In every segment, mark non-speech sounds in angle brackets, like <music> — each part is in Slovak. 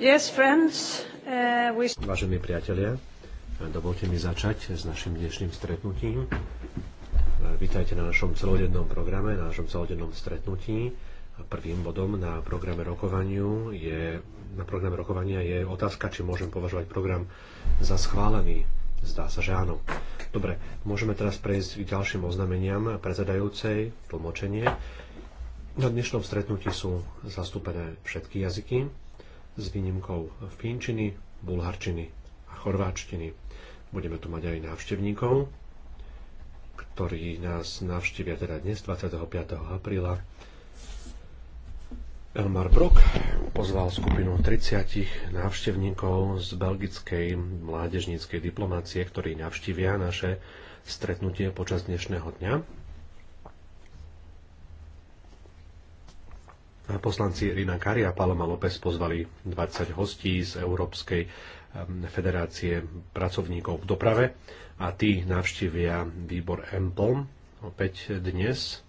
Yes, friends, uh, we... Vážení priatelia, dovolte mi začať s našim dnešným stretnutím. Vítajte na našom celodennom programe, na našom celodennom stretnutí. Prvým bodom na programe rokovaniu je, na programe rokovania je otázka, či môžem považovať program za schválený. Zdá sa, že áno. Dobre, môžeme teraz prejsť k ďalším oznameniam predsedajúcej, tlmočenie. Na dnešnom stretnutí sú zastúpené všetky jazyky s výnimkou fínčiny, bulharčiny a chorváčtiny. Budeme tu mať aj návštevníkov, ktorí nás navštívia teda dnes 25. apríla. Elmar Brock pozval skupinu 30 návštevníkov z belgickej mládežníckej diplomácie, ktorí navštívia naše stretnutie počas dnešného dňa Poslanci Rina Kari a Paloma López pozvali 20 hostí z Európskej federácie pracovníkov v doprave a tí navštívia výbor MPOM opäť dnes,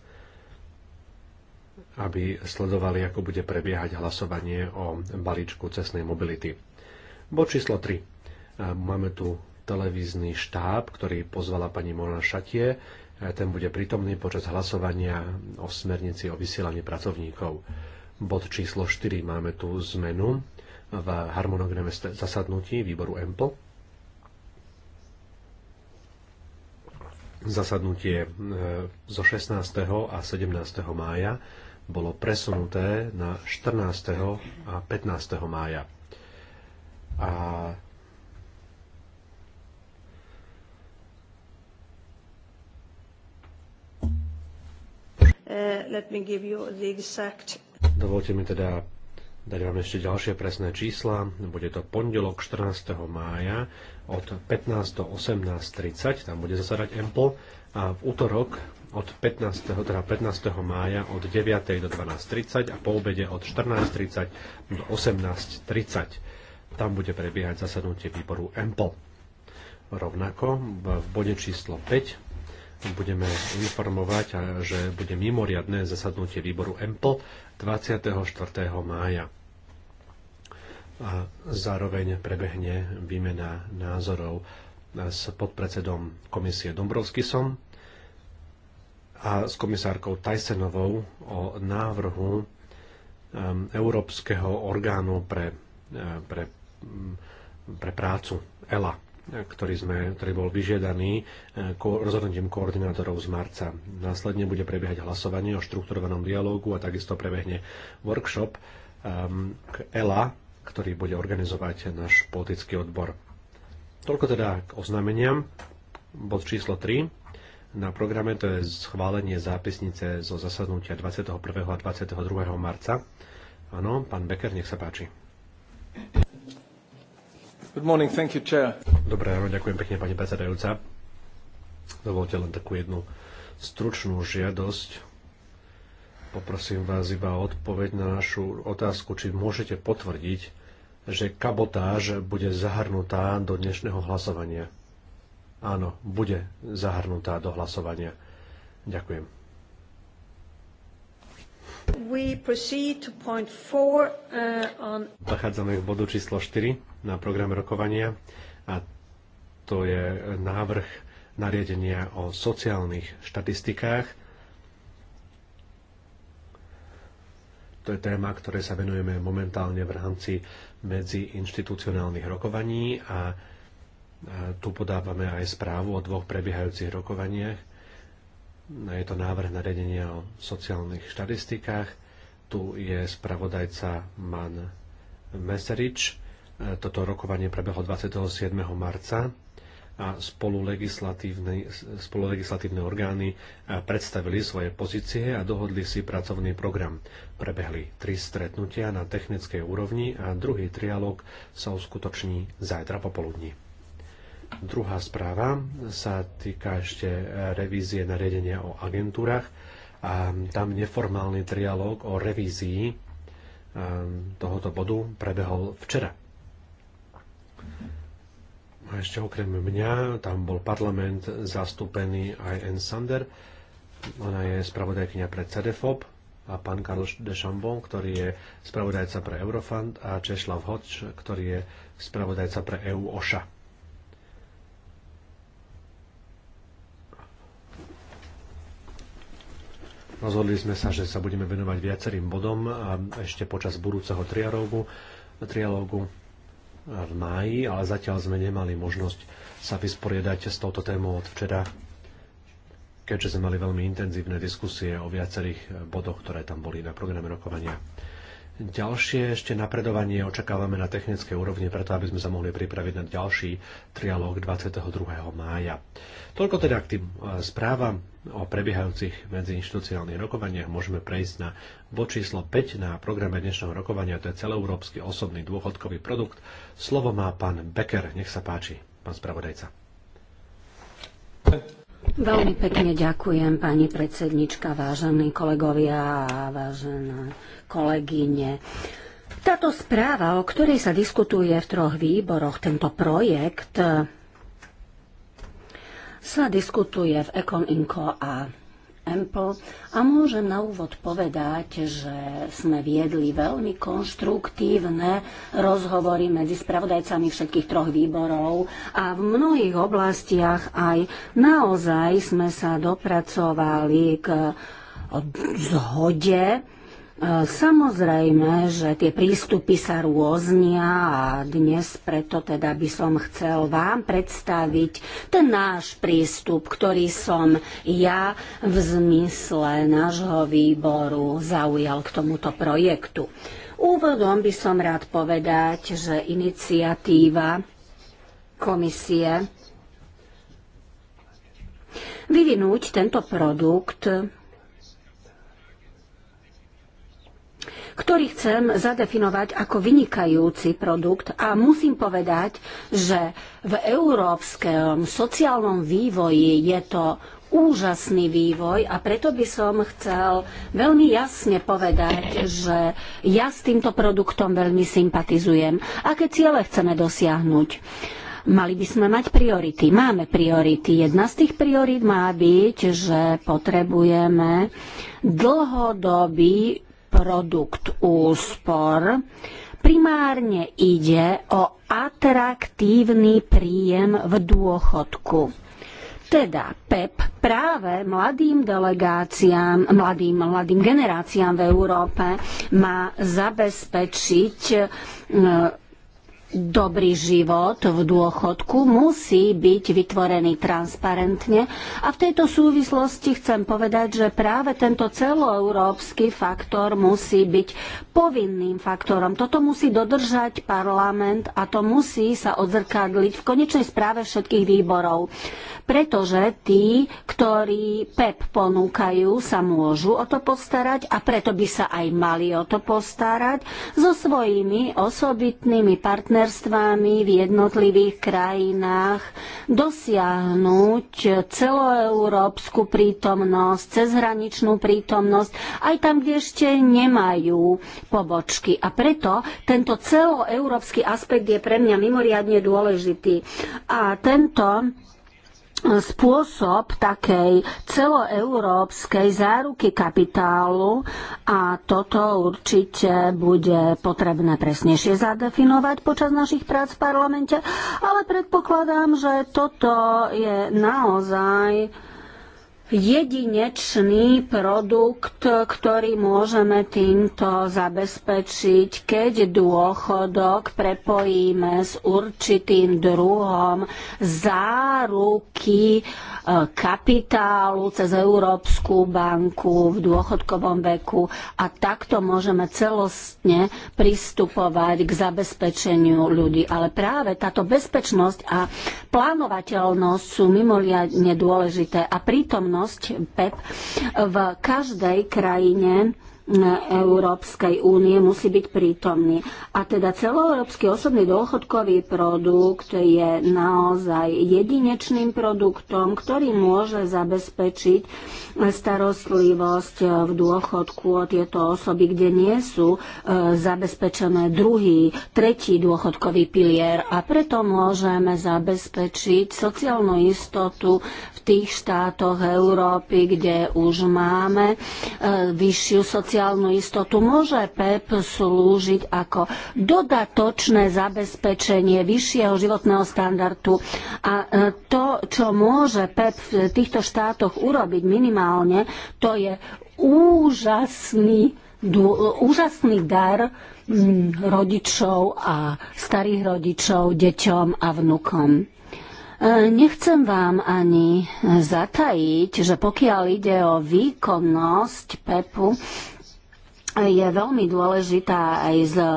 aby sledovali, ako bude prebiehať hlasovanie o balíčku cestnej mobility. Bod číslo 3. E, máme tu televízny štáb, ktorý pozvala pani Mona Šatie. E, ten bude prítomný počas hlasovania o smernici o vysielaní pracovníkov. Bod číslo 4 máme tu zmenu v harmonograme zasadnutí výboru EMPL. Zasadnutie e, zo 16. a 17. mája bolo presunuté na 14. a 15. mája. A Uh, let me give you the exact Dovolte mi teda dať vám ešte ďalšie presné čísla. Bude to pondelok 14. mája od 15 do 18.30, tam bude zasadať EMPL a v útorok od 15. Teda 15. mája od 9. do 12.30 a po obede od 14.30 do 18.30. Tam bude prebiehať zasadnutie výboru EMPL. Rovnako v bode číslo 5 budeme informovať, že bude mimoriadné zasadnutie výboru EMPL 24. mája. A zároveň prebehne výmena názorov s podpredsedom komisie Dombrovskisom a s komisárkou Tajsenovou o návrhu um, Európskeho orgánu pre, um, pre, um, pre prácu ELA ktorý, sme, ktorý bol vyžiadaný e, rozhodnutím koordinátorov z marca. Následne bude prebiehať hlasovanie o štrukturovanom dialógu a takisto prebehne workshop ehm, k ELA, ktorý bude organizovať náš politický odbor. Toľko teda k oznámeniam. Bod číslo 3 na programe to je schválenie zápisnice zo zasadnutia 21. a 22. marca. Áno, pán Becker, nech sa páči. Good morning, thank you, chair. Dobré ráno, ďakujem pekne, pani predsedajúca. Dovolte len takú jednu stručnú žiadosť. Poprosím vás iba o odpoveď na našu otázku, či môžete potvrdiť, že kabotáž bude zahrnutá do dnešného hlasovania. Áno, bude zahrnutá do hlasovania. Ďakujem. We proceed to point four, uh, on... Prechádzame k bodu číslo 4 na programe rokovania a to je návrh nariadenia o sociálnych štatistikách. To je téma, ktoré sa venujeme momentálne v rámci medziinštitucionálnych rokovaní a tu podávame aj správu o dvoch prebiehajúcich rokovaniach No, je to návrh nariadenia o sociálnych štatistikách. Tu je spravodajca Man Meserič. E, toto rokovanie prebehlo 27. marca a spolulegislatívne, orgány e, predstavili svoje pozície a dohodli si pracovný program. Prebehli tri stretnutia na technickej úrovni a druhý trialog sa uskutoční zajtra popoludní. Druhá správa sa týka ešte revízie nariadenia o agentúrach a tam neformálny trialóg o revízii um, tohoto bodu prebehol včera. A ešte okrem mňa tam bol parlament zastúpený aj Ann Sander. Ona je spravodajkňa pre CDFOB a pán Karl de Chambon, ktorý je spravodajca pre Eurofund a Česlav Hoč, ktorý je spravodajca pre EU OŠA. Rozhodli sme sa, že sa budeme venovať viacerým bodom a ešte počas budúceho trialógu, trialógu v máji, ale zatiaľ sme nemali možnosť sa vysporiadať s touto témou od včera, keďže sme mali veľmi intenzívne diskusie o viacerých bodoch, ktoré tam boli na programe rokovania. Ďalšie ešte napredovanie očakávame na technickej úrovni, preto aby sme sa mohli pripraviť na ďalší trialóg 22. mája. Toľko teda k tým e, správam o prebiehajúcich medziinstitucionálnych rokovaniach. Môžeme prejsť na bod číslo 5 na programe dnešného rokovania, to je celoeurópsky osobný dôchodkový produkt. Slovo má pán Becker, nech sa páči, pán spravodajca. Veľmi pekne ďakujem, pani predsednička, vážení kolegovia a vážené kolegyne. Táto správa, o ktorej sa diskutuje v troch výboroch, tento projekt, sa diskutuje v Econ Inco a EMPL a môžem na úvod povedať, že sme viedli veľmi konštruktívne rozhovory medzi spravodajcami všetkých troch výborov a v mnohých oblastiach aj naozaj sme sa dopracovali k zhode E, samozrejme, že tie prístupy sa rôznia a dnes preto teda by som chcel vám predstaviť ten náš prístup, ktorý som ja v zmysle nášho výboru zaujal k tomuto projektu. Úvodom by som rád povedať, že iniciatíva komisie vyvinúť tento produkt ktorý chcem zadefinovať ako vynikajúci produkt a musím povedať, že v európskom sociálnom vývoji je to úžasný vývoj a preto by som chcel veľmi jasne povedať, že ja s týmto produktom veľmi sympatizujem. Aké ciele chceme dosiahnuť? Mali by sme mať priority. Máme priority. Jedna z tých priorít má byť, že potrebujeme dlhodobý produkt úspor. Primárne ide o atraktívny príjem v dôchodku. Teda PEP práve mladým delegáciám, mladým, mladým generáciám v Európe má zabezpečiť e, dobrý život v dôchodku musí byť vytvorený transparentne. A v tejto súvislosti chcem povedať, že práve tento celoeurópsky faktor musí byť povinným faktorom. Toto musí dodržať parlament a to musí sa odzrkadliť v konečnej správe všetkých výborov. Pretože tí, ktorí PEP e ponúkajú, sa môžu o to postarať a preto by sa aj mali o to postarať so svojimi osobitnými partnermi partnerstvami v jednotlivých krajinách dosiahnuť celoeurópsku prítomnosť, cezhraničnú prítomnosť, aj tam, kde ešte nemajú pobočky. A preto tento celoeurópsky aspekt je pre mňa mimoriadne dôležitý. A tento spôsob takej celoeurópskej záruky kapitálu a toto určite bude potrebné presnejšie zadefinovať počas našich prác v parlamente, ale predpokladám, že toto je naozaj jedinečný produkt, ktorý môžeme týmto zabezpečiť, keď dôchodok prepojíme s určitým druhom záruky e, kapitálu cez Európsku banku v dôchodkovom veku a takto môžeme celostne pristupovať k zabezpečeniu ľudí. Ale práve táto bezpečnosť a Plánovateľnosť sú mimoriadne dôležité a prítomnosť PEP v každej krajine Európskej únie musí byť prítomný. A teda celoeurópsky osobný dôchodkový produkt je naozaj jedinečným produktom, ktorý môže zabezpečiť starostlivosť v dôchodku o tieto osoby, kde nie sú e, zabezpečené druhý, tretí dôchodkový pilier. A preto môžeme zabezpečiť sociálnu istotu v tých štátoch Európy, kde už máme e, vyššiu sociálnu sociálnu istotu. Môže PEP slúžiť ako dodatočné zabezpečenie vyššieho životného standardu. A e, to, čo môže PEP v týchto štátoch urobiť minimálne, to je úžasný, úžasný dar mm, rodičov a starých rodičov, deťom a vnukom. E, nechcem vám ani zatajiť, že pokiaľ ide o výkonnosť PEPu, je veľmi dôležitá aj z e,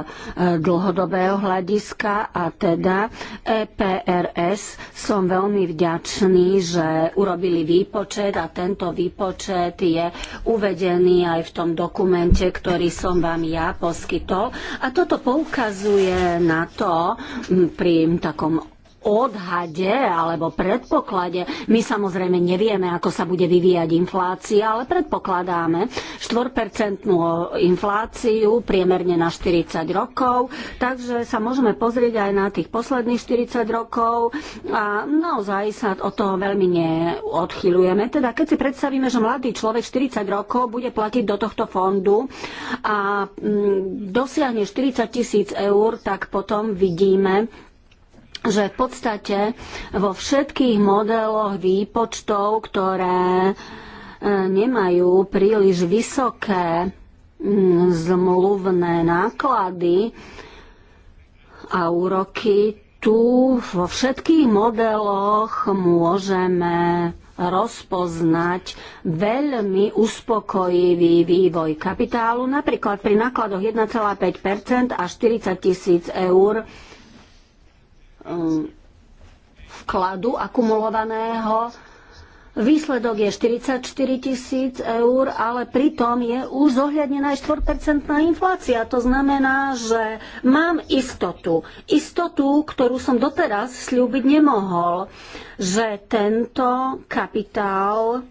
dlhodobého hľadiska a teda EPRS som veľmi vďačný, že urobili výpočet a tento výpočet je uvedený aj v tom dokumente, ktorý som vám ja poskytol. A toto poukazuje na to pri takom odhade alebo predpoklade. My samozrejme nevieme, ako sa bude vyvíjať inflácia, ale predpokladáme 4 infláciu priemerne na 40 rokov, takže sa môžeme pozrieť aj na tých posledných 40 rokov a naozaj sa od toho veľmi neodchylujeme. Teda keď si predstavíme, že mladý človek 40 rokov bude platiť do tohto fondu a mm, dosiahne 40 tisíc eur, tak potom vidíme, že v podstate vo všetkých modeloch výpočtov, ktoré e, nemajú príliš vysoké zmluvné náklady a úroky, tu vo všetkých modeloch môžeme rozpoznať veľmi uspokojivý vývoj kapitálu, napríklad pri nákladoch 1,5 až 40 tisíc eur vkladu akumulovaného. Výsledok je 44 tisíc eur, ale pritom je už zohľadnená aj 4 inflácia. To znamená, že mám istotu. Istotu, ktorú som doteraz slúbiť nemohol, že tento kapitál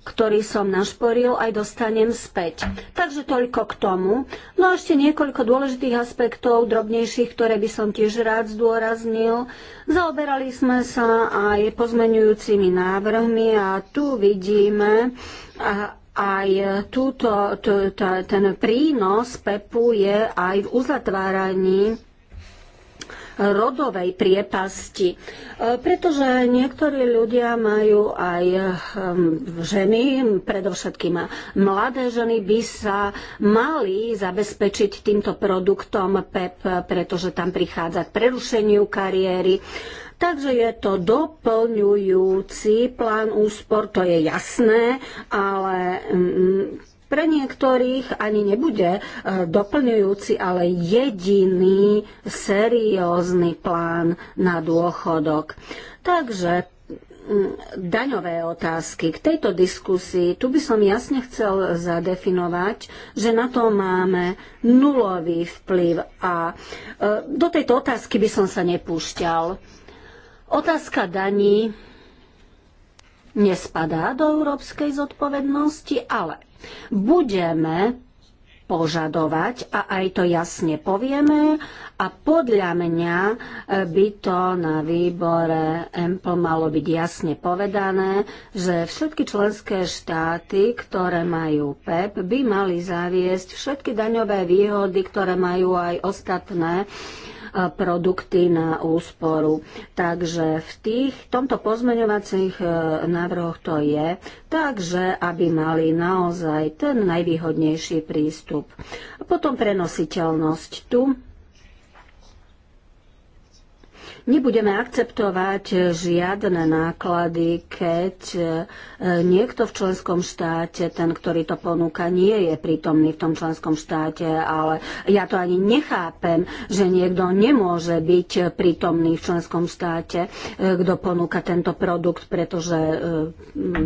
ktorý som našporil, aj dostanem späť. Takže toľko k tomu. No a ešte niekoľko dôležitých aspektov, drobnejších, ktoré by som tiež rád zdôraznil. Zaoberali sme sa aj pozmenujúcimi návrhmi a tu vidíme, aj túto, t, t, ten prínos PEPu je aj v uzatváraní rodovej priepasti. E, pretože niektorí ľudia majú aj hm, ženy, predovšetkým mladé ženy by sa mali zabezpečiť týmto produktom PEP, e pretože tam prichádza k prerušeniu kariéry. Takže je to doplňujúci plán úspor, to je jasné, ale hm, pre niektorých ani nebude e, doplňujúci, ale jediný seriózny plán na dôchodok. Takže daňové otázky. K tejto diskusii tu by som jasne chcel zadefinovať, že na to máme nulový vplyv a e, do tejto otázky by som sa nepúšťal. Otázka daní nespadá do európskej zodpovednosti, ale budeme požadovať a aj to jasne povieme a podľa mňa e, by to na výbore EMPL malo byť jasne povedané, že všetky členské štáty, ktoré majú PEP, e by mali zaviesť všetky daňové výhody, ktoré majú aj ostatné uh, E, produkty na úsporu. Takže v tých, tomto pozmeňovacích e, návrhoch to je, takže aby mali naozaj ten najvýhodnejší prístup. Potom prenositeľnosť tu Nebudeme akceptovať žiadne náklady, keď e, niekto v členskom štáte, ten, ktorý to ponúka, nie je prítomný v tom členskom štáte, ale ja to ani nechápem, že niekto nemôže byť prítomný v členskom štáte, e, kto ponúka tento produkt, pretože e,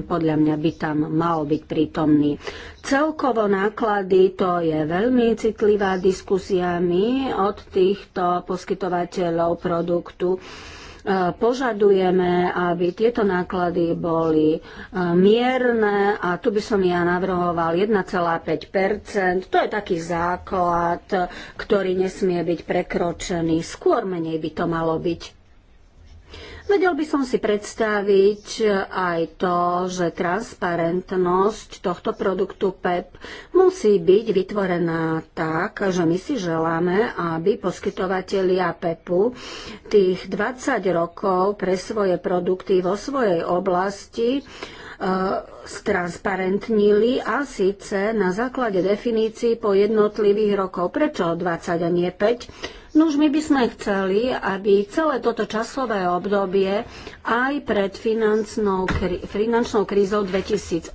podľa mňa by tam mal byť prítomný. Celkovo náklady to je veľmi citlivá diskusia. My od týchto poskytovateľov produktu E, požadujeme, aby tieto náklady boli e, mierne a tu by som ja navrhoval 1,5 To je taký základ, ktorý nesmie byť prekročený. Skôr menej by to malo byť. Vedel by som si predstaviť eh, aj to, že transparentnosť tohto produktu PEP e musí byť vytvorená tak, že my si želáme, aby poskytovatelia PEPu tých 20 rokov pre svoje produkty vo svojej oblasti E, stransparentnili a síce na základe definícií po jednotlivých rokov. Prečo 20 a nie 5? No už my by sme chceli, aby celé toto časové obdobie aj pred finančnou, finančnou krízou 2008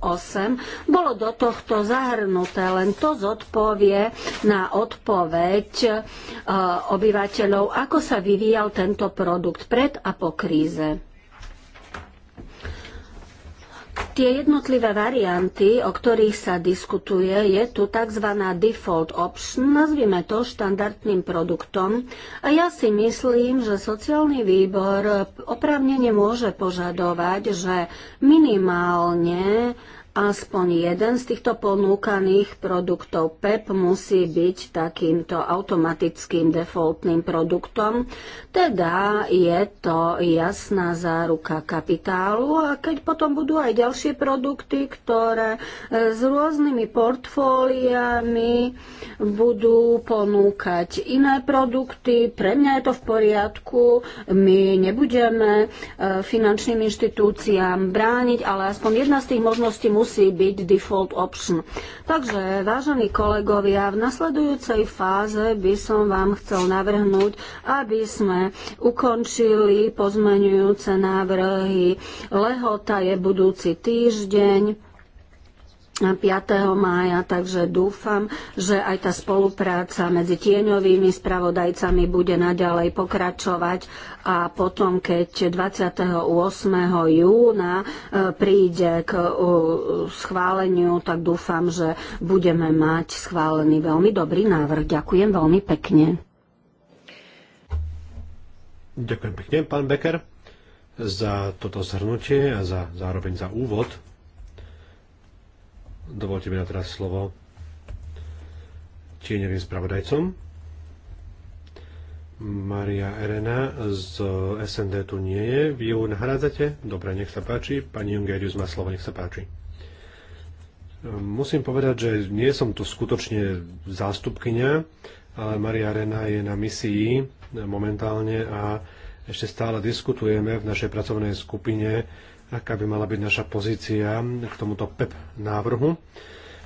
bolo do tohto zahrnuté. Len to zodpovie na odpoveď uh, obyvateľov, ako sa vyvíjal tento produkt pred a po kríze. Tie jednotlivé varianty, o ktorých sa diskutuje, je tu tzv. default option, nazvime to štandardným produktom. A ja si myslím, že sociálny výbor oprávnene môže požadovať, že minimálne Aspoň jeden z týchto ponúkaných produktov PEP e musí byť takýmto automatickým defaultným produktom, teda je to jasná záruka kapitálu a keď potom budú aj ďalšie produkty, ktoré e, s rôznymi portfóliami budú ponúkať iné produkty, pre mňa je to v poriadku, my nebudeme e, finančným inštitúciám brániť, ale aspoň jedna z tých možností musí byť default option. Takže, vážení kolegovia, v nasledujúcej fáze by som vám chcel navrhnúť, aby sme ukončili pozmenujúce návrhy. Lehota je budúci týždeň 5. mája, takže dúfam, že aj tá spolupráca medzi tieňovými spravodajcami bude naďalej pokračovať a potom, keď 28. júna e, príde k e, schváleniu, tak dúfam, že budeme mať schválený veľmi dobrý návrh. Ďakujem veľmi pekne. Ďakujem pekne, pán Becker, za toto zhrnutie a za, zároveň za úvod Dovolte mi na teraz slovo tieňovým spravodajcom. Maria Erena z SND tu nie je. Vy ju nahrádzate? Dobre, nech sa páči. Pani Jungerius má slovo, nech sa páči. Musím povedať, že nie som tu skutočne zástupkynia, ale Maria Arena je na misii momentálne a ešte stále diskutujeme v našej pracovnej skupine aká by mala byť naša pozícia k tomuto PEP e návrhu.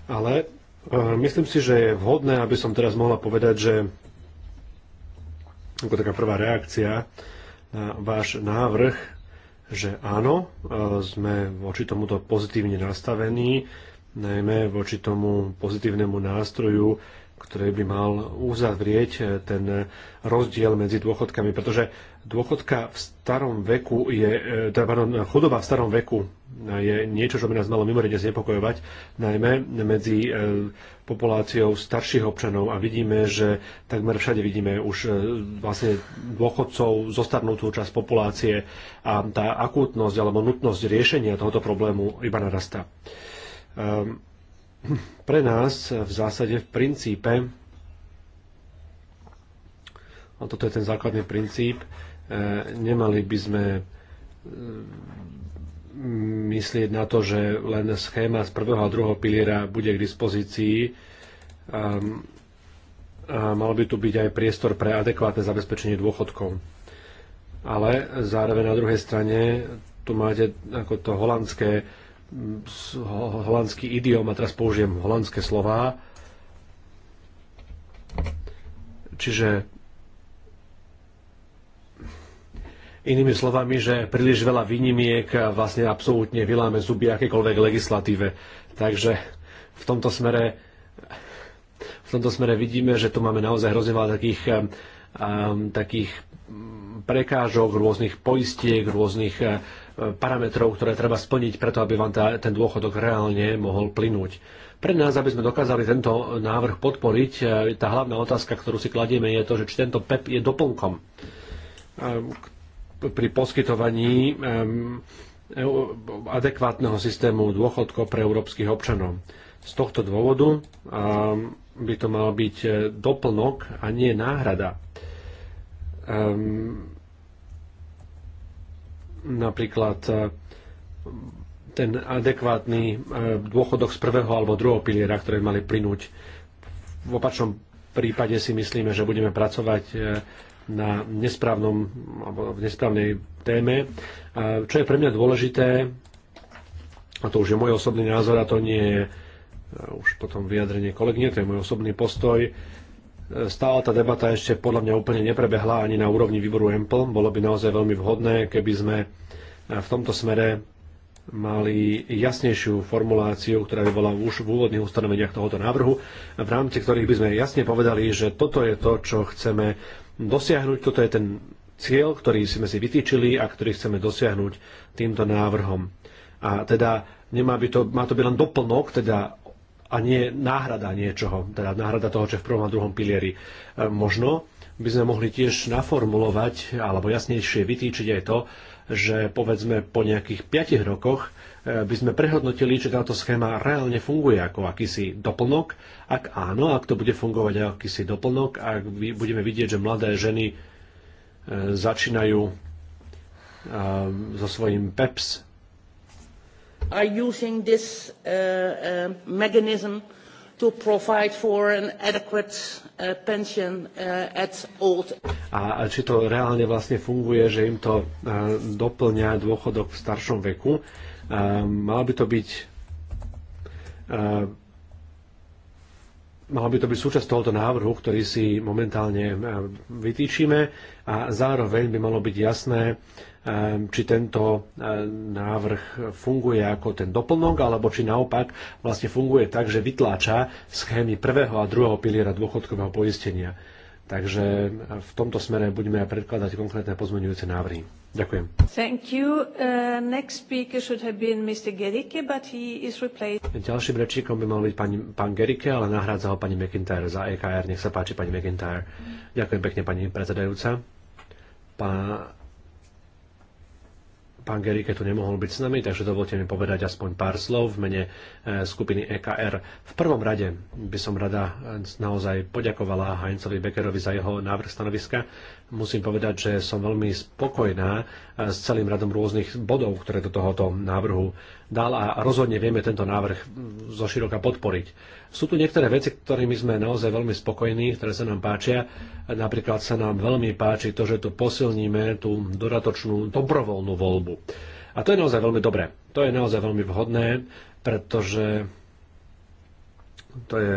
Ale e, myslím si, že je vhodné, aby som teraz mohla povedať, že ako taká prvá reakcia na váš návrh, že áno, e, sme voči tomuto pozitívne nastavení, najmä voči tomu pozitívnemu nástroju ktorý by mal uzavrieť e, ten e, rozdiel medzi dôchodkami, pretože dôchodka v starom veku je, e, teda, pardon, chudoba v starom veku je niečo, čo by nás malo mimoriadne znepokojovať, najmä medzi populáciou starších občanov a vidíme, že takmer všade vidíme už vlastne dôchodcov, zostarnutú časť populácie a tá akútnosť alebo nutnosť riešenia tohoto problému iba narastá. Um, pre nás v zásade v princípe, a toto je ten základný princíp, e, nemali by sme e, myslieť na to, že len schéma z prvého a druhého piliera bude k dispozícii. Ehm, a mal by tu byť aj priestor pre adekvátne zabezpečenie dôchodkov. Ale zároveň na druhej strane tu máte ako to holandské holandský idiom a teraz použijem holandské slová. Čiže Inými slovami, že príliš veľa výnimiek vlastne absolútne vyláme zuby akékoľvek legislatíve. Takže v tomto smere v tomto smere vidíme, že tu máme naozaj hrozne veľa takých, um, takých prekážok, rôznych poistiek, rôznych uh, parametrov, ktoré treba splniť preto, aby vám tá, ten dôchodok reálne mohol plynúť. Pre nás, aby sme dokázali tento návrh podporiť, e, tá hlavná otázka, ktorú si kladieme, je to, že či tento PEP je doplnkom e, pri poskytovaní e, adekvátneho systému dôchodkov pre európskych občanov. Z tohto dôvodu by to mal byť doplnok a nie náhrada. Um, napríklad e, ten adekvátny e, dôchodok z prvého alebo druhého piliera, ktoré mali plynúť. V opačnom prípade si myslíme, že budeme pracovať e, na nesprávnom alebo v nesprávnej téme. Čo je pre mňa dôležité, a to už je môj osobný názor a to nie je už potom vyjadrenie kolegyne, to je môj osobný postoj, stále tá debata ešte podľa mňa úplne neprebehla ani na úrovni výboru EMPL. Bolo by naozaj veľmi vhodné, keby sme v tomto smere mali jasnejšiu formuláciu, ktorá by bola už v úvodných ustanoveniach tohoto návrhu, v rámci ktorých by sme jasne povedali, že toto je to, čo chceme dosiahnuť, toto je ten cieľ, ktorý sme si vytýčili a ktorý chceme dosiahnuť týmto návrhom. A teda nemá by to, má to byť len doplnok, teda a nie náhrada niečoho, teda náhrada toho, čo je v prvom a druhom pilieri. E, možno by sme mohli tiež naformulovať alebo jasnejšie vytýčiť aj to, že povedzme po nejakých 5 rokoch e, by sme prehodnotili, či táto schéma reálne funguje ako akýsi doplnok. Ak áno, ak to bude fungovať ako akýsi doplnok, ak budeme vidieť, že mladé ženy e, začínajú so svojím PEPS are using this uh, uh, mechanism to provide for an adequate uh, pension uh, at old. A či to reálne vlastne funguje, že im to uh, doplňa dôchodok v staršom veku? Uh, malo by to byť uh, Mala by to byť súčasť tohoto návrhu, ktorý si momentálne uh, vytýčime a zároveň by malo byť jasné, Ehm, či tento eh, návrh funguje ako ten doplnok, alebo či naopak vlastne funguje tak, že vytláča schémy prvého a druhého piliera dôchodkového poistenia. Takže eh, v tomto smere budeme aj predkladať konkrétne pozmeňujúce návrhy. Ďakujem. Thank you. Uh, next speaker should have been Mr. Gerike, but he is replaced. Ďalším rečníkom by mal byť pani, pán Gerike, ale nahrádza ho pani McIntyre za EKR. Nech sa páči, pani McIntyre. Mm. Ďakujem pekne, pani predsedajúca. Pán Pán Gerike tu nemohol byť s nami, takže dovolte mi povedať aspoň pár slov v mene eh, skupiny EKR. V prvom rade by som rada eh, naozaj poďakovala Heinzovi Beckerovi za jeho návrh stanoviska musím povedať, že som veľmi spokojná e, s celým radom rôznych bodov, ktoré do tohoto návrhu dal a rozhodne vieme tento návrh zo široka podporiť. Sú tu niektoré veci, ktorými sme naozaj veľmi spokojní, ktoré sa nám páčia. Napríklad sa nám veľmi páči to, že tu posilníme tú dodatočnú dobrovoľnú voľbu. A to je naozaj veľmi dobré. To je naozaj veľmi vhodné, pretože to je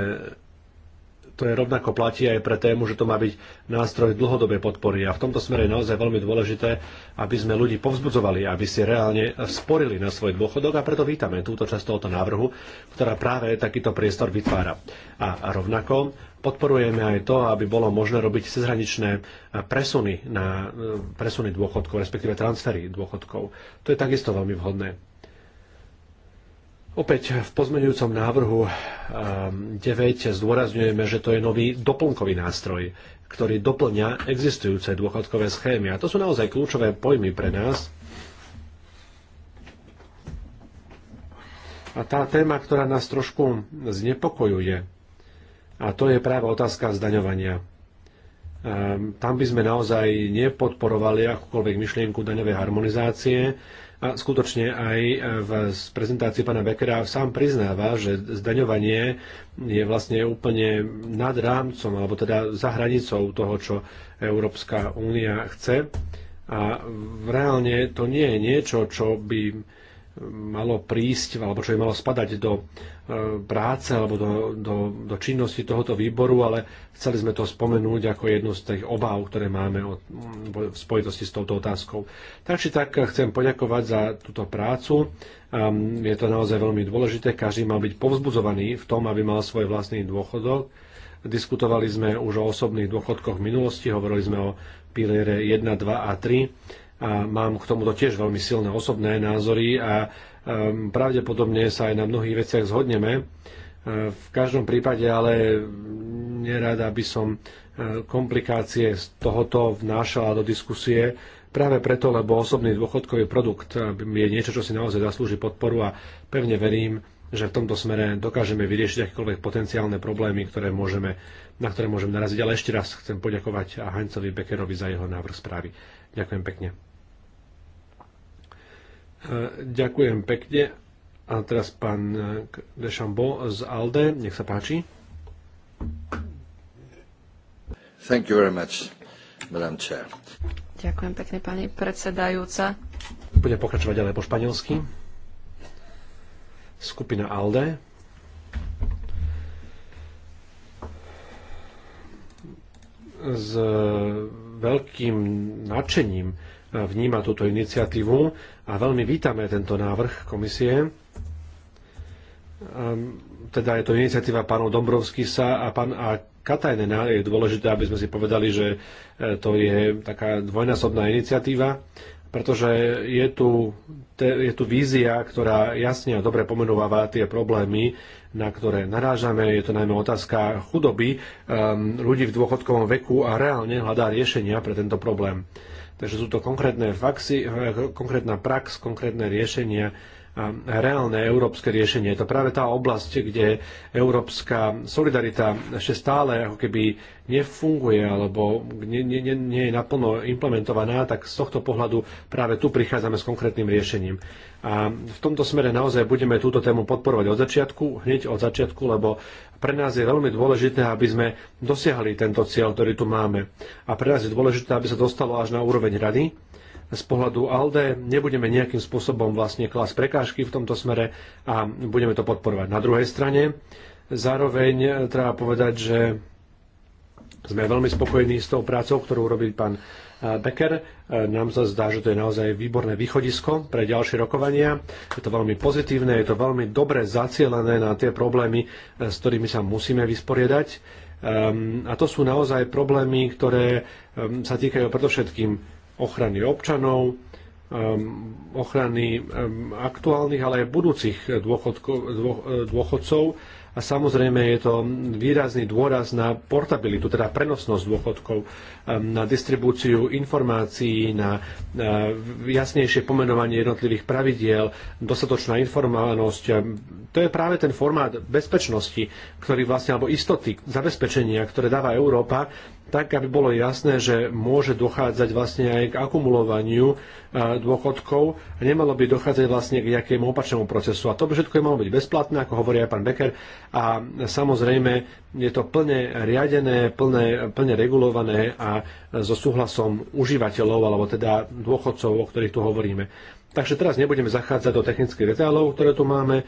to je rovnako platí aj pre tému, že to má byť nástroj dlhodobej podpory. A v tomto smere je naozaj veľmi dôležité, aby sme ľudí povzbudzovali, aby si reálne sporili na svoj dôchodok a preto vítame túto časť tohoto návrhu, ktorá práve takýto priestor vytvára. A rovnako podporujeme aj to, aby bolo možné robiť cezhraničné presuny, na, eh, presuny dôchodkov, respektíve transfery dôchodkov. To je takisto veľmi vhodné. Opäť v pozmeňujúcom návrhu 9 eh, zdôrazňujeme, že to je nový doplnkový nástroj, ktorý doplňa existujúce dôchodkové schémy. A to sú naozaj kľúčové pojmy pre nás. A tá téma, ktorá nás trošku znepokojuje, a to je práve otázka zdaňovania. Ehm, tam by sme naozaj nepodporovali akúkoľvek myšlienku daňovej harmonizácie, a skutočne aj e, v prezentácii pána Beckera sám priznáva, že zdaňovanie je vlastne úplne nad rámcom, alebo teda za hranicou toho, čo Európska únia chce. A reálne to nie je niečo, čo by malo prísť, alebo čo by malo spadať do e, práce alebo do, do, do činnosti tohoto výboru, ale chceli sme to spomenúť ako jednu z tých obáv, ktoré máme od, v spojitosti s touto otázkou. Tak či tak chcem poďakovať za túto prácu. Ehm, je to naozaj veľmi dôležité. Každý mal byť povzbudzovaný v tom, aby mal svoj vlastný dôchodok. Diskutovali sme už o osobných dôchodkoch v minulosti, hovorili sme o piliere 1, 2 a 3 a mám k tomuto tiež veľmi silné osobné názory a ehm, pravdepodobne sa aj na mnohých veciach zhodneme. Ehm, v každom prípade ale nerada by som ehm, komplikácie z tohoto vnášala do diskusie, práve preto, lebo osobný dôchodkový produkt je niečo, čo si naozaj zaslúži podporu a pevne verím, že v tomto smere dokážeme vyriešiť akékoľvek potenciálne problémy, ktoré môžeme, na ktoré môžeme naraziť. Ale ešte raz chcem poďakovať Hancovi Beckerovi za jeho návrh správy. Ďakujem pekne. Eh, ďakujem pekne. A teraz pán eh, Dešambo z ALDE, nech sa páči. Thank you very much, Madam Chair. Ďakujem pekne, pani predsedajúca. Budem pokračovať ďalej po španielsky. Skupina ALDE. S eh, veľkým nadšením vníma túto iniciatívu a veľmi vítame tento návrh komisie. Teda je to iniciatíva pánov Dombrovskisa a, pán, a Katajnena. Je dôležité, aby sme si povedali, že e, to je taká dvojnásobná iniciatíva, pretože je tu, je tu vízia, ktorá jasne a dobre pomenováva tie problémy, na ktoré narážame. Je to najmä otázka chudoby um, ľudí v dôchodkovom veku a reálne hľadá riešenia pre tento problém. Takže sú to konkrétne faxy, eh, konkrétna prax, konkrétne riešenia, reálne európske riešenie. Je to práve tá oblasť, kde európska solidarita ešte stále ako keby nefunguje alebo nie, nie, nie je naplno implementovaná, tak z tohto pohľadu práve tu prichádzame s konkrétnym riešením. A v tomto smere naozaj budeme túto tému podporovať od začiatku, hneď od začiatku, lebo pre nás je veľmi dôležité, aby sme dosiahli tento cieľ, ktorý tu máme. A pre nás je dôležité, aby sa dostalo až na úroveň rady z pohľadu ALDE nebudeme nejakým spôsobom vlastne klas prekážky v tomto smere a budeme to podporovať. Na druhej strane zároveň e, treba povedať, že sme veľmi spokojní s tou prácou, ktorú urobil pán e, Becker. E, nám sa zdá, že to je naozaj výborné východisko pre ďalšie rokovania. Je to veľmi pozitívne, je to veľmi dobre zacielené na tie problémy, s ktorými sa musíme vysporiadať. Ehm, a to sú naozaj problémy, ktoré ehm, sa týkajú predovšetkým ochrany občanov, um, ochrany um, aktuálnych, ale aj budúcich dôchodcov a samozrejme je to výrazný dôraz na portabilitu, teda prenosnosť dôchodkov, um, na distribúciu informácií, na uh, jasnejšie pomenovanie jednotlivých pravidiel, dostatočná informovanosť. To je práve ten formát bezpečnosti, ktorý vlastne, alebo istoty, zabezpečenia, ktoré dáva Európa tak, aby bolo jasné, že môže dochádzať vlastne aj k akumulovaniu e, dôchodkov a nemalo by dochádzať vlastne k nejakému opačnému procesu. A to by všetko je malo byť bezplatné, ako hovorí aj pán Becker. A samozrejme je to plne riadené, plne, plne regulované a so súhlasom užívateľov, alebo teda dôchodcov, o ktorých tu hovoríme. Takže teraz nebudeme zachádzať do technických detailov, ktoré tu máme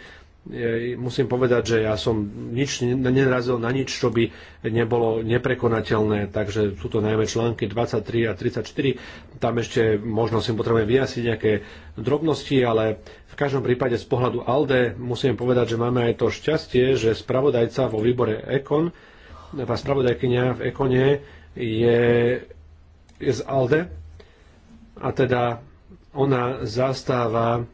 musím povedať, že ja som nič nenarazil na nič, čo by nebolo neprekonateľné, takže sú to najmä články 23 a 34. Tam ešte možno si potrebujeme vyjasniť nejaké drobnosti, ale v každom prípade z pohľadu ALDE musím povedať, že máme aj to šťastie, že spravodajca vo výbore EKON, tá spravodajkynia v EKONE je, je z ALDE a teda ona zastáva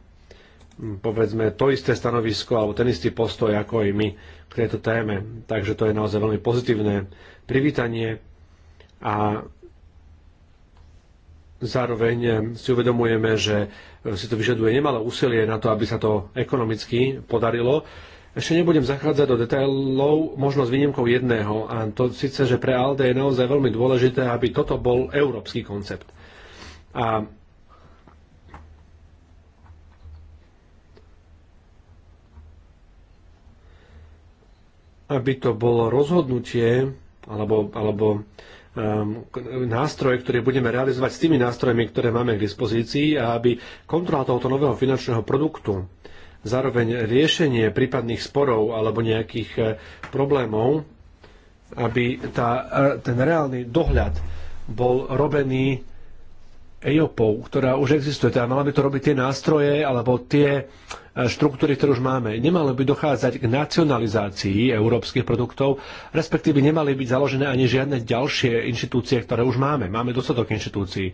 povedzme to isté stanovisko alebo ten istý postoj ako aj my k tejto téme. Takže to je naozaj veľmi pozitívne privítanie a zároveň si uvedomujeme, že si to vyžaduje nemalé úsilie na to, aby sa to ekonomicky podarilo. Ešte nebudem zachádzať do detailov, možno s výnimkou jedného, a to síce, že pre ALDE je naozaj veľmi dôležité, aby toto bol európsky koncept. A aby to bolo rozhodnutie alebo, alebo um, nástroje, ktoré budeme realizovať s tými nástrojmi, ktoré máme k dispozícii a aby kontrola tohoto nového finančného produktu, zároveň riešenie prípadných sporov alebo nejakých eh, problémov, aby tá, eh, ten reálny dohľad bol robený EOPov, ktorá už existuje. Teda máme to robiť tie nástroje alebo tie e, štruktúry, ktoré už máme. Nemalo by dochádzať k nacionalizácii európskych produktov, respektíve nemali byť založené ani žiadne ďalšie inštitúcie, ktoré už máme. Máme dostatok inštitúcií.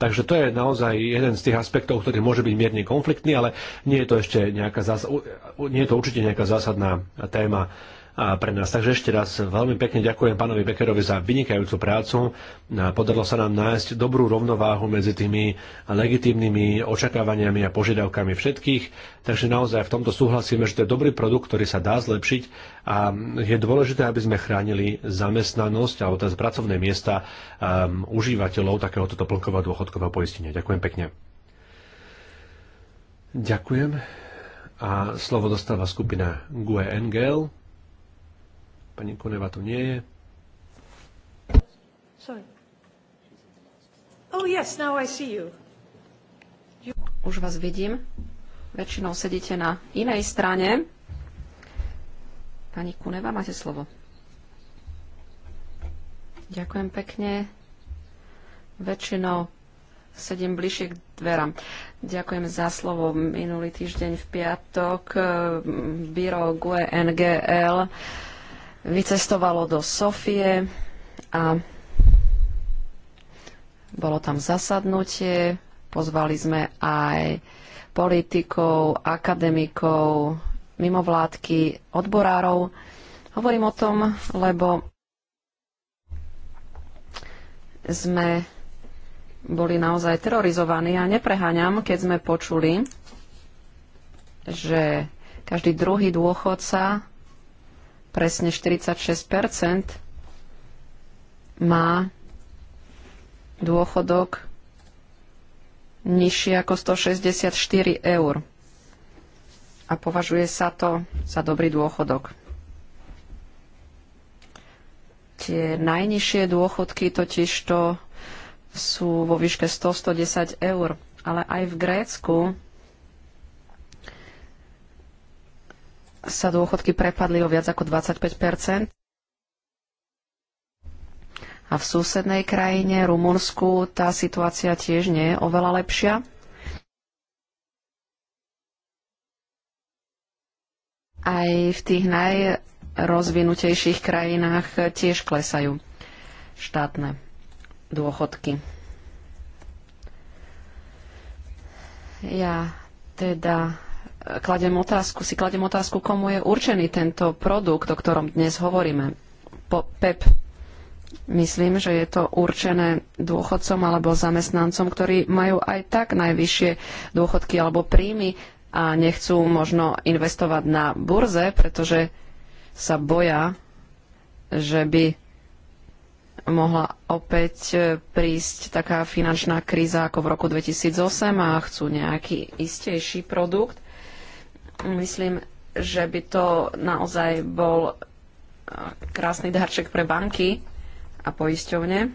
Takže to je naozaj jeden z tých aspektov, ktorý môže byť mierne konfliktný, ale nie je to ešte nejaká zás- nie je to určite nejaká zásadná téma pre nás. Takže ešte raz veľmi pekne ďakujem pánovi Bekerovi za vynikajúcu prácu. Podarilo sa nám nájsť dobrú rovnováhu medzi tými legitímnymi očakávaniami a požiadavkami všetkých. Takže naozaj v tomto súhlasíme, že to je dobrý produkt, ktorý sa dá zlepšiť a je dôležité, aby sme chránili zamestnanosť alebo teda pracovné miesta um, užívateľov takéhoto plnkového dôchodkového poistenia. Ďakujem pekne. Ďakujem. A slovo dostáva skupina GUE Engel. Pani Koneva tu nie je. Sorry. Oh yes, now I see you. you... Už vás vidím. Väčšinou sedíte na inej strane. Pani Kuneva, máte slovo. Ďakujem pekne. Väčšinou sedím bližšie k dverám. Ďakujem za slovo. Minulý týždeň v piatok eh, Biro GUE NGL vycestovalo do Sofie a bolo tam zasadnutie. Pozvali sme aj politikov, akademikov, mimovládky, odborárov. Hovorím o tom, lebo sme boli naozaj terorizovaní a nepreháňam, keď sme počuli, že každý druhý dôchodca presne 46 má dôchodok nižší ako 164 eur. A považuje sa to za dobrý dôchodok. Tie najnižšie dôchodky totiž to sú vo výške 100-110 eur. Ale aj v Grécku sa dôchodky prepadli o viac ako 25 A v susednej krajine, Rumunsku, tá situácia tiež nie je oveľa lepšia. Aj v tých najrozvinutejších krajinách tiež klesajú štátne dôchodky. Ja teda kladem otázku, si kladem otázku, komu je určený tento produkt, o ktorom dnes hovoríme. Po PEP. Myslím, že je to určené dôchodcom alebo zamestnancom, ktorí majú aj tak najvyššie dôchodky alebo príjmy a nechcú možno investovať na burze, pretože sa boja, že by mohla opäť prísť taká finančná kríza ako v roku 2008 a chcú nejaký istejší produkt. Myslím, že by to naozaj bol eh, krásny darček pre banky a poisťovne.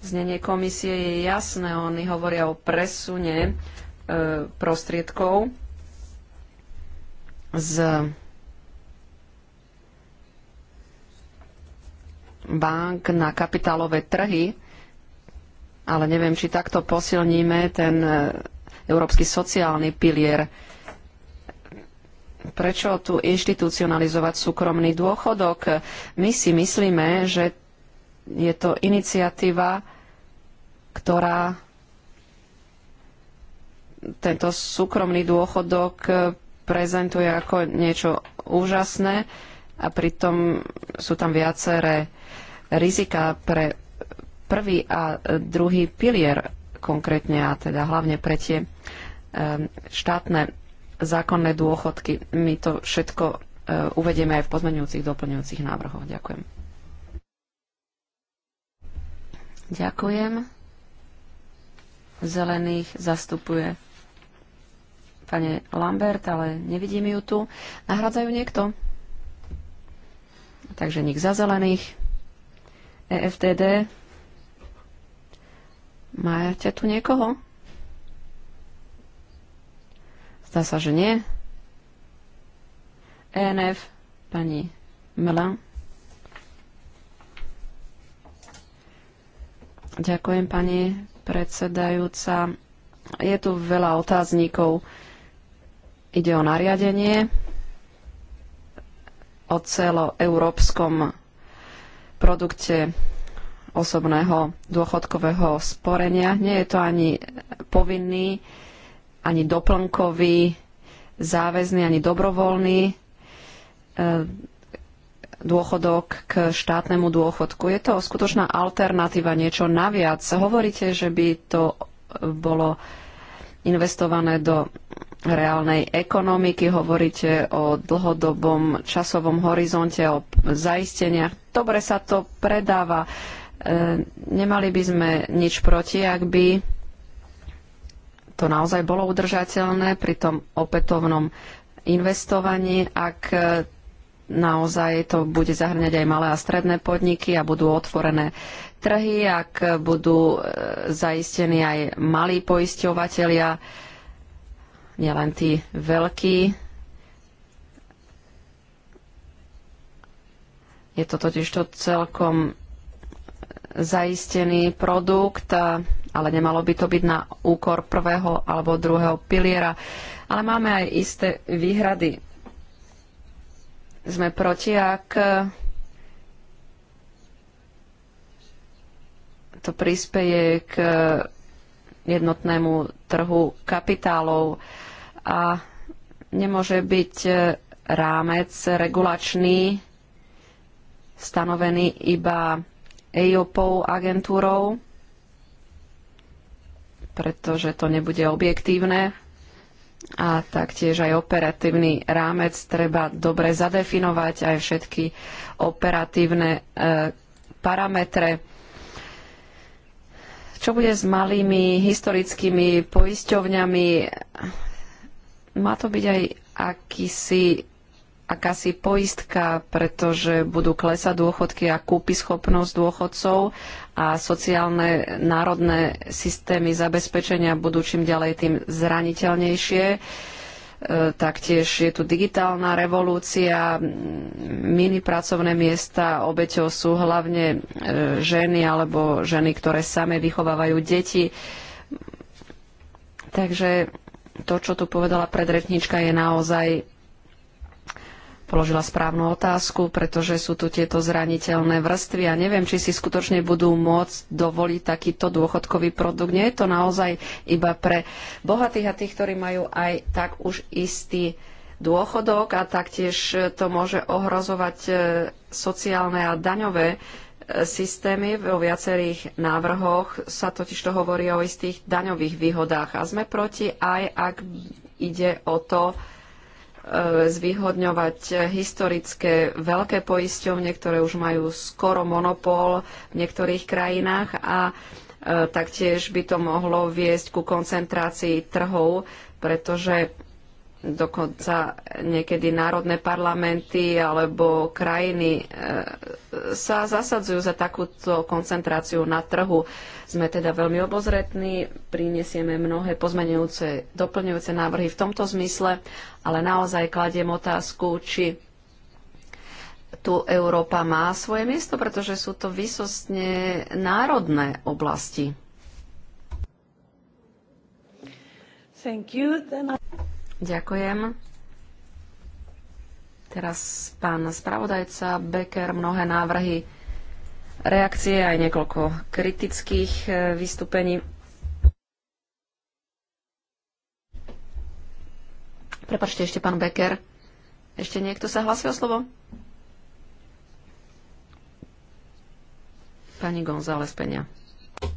Znenie komisie je jasné, oni hovoria o presune eh, prostriedkov z bank na kapitálové trhy ale neviem, či takto posilníme ten e, európsky sociálny pilier. Prečo tu inštitucionalizovať súkromný dôchodok? My si myslíme, že je to iniciatíva, ktorá tento súkromný dôchodok e, prezentuje ako niečo úžasné a pritom sú tam viaceré rizika pre prvý a e, druhý pilier konkrétne a teda hlavne pre tie e, štátne zákonné dôchodky. My to všetko e, uvedieme aj v pozmeňujúcich, doplňujúcich návrhoch. Ďakujem. Ďakujem. Zelených zastupuje pani Lambert, ale nevidím ju tu. Nahradzajú niekto? Takže nik za zelených. EFTD. Máte tu niekoho? Zdá sa, že nie. ENF, pani Melan. Ďakujem, pani predsedajúca. Je tu veľa otáznikov. Ide o nariadenie o celoeurópskom produkte osobného dôchodkového sporenia. Nie je to ani povinný, ani doplnkový, záväzný, ani dobrovoľný e, dôchodok k štátnemu dôchodku. Je to skutočná alternatíva, niečo naviac. Hovoríte, že by to bolo investované do reálnej ekonomiky, hovoríte o dlhodobom časovom horizonte, o zaisteniach. Dobre sa to predáva. E, nemali by sme nič proti, ak by to naozaj bolo udržateľné pri tom opätovnom investovaní, ak e, naozaj to bude zahrňať aj malé a stredné podniky a budú otvorené trhy, ak budú e, zaistení aj malí poisťovateľia, nielen tí veľkí. Je to totiž to celkom zaistený produkt, ale nemalo by to byť na úkor prvého alebo druhého piliera. Ale máme aj isté výhrady. Sme proti, ak to prispieje k jednotnému trhu kapitálov a nemôže byť rámec regulačný stanovený iba EIOPou agentúrou, pretože to nebude objektívne a taktiež aj operatívny rámec treba dobre zadefinovať aj všetky operatívne e, parametre. Čo bude s malými historickými poisťovňami? Má to byť aj akýsi akási poistka, pretože budú klesať dôchodky a kúpi schopnosť dôchodcov a sociálne národné systémy zabezpečenia budú čím ďalej tým zraniteľnejšie. E, taktiež je tu digitálna revolúcia, mini pracovné miesta, obeťou sú hlavne e, ženy alebo ženy, ktoré same vychovávajú deti. Takže to, čo tu povedala predretnička, je naozaj položila správnu otázku, pretože sú tu tieto zraniteľné vrstvy a neviem, či si skutočne budú môcť dovoliť takýto dôchodkový produkt. Nie je to naozaj iba pre bohatých a tých, ktorí majú aj tak už istý dôchodok a taktiež to môže ohrozovať e, sociálne a daňové e, systémy. Vo viacerých návrhoch sa totiž to hovorí o istých daňových výhodách a sme proti aj ak ide o to, E, zvýhodňovať historické veľké poisťovne, ktoré už majú skoro monopol v niektorých krajinách a e, taktiež by to mohlo viesť ku koncentrácii trhov, pretože dokonca niekedy národné parlamenty alebo krajiny e, sa zasadzujú za takúto koncentráciu na trhu. Sme teda veľmi obozretní, prinesieme mnohé pozmenujúce, doplňujúce návrhy v tomto zmysle, ale naozaj kladiem otázku, či tu Európa má svoje miesto, pretože sú to vysostne národné oblasti. Thank you. Then I... Ďakujem. Teraz pán spravodajca Becker, mnohé návrhy, reakcie aj niekoľko kritických e, vystúpení. Prepačte ešte, pán Becker. Ešte niekto sa hlasí o slovo? Pani González Peňa.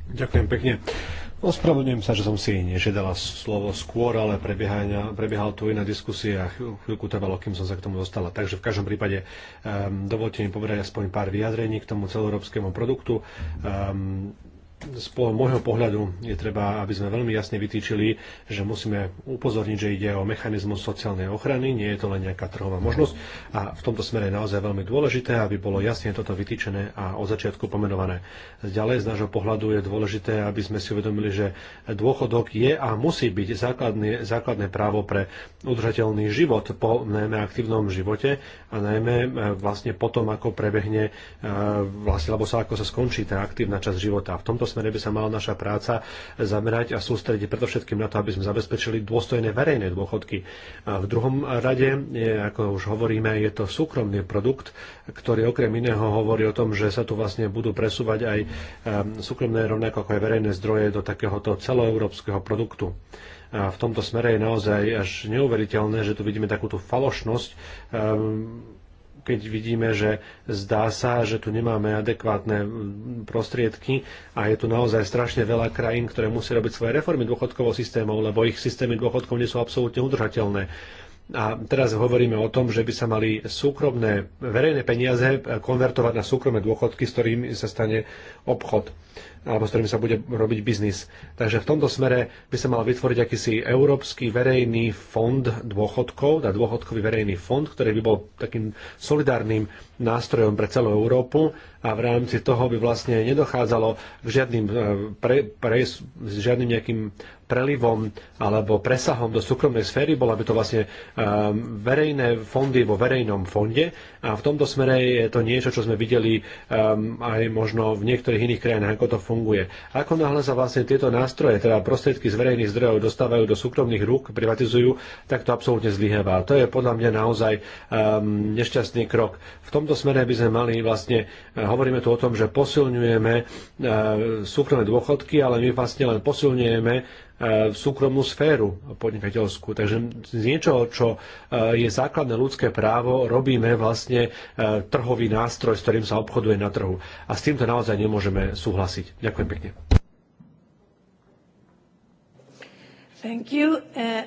Ďakujem pekne. Ospravedlňujem sa, že som si nežiadala slovo skôr, ale prebiehal tu iná diskusia a chvíľku trvalo, kým som sa k tomu dostala. Takže v každom prípade um, dovolte mi povedať aspoň pár vyjadrení k tomu celoeurópskemu produktu. Um, z môjho pohľadu je treba, aby sme veľmi jasne vytýčili, že musíme upozorniť, že ide o mechanizmus sociálnej ochrany, nie je to len nejaká trhová možnosť a v tomto smere je naozaj veľmi dôležité, aby bolo jasne toto vytýčené a od začiatku pomenované. Ďalej z nášho pohľadu je dôležité, aby sme si uvedomili, že dôchodok je a musí byť základné, základné právo pre udržateľný život po najmä aktívnom živote a najmä e, vlastne potom, ako prebehne, e, vlastne, lebo sa ako sa skončí tá aktívna časť života. V tomto smere by sa mala naša práca zamerať a sústrediť predovšetkým na to, aby sme zabezpečili dôstojné verejné dôchodky. A v druhom rade, ako už hovoríme, je to súkromný produkt, ktorý okrem iného hovorí o tom, že sa tu vlastne budú presúvať aj e, súkromné rovnako ako aj verejné zdroje do takéhoto celoeurópskeho produktu. A v tomto smere je naozaj až neuveriteľné, že tu vidíme takúto falošnosť um, keď vidíme, že zdá sa, že tu nemáme adekvátne prostriedky a je tu naozaj strašne veľa krajín, ktoré musia robiť svoje reformy dôchodkového systémov, lebo ich systémy dôchodkov nie sú absolútne udržateľné. A teraz hovoríme o tom, že by sa mali súkromné verejné peniaze e, konvertovať na súkromné dôchodky, s ktorými sa stane obchod alebo s ktorými sa bude robiť biznis. Takže v tomto smere by sa mal vytvoriť akýsi európsky verejný fond dôchodkov, teda dôchodkový verejný fond, ktorý by bol takým solidárnym nástrojom pre celú Európu a v rámci toho by vlastne nedochádzalo k žiadnym, eh, pre, pre, žiadnym nejakým prelivom alebo presahom do súkromnej sféry, bola by to vlastne eh, verejné fondy vo verejnom fonde a v tomto smere je to niečo, čo sme videli eh, aj možno v niektorých iných krajinách, ako to funguje. Ako náhle sa vlastne tieto nástroje, teda prostriedky z verejných zdrojov dostávajú do súkromných rúk, privatizujú, tak to absolútne zlyháva. To je podľa mňa naozaj nešťastný krok. V tomto tomto smere by sme mali vlastne, e, hovoríme tu o tom, že posilňujeme e, súkromné dôchodky, ale my vlastne len posilňujeme v e, súkromnú sféru podnikateľskú. Takže z niečoho, čo je základné ľudské právo, robíme vlastne trhový nástroj, s ktorým sa obchoduje na trhu. A s týmto naozaj nemôžeme súhlasiť. Ďakujem pekne. Thank you. Uh...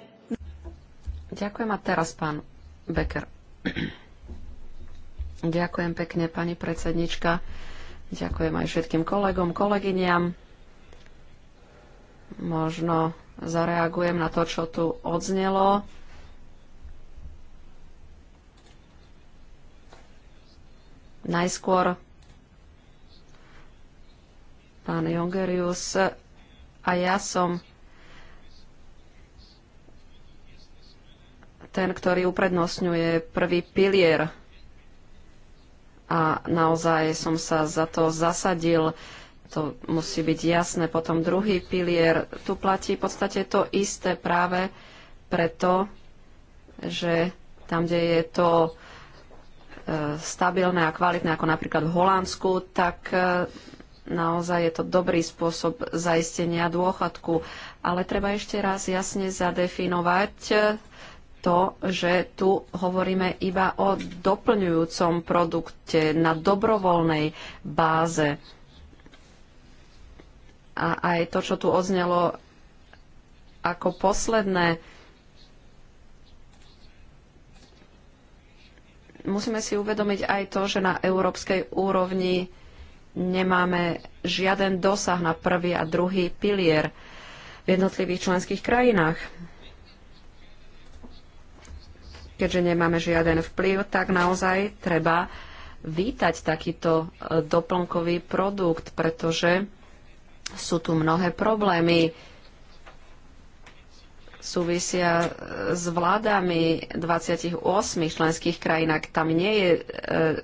Ďakujem a teraz pán Becker. Ďakujem pekne, pani predsednička. Ďakujem aj všetkým kolegom, kolegyniam. Možno zareagujem na to, čo tu odznelo. Najskôr pán Jongerius a ja som ten, ktorý uprednostňuje prvý pilier a naozaj som sa za to zasadil. To musí byť jasné. Potom druhý pilier, tu platí v podstate to isté práve preto, že tam, kde je to e, stabilné a kvalitné, ako napríklad v Holandsku, tak e, naozaj je to dobrý spôsob zaistenia dôchodku. Ale treba ešte raz jasne zadefinovať to, že tu hovoríme iba o doplňujúcom produkte na dobrovoľnej báze. A aj to, čo tu oznelo ako posledné, musíme si uvedomiť aj to, že na európskej úrovni nemáme žiaden dosah na prvý a druhý pilier v jednotlivých členských krajinách keďže nemáme žiaden vplyv, tak naozaj treba vítať takýto e, doplnkový produkt, pretože sú tu mnohé problémy súvisia e, s vládami 28 členských krajín, ak tam nie je e,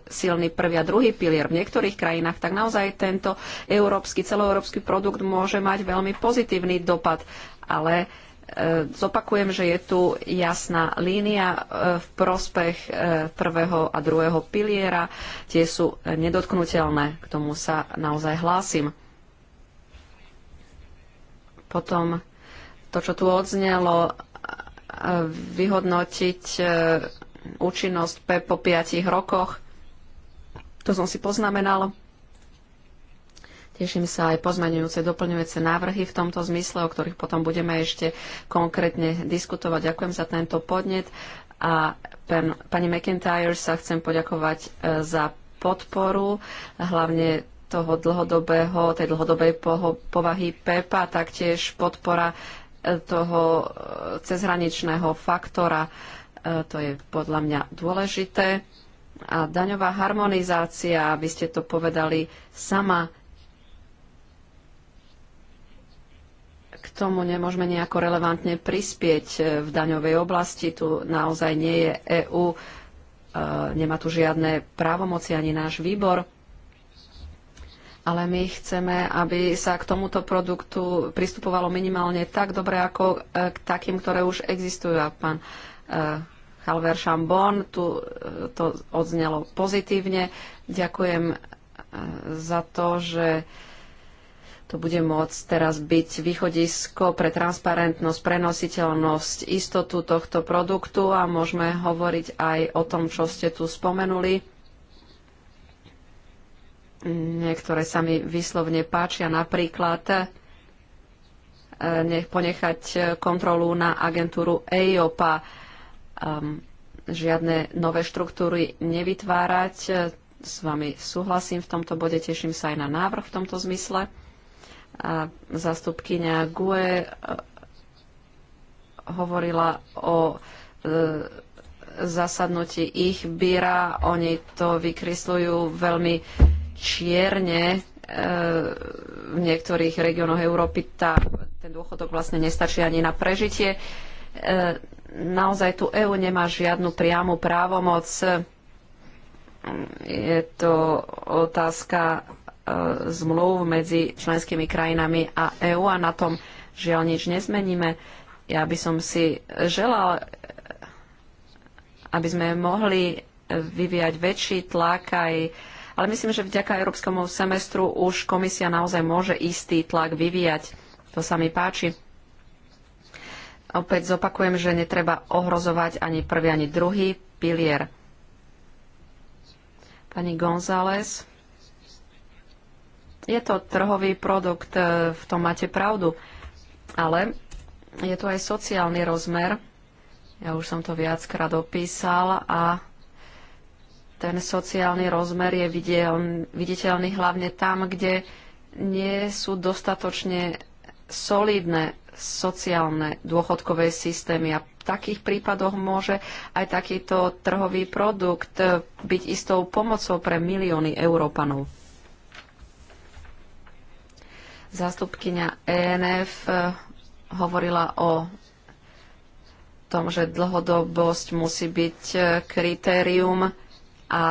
silný prvý a druhý pilier v niektorých krajinách, tak naozaj tento európsky, celoeurópsky produkt môže mať veľmi pozitívny dopad. Ale E, zopakujem, že je tu jasná línia e, v prospech e, prvého a druhého piliera. Tie sú nedotknutelné, k tomu sa naozaj hlásim. Potom to, čo tu odznelo, vyhodnotiť účinnosť po 5 rokoch. To som si poznamenal. Teším sa aj pozmenujúce, doplňujúce návrhy v tomto zmysle, o ktorých potom budeme ešte konkrétne diskutovať. Ďakujem za tento podnet a pen, pani McIntyre sa chcem poďakovať e, za podporu, hlavne toho dlhodobého, tej dlhodobej poho, povahy PEPA, taktiež podpora e, toho e, cezhraničného faktora. To je podľa mňa dôležité. A daňová harmonizácia, aby ste to povedali sama, k tomu nemôžeme nejako relevantne prispieť e, v daňovej oblasti. Tu naozaj nie je EÚ, e, nemá tu žiadne právomoci ani náš výbor. Ale my chceme, aby sa k tomuto produktu pristupovalo minimálne tak dobre, ako e, k takým, ktoré už existujú. A pán Halver Šambon, tu to odznelo pozitívne. Ďakujem za to, že to bude môcť teraz byť východisko pre transparentnosť, prenositeľnosť, istotu tohto produktu a môžeme hovoriť aj o tom, čo ste tu spomenuli. Niektoré sa mi vyslovne páčia, napríklad e, ponechať kontrolu na agentúru EIOPA, ehm, žiadne nové štruktúry nevytvárať. E, s vami súhlasím v tomto bode, teším sa aj na návrh v tomto zmysle a zastupkynia GUE e, hovorila o e, zasadnutí ich byra. Oni to vykreslujú veľmi čierne. E, v niektorých regiónoch Európy tá, ten dôchodok vlastne nestačí ani na prežitie. naozaj tu EÚ nemá žiadnu priamu právomoc. Je to otázka E, zmluv medzi členskými krajinami a EÚ a na tom žiaľ nič nezmeníme. Ja by som si želal, aby sme mohli vyvíjať väčší tlak aj ale myslím, že vďaka Európskemu semestru už komisia naozaj môže istý tlak vyvíjať. To sa mi páči. Opäť zopakujem, že netreba ohrozovať ani prvý, ani druhý pilier. Pani González. Je to trhový produkt, e, v tom máte pravdu, ale je tu aj sociálny rozmer. Ja už som to viackrát opísal a ten sociálny rozmer je viditeľný hlavne tam, kde nie sú dostatočne solidné sociálne dôchodkové systémy a v takých prípadoch môže aj takýto trhový produkt e, byť istou pomocou pre milióny Európanov. Zástupkyňa ENF e, hovorila o tom, že dlhodobosť musí byť e, kritérium a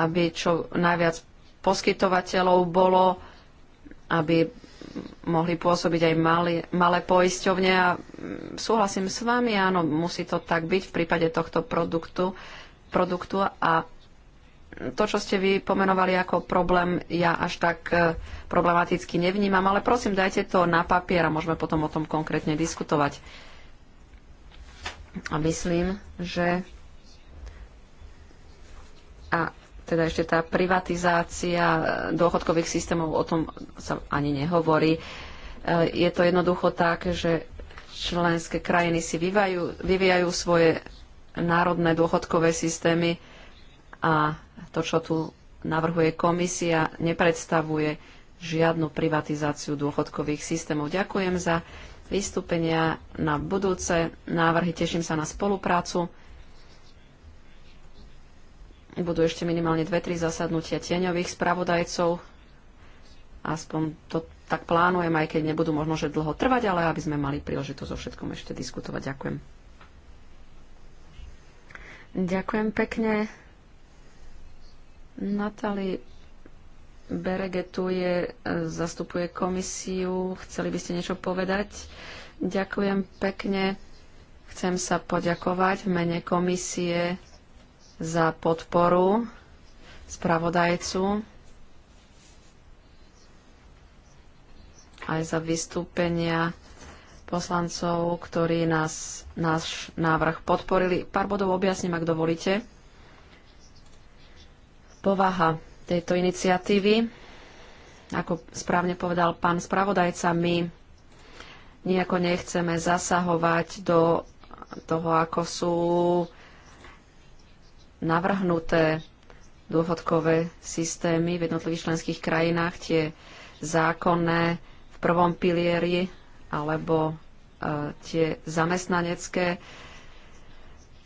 aby čo najviac poskytovateľov bolo, aby mohli pôsobiť aj malé, malé poisťovne a mm, súhlasím s vami, áno, musí to tak byť v prípade tohto produktu, produktu a to, čo ste vy pomenovali ako problém, ja až tak e, problematicky nevnímam, ale prosím, dajte to na papier a môžeme potom o tom konkrétne diskutovať. A myslím, že... A teda ešte tá privatizácia dôchodkových systémov, o tom sa ani nehovorí. E, je to jednoducho tak, že členské krajiny si vyvajú, vyvíjajú svoje národné dôchodkové systémy a to, čo tu navrhuje komisia, nepredstavuje žiadnu privatizáciu dôchodkových systémov. Ďakujem za vystúpenia na budúce návrhy. Teším sa na spoluprácu. Budú ešte minimálne dve, tri zasadnutia tieňových spravodajcov. Aspoň to tak plánujem, aj keď nebudú možno, že dlho trvať, ale aby sme mali príležitosť o všetkom ešte diskutovať. Ďakujem. Ďakujem pekne. Natali Beregetu je, e, zastupuje komisiu. Chceli by ste niečo povedať? Ďakujem pekne. Chcem sa poďakovať v mene komisie za podporu spravodajcu aj za vystúpenia poslancov, ktorí nás, náš návrh podporili. Pár bodov objasním, ak dovolíte. Povaha tejto iniciatívy. Ako správne povedal pán spravodajca, my nejako nechceme zasahovať do toho, ako sú navrhnuté dôchodkové systémy v jednotlivých členských krajinách, tie zákonné v prvom pilieri alebo e, tie zamestnanecké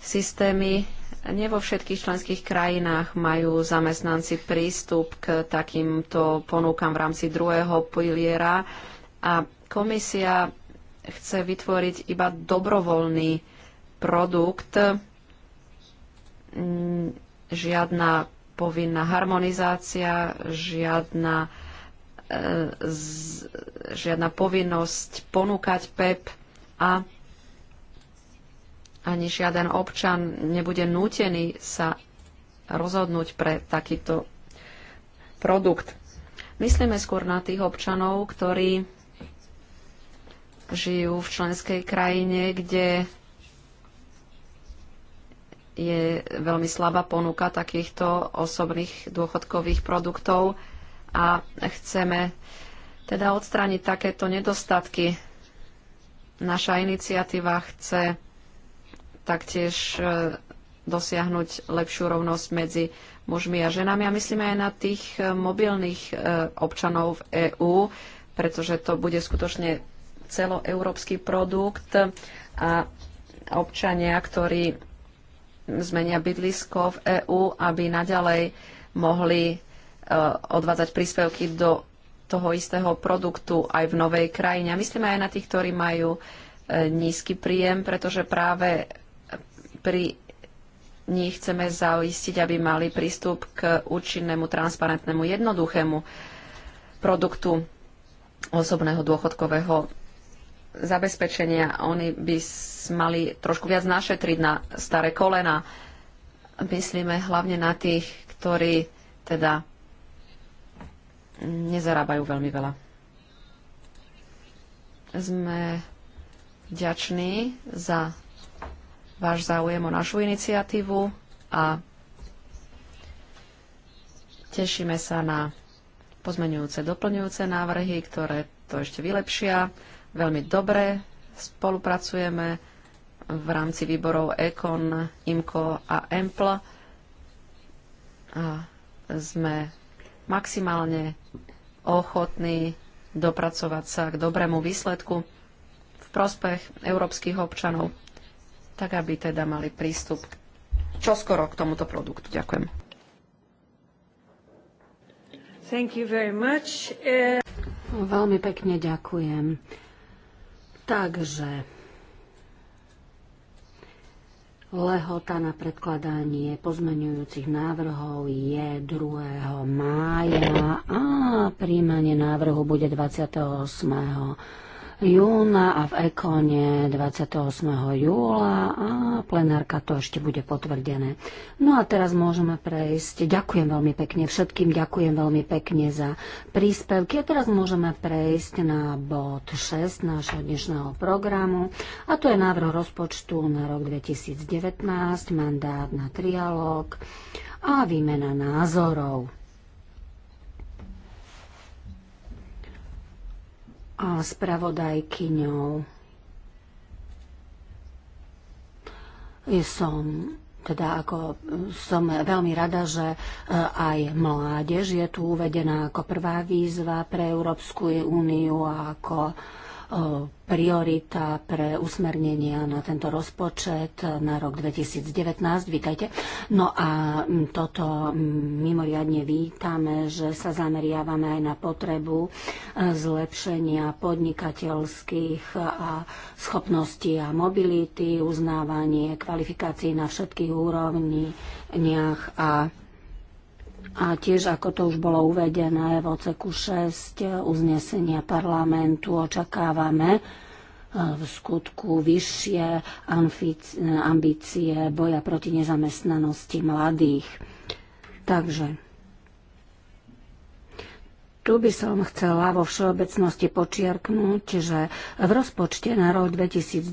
systémy nie vo všetkých členských krajinách majú zamestnanci prístup k takýmto ponúkam v rámci druhého piliera a komisia chce vytvoriť iba dobrovoľný produkt, žiadna povinná harmonizácia, žiadna, eh, žiadna povinnosť ponúkať PEP e a ani žiaden občan nebude nútený sa rozhodnúť pre takýto produkt. Myslíme skôr na tých občanov, ktorí žijú v členskej krajine, kde je veľmi slabá ponuka takýchto osobných dôchodkových produktov a chceme teda odstrániť takéto nedostatky. Naša iniciatíva chce taktiež e, dosiahnuť lepšiu rovnosť medzi mužmi a ženami a myslíme aj na tých e, mobilných e, občanov v EÚ, pretože to bude skutočne celoeurópsky produkt a občania, ktorí zmenia bydlisko v EÚ, aby naďalej mohli odvádzať príspevky do toho istého produktu aj v novej krajine. A myslíme aj na tých, ktorí majú nízky príjem, pretože práve pri nich chceme zaistiť, aby mali prístup k účinnému, transparentnému, jednoduchému produktu osobného dôchodkového zabezpečenia. Oni by mali trošku viac našetriť na staré kolena. Myslíme hlavne na tých, ktorí teda nezarábajú veľmi veľa. Sme vďační za váš záujem o našu iniciatívu a tešíme sa na pozmenujúce, doplňujúce návrhy, ktoré to ešte vylepšia. Veľmi dobre spolupracujeme v rámci výborov EKON, IMKO a EMPL. A sme maximálne ochotní dopracovať sa k dobrému výsledku v prospech európskych občanov tak aby teda mali prístup čoskoro k tomuto produktu. Ďakujem. Thank you very much. Eh, Veľmi pekne ďakujem. Takže lehota na predkladanie pozmenujúcich návrhov je 2. mája a príjmanie návrhu bude 28 júna a v Ekone 28. júla a plenárka to ešte bude potvrdené. No a teraz môžeme prejsť. Ďakujem veľmi pekne všetkým, ďakujem veľmi pekne za príspevky. A teraz môžeme prejsť na bod 6 nášho dnešného programu a to je návrh rozpočtu na rok 2019, mandát na trialóg a výmena názorov. a spravodajkyňou. Ja som teda ako som veľmi rada, že eh, aj mládež je tu uvedená ako prvá výzva pre Európsku úniu a ako priorita pre usmernenia na tento rozpočet na rok 2019. Vítajte. No a toto mimoriadne vítame, že sa zameriavame aj na potrebu e, zlepšenia podnikateľských e, a schopností a mobility, uznávanie kvalifikácií na všetkých úrovniach a a tiež, ako to už bolo uvedené v oceku 6 uznesenia parlamentu, očakávame e, v skutku vyššie ambície boja proti nezamestnanosti mladých. Takže tu by som chcela vo všeobecnosti počiarknúť, že v rozpočte na rok 2019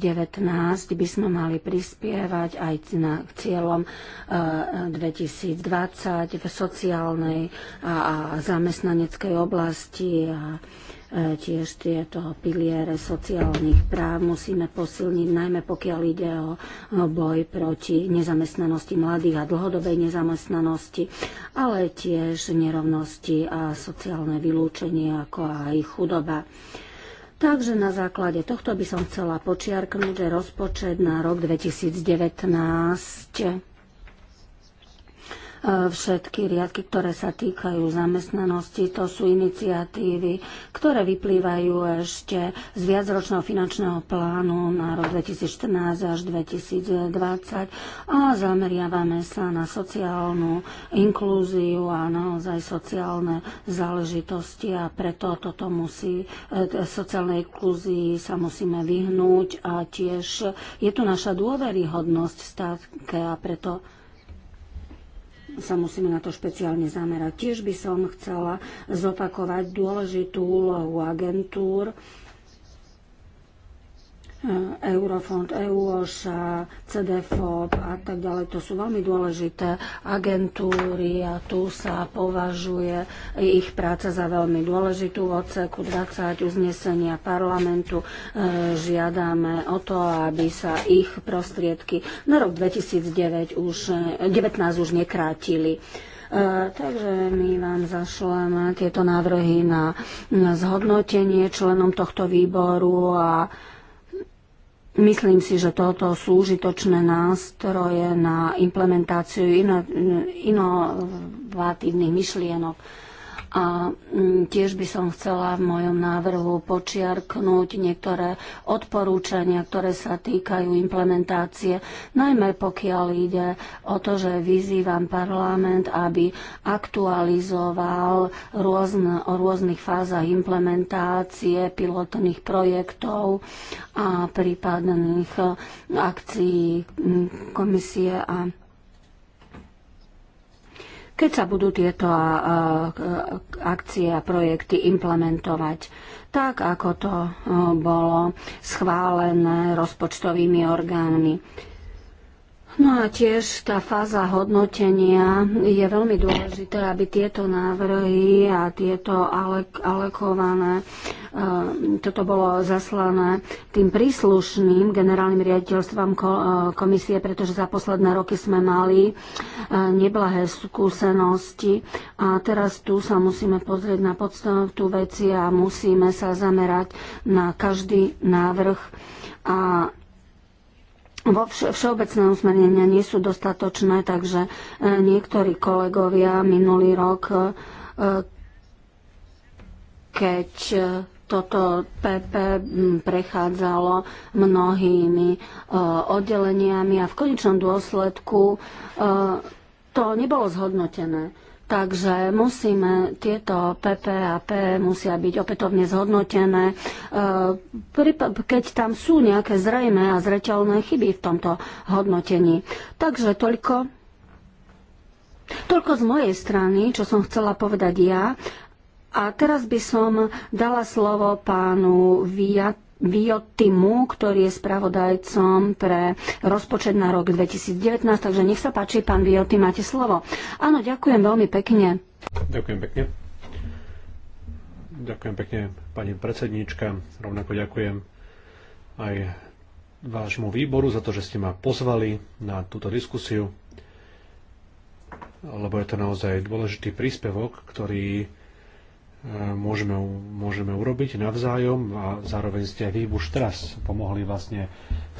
by sme mali prispievať aj na, k cieľom 2020 e, v sociálnej a zamestnaneckej oblasti a E, tiež tieto piliere sociálnych práv musíme posilniť, najmä pokiaľ ide o boj proti nezamestnanosti mladých a dlhodobej nezamestnanosti, ale tiež nerovnosti a sociálne vylúčenie, ako aj chudoba. Takže na základe tohto by som chcela počiarknúť, že rozpočet na rok 2019 E, všetky riadky, ktoré sa týkajú zamestnanosti, to sú iniciatívy, ktoré vyplývajú ešte z viacročného finančného plánu na rok 2014 až 2020 a zameriavame sa na sociálnu inklúziu a naozaj sociálne záležitosti a preto toto musí, e, sociálnej inklúzii sa musíme vyhnúť a tiež je tu naša dôveryhodnosť v státke a preto sa musíme na to špeciálne zamerať. Tiež by som chcela zopakovať dôležitú úlohu agentúr, E, Eurofond, EUOŠ, CDFOB a tak ďalej. To sú veľmi dôležité agentúry a tu sa považuje ich práca za veľmi dôležitú. V odseku 20 uznesenia parlamentu e, žiadame o to, aby sa ich prostriedky na rok 2009 už, 19 e, už nekrátili takže my vám zašleme tieto návrhy na zhodnotenie členom tohto výboru a Myslím si, že toto sú užitočné nástroje na implementáciu inovatívnych myšlienok a mm, tiež by som chcela v mojom návrhu počiarknúť niektoré odporúčania, ktoré sa týkajú implementácie, najmä pokiaľ ide o to, že vyzývam parlament, aby aktualizoval rôzne, o rôznych fázach implementácie pilotných projektov a prípadných eh, akcií mm, komisie a keď sa budú tieto akcie a projekty implementovať tak, ako to bolo schválené rozpočtovými orgánmi. No a tiež tá fáza hodnotenia je veľmi dôležité, aby tieto návrhy a tieto alekované, eh, toto bolo zaslané tým príslušným generálnym riaditeľstvom eh, komisie, pretože za posledné roky sme mali eh, neblahé skúsenosti a teraz tu sa musíme pozrieť na podstatu veci a musíme sa zamerať na každý návrh a vo všeobecné usmernenia nie sú dostatočné, takže e, niektorí kolegovia minulý rok, e, e, keď toto PP prechádzalo mnohými oddeleniami a v konečnom dôsledku to nebolo zhodnotené. Takže musíme, tieto PP a P musia byť opätovne zhodnotené, e, keď tam sú nejaké zrejme a zreteľné chyby v tomto hodnotení. Takže toľko, toľko z mojej strany, čo som chcela povedať ja. A teraz by som dala slovo pánu Viat Viotimu, ktorý je spravodajcom pre rozpočet na rok 2019. Takže nech sa páči, pán Vioty, máte slovo. Áno, ďakujem veľmi pekne. Ďakujem pekne. Ďakujem pekne, pani predsedníčka. Rovnako ďakujem aj vášmu výboru za to, že ste ma pozvali na túto diskusiu, lebo je to naozaj dôležitý príspevok, ktorý môžeme, môžeme urobiť navzájom a zároveň ste aj vy už teraz pomohli vlastne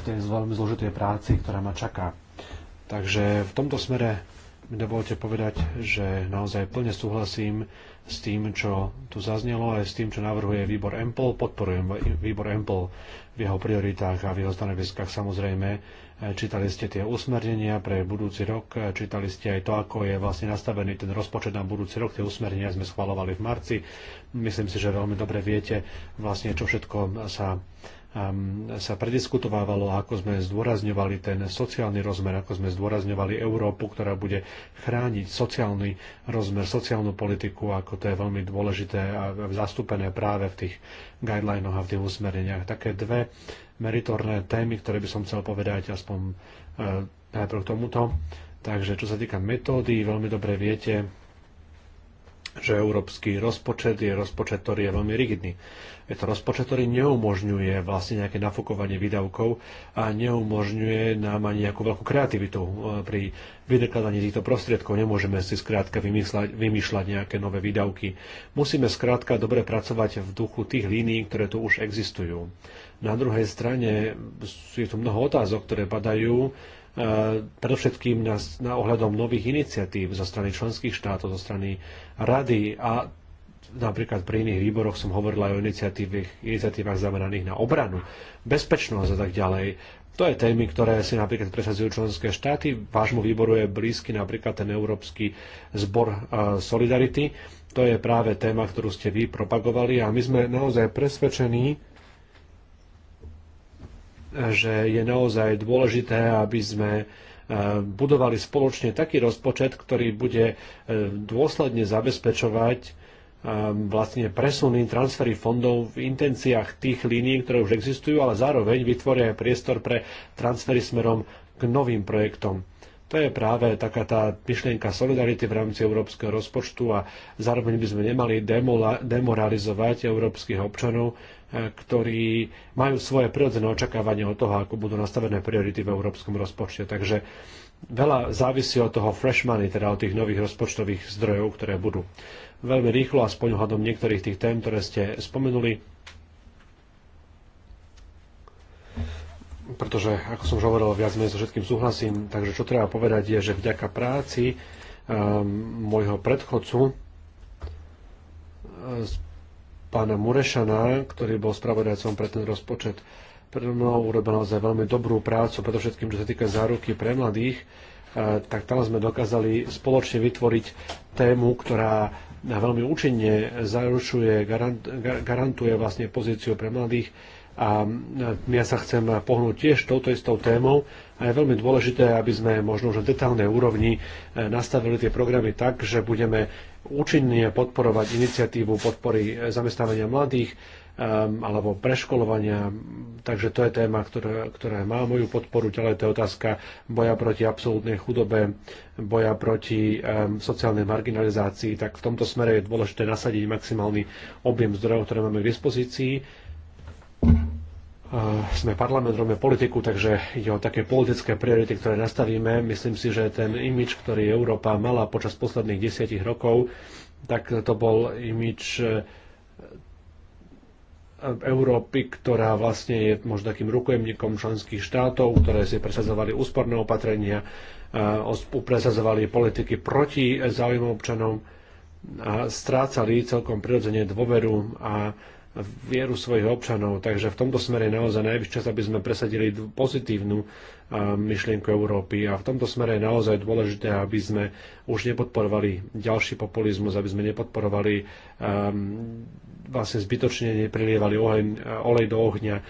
v tej veľmi zložitej práci, ktorá ma čaká. Takže v tomto smere mi dovolte povedať, že naozaj plne súhlasím s tým, čo tu zaznelo, aj s tým, čo navrhuje výbor Empol. Podporujem výbor Empol v jeho prioritách a v jeho stanoviskách samozrejme čítali ste tie usmernenia pre budúci rok, čítali ste aj to, ako je vlastne nastavený ten rozpočet na budúci rok. Tie usmernenia sme schvalovali v marci. Myslím si, že veľmi dobre viete vlastne, čo všetko sa um, sa prediskutovávalo, ako sme zdôrazňovali ten sociálny rozmer, ako sme zdôrazňovali Európu, ktorá bude chrániť sociálny rozmer, sociálnu politiku, ako to je veľmi dôležité a zastúpené práve v tých guidelinoch a v tých usmereniach. Také dve meritorné témy, ktoré by som chcel povedať aspoň e, najprv k tomuto. Takže čo sa týka metódy, veľmi dobre viete, že európsky rozpočet je rozpočet, ktorý je veľmi rigidný. Je to rozpočet, ktorý neumožňuje vlastne nejaké nafúkovanie výdavkov a neumožňuje nám ani nejakú veľkú kreativitu e, pri vydekladaní týchto prostriedkov. Nemôžeme si skrátka vymýšľať, vymýšľať nejaké nové výdavky. Musíme skrátka dobre pracovať v duchu tých línií, ktoré tu už existujú. Na druhej strane je tu mnoho otázok, ktoré padajú e, predovšetkým na, na ohľadom nových iniciatív zo strany členských štátov, zo strany rady a napríklad pri iných výboroch som hovorila aj o iniciatívach zameraných na obranu, bezpečnosť a tak ďalej. To je témy, ktoré si napríklad presadzujú členské štáty. Vášmu výboru je blízky napríklad ten Európsky zbor e, Solidarity. To je práve téma, ktorú ste vy propagovali a my sme naozaj presvedčení, že je naozaj dôležité, aby sme e, budovali spoločne taký rozpočet, ktorý bude e, dôsledne zabezpečovať e, vlastne presuny, transfery fondov v intenciách tých línií, ktoré už existujú, ale zároveň vytvoria aj priestor pre transfery smerom k novým projektom. To je práve taká tá myšlienka solidarity v rámci európskeho rozpočtu a zároveň by sme nemali demoralizovať európskych občanov, E, ktorí majú svoje prirodzené očakávanie od toho, ako budú nastavené priority v európskom rozpočte. Takže veľa závisí od toho fresh money, teda od tých nových rozpočtových zdrojov, ktoré budú. Veľmi rýchlo, aspoň hľadom niektorých tých tém, ktoré ste spomenuli, pretože, ako som už hovoril, viac menej so všetkým súhlasím, takže čo treba povedať je, že vďaka práci um, môjho predchodcu ehm, pána Murešana, ktorý bol spravodajcom pre ten rozpočet. Pre mnou urobil naozaj veľmi dobrú prácu, všetkým, čo sa týka záruky pre mladých, e, tak tam sme dokázali spoločne vytvoriť tému, ktorá veľmi účinne zaručuje, garantuje vlastne pozíciu pre mladých a e, ja sa chcem pohnúť tiež touto istou témou a je veľmi dôležité, aby sme možno už na detálnej úrovni e, nastavili tie programy tak, že budeme účinne podporovať iniciatívu podpory eh, zamestnávania mladých um, alebo preškolovania. Takže to je téma, ktoré, ktorá má moju podporu. Ďalej to je otázka boja proti absolútnej chudobe, boja proti um, sociálnej marginalizácii. Tak v tomto smere je dôležité nasadiť maximálny objem zdrojov, ktoré máme k dispozícii. Eh, sme parlament, robíme politiku, takže ide o také politické priority, ktoré nastavíme. Myslím si, že ten imič, ktorý Európa mala počas posledných desiatich rokov, tak to bol imič eh, Európy, ktorá vlastne je možno takým rukojemníkom členských štátov, ktoré si presadzovali úsporné opatrenia, eh, presadzovali politiky proti záujmom občanom a strácali celkom prirodzene dôveru a vieru svojich občanov. Takže v tomto smere je naozaj najvyšší čas, aby sme presadili pozitívnu myšlienku Európy a v tomto smere je naozaj dôležité, aby sme už nepodporovali ďalší populizmus, aby sme nepodporovali um, vlastne zbytočne neprilievali oheň, olej do ohňa um,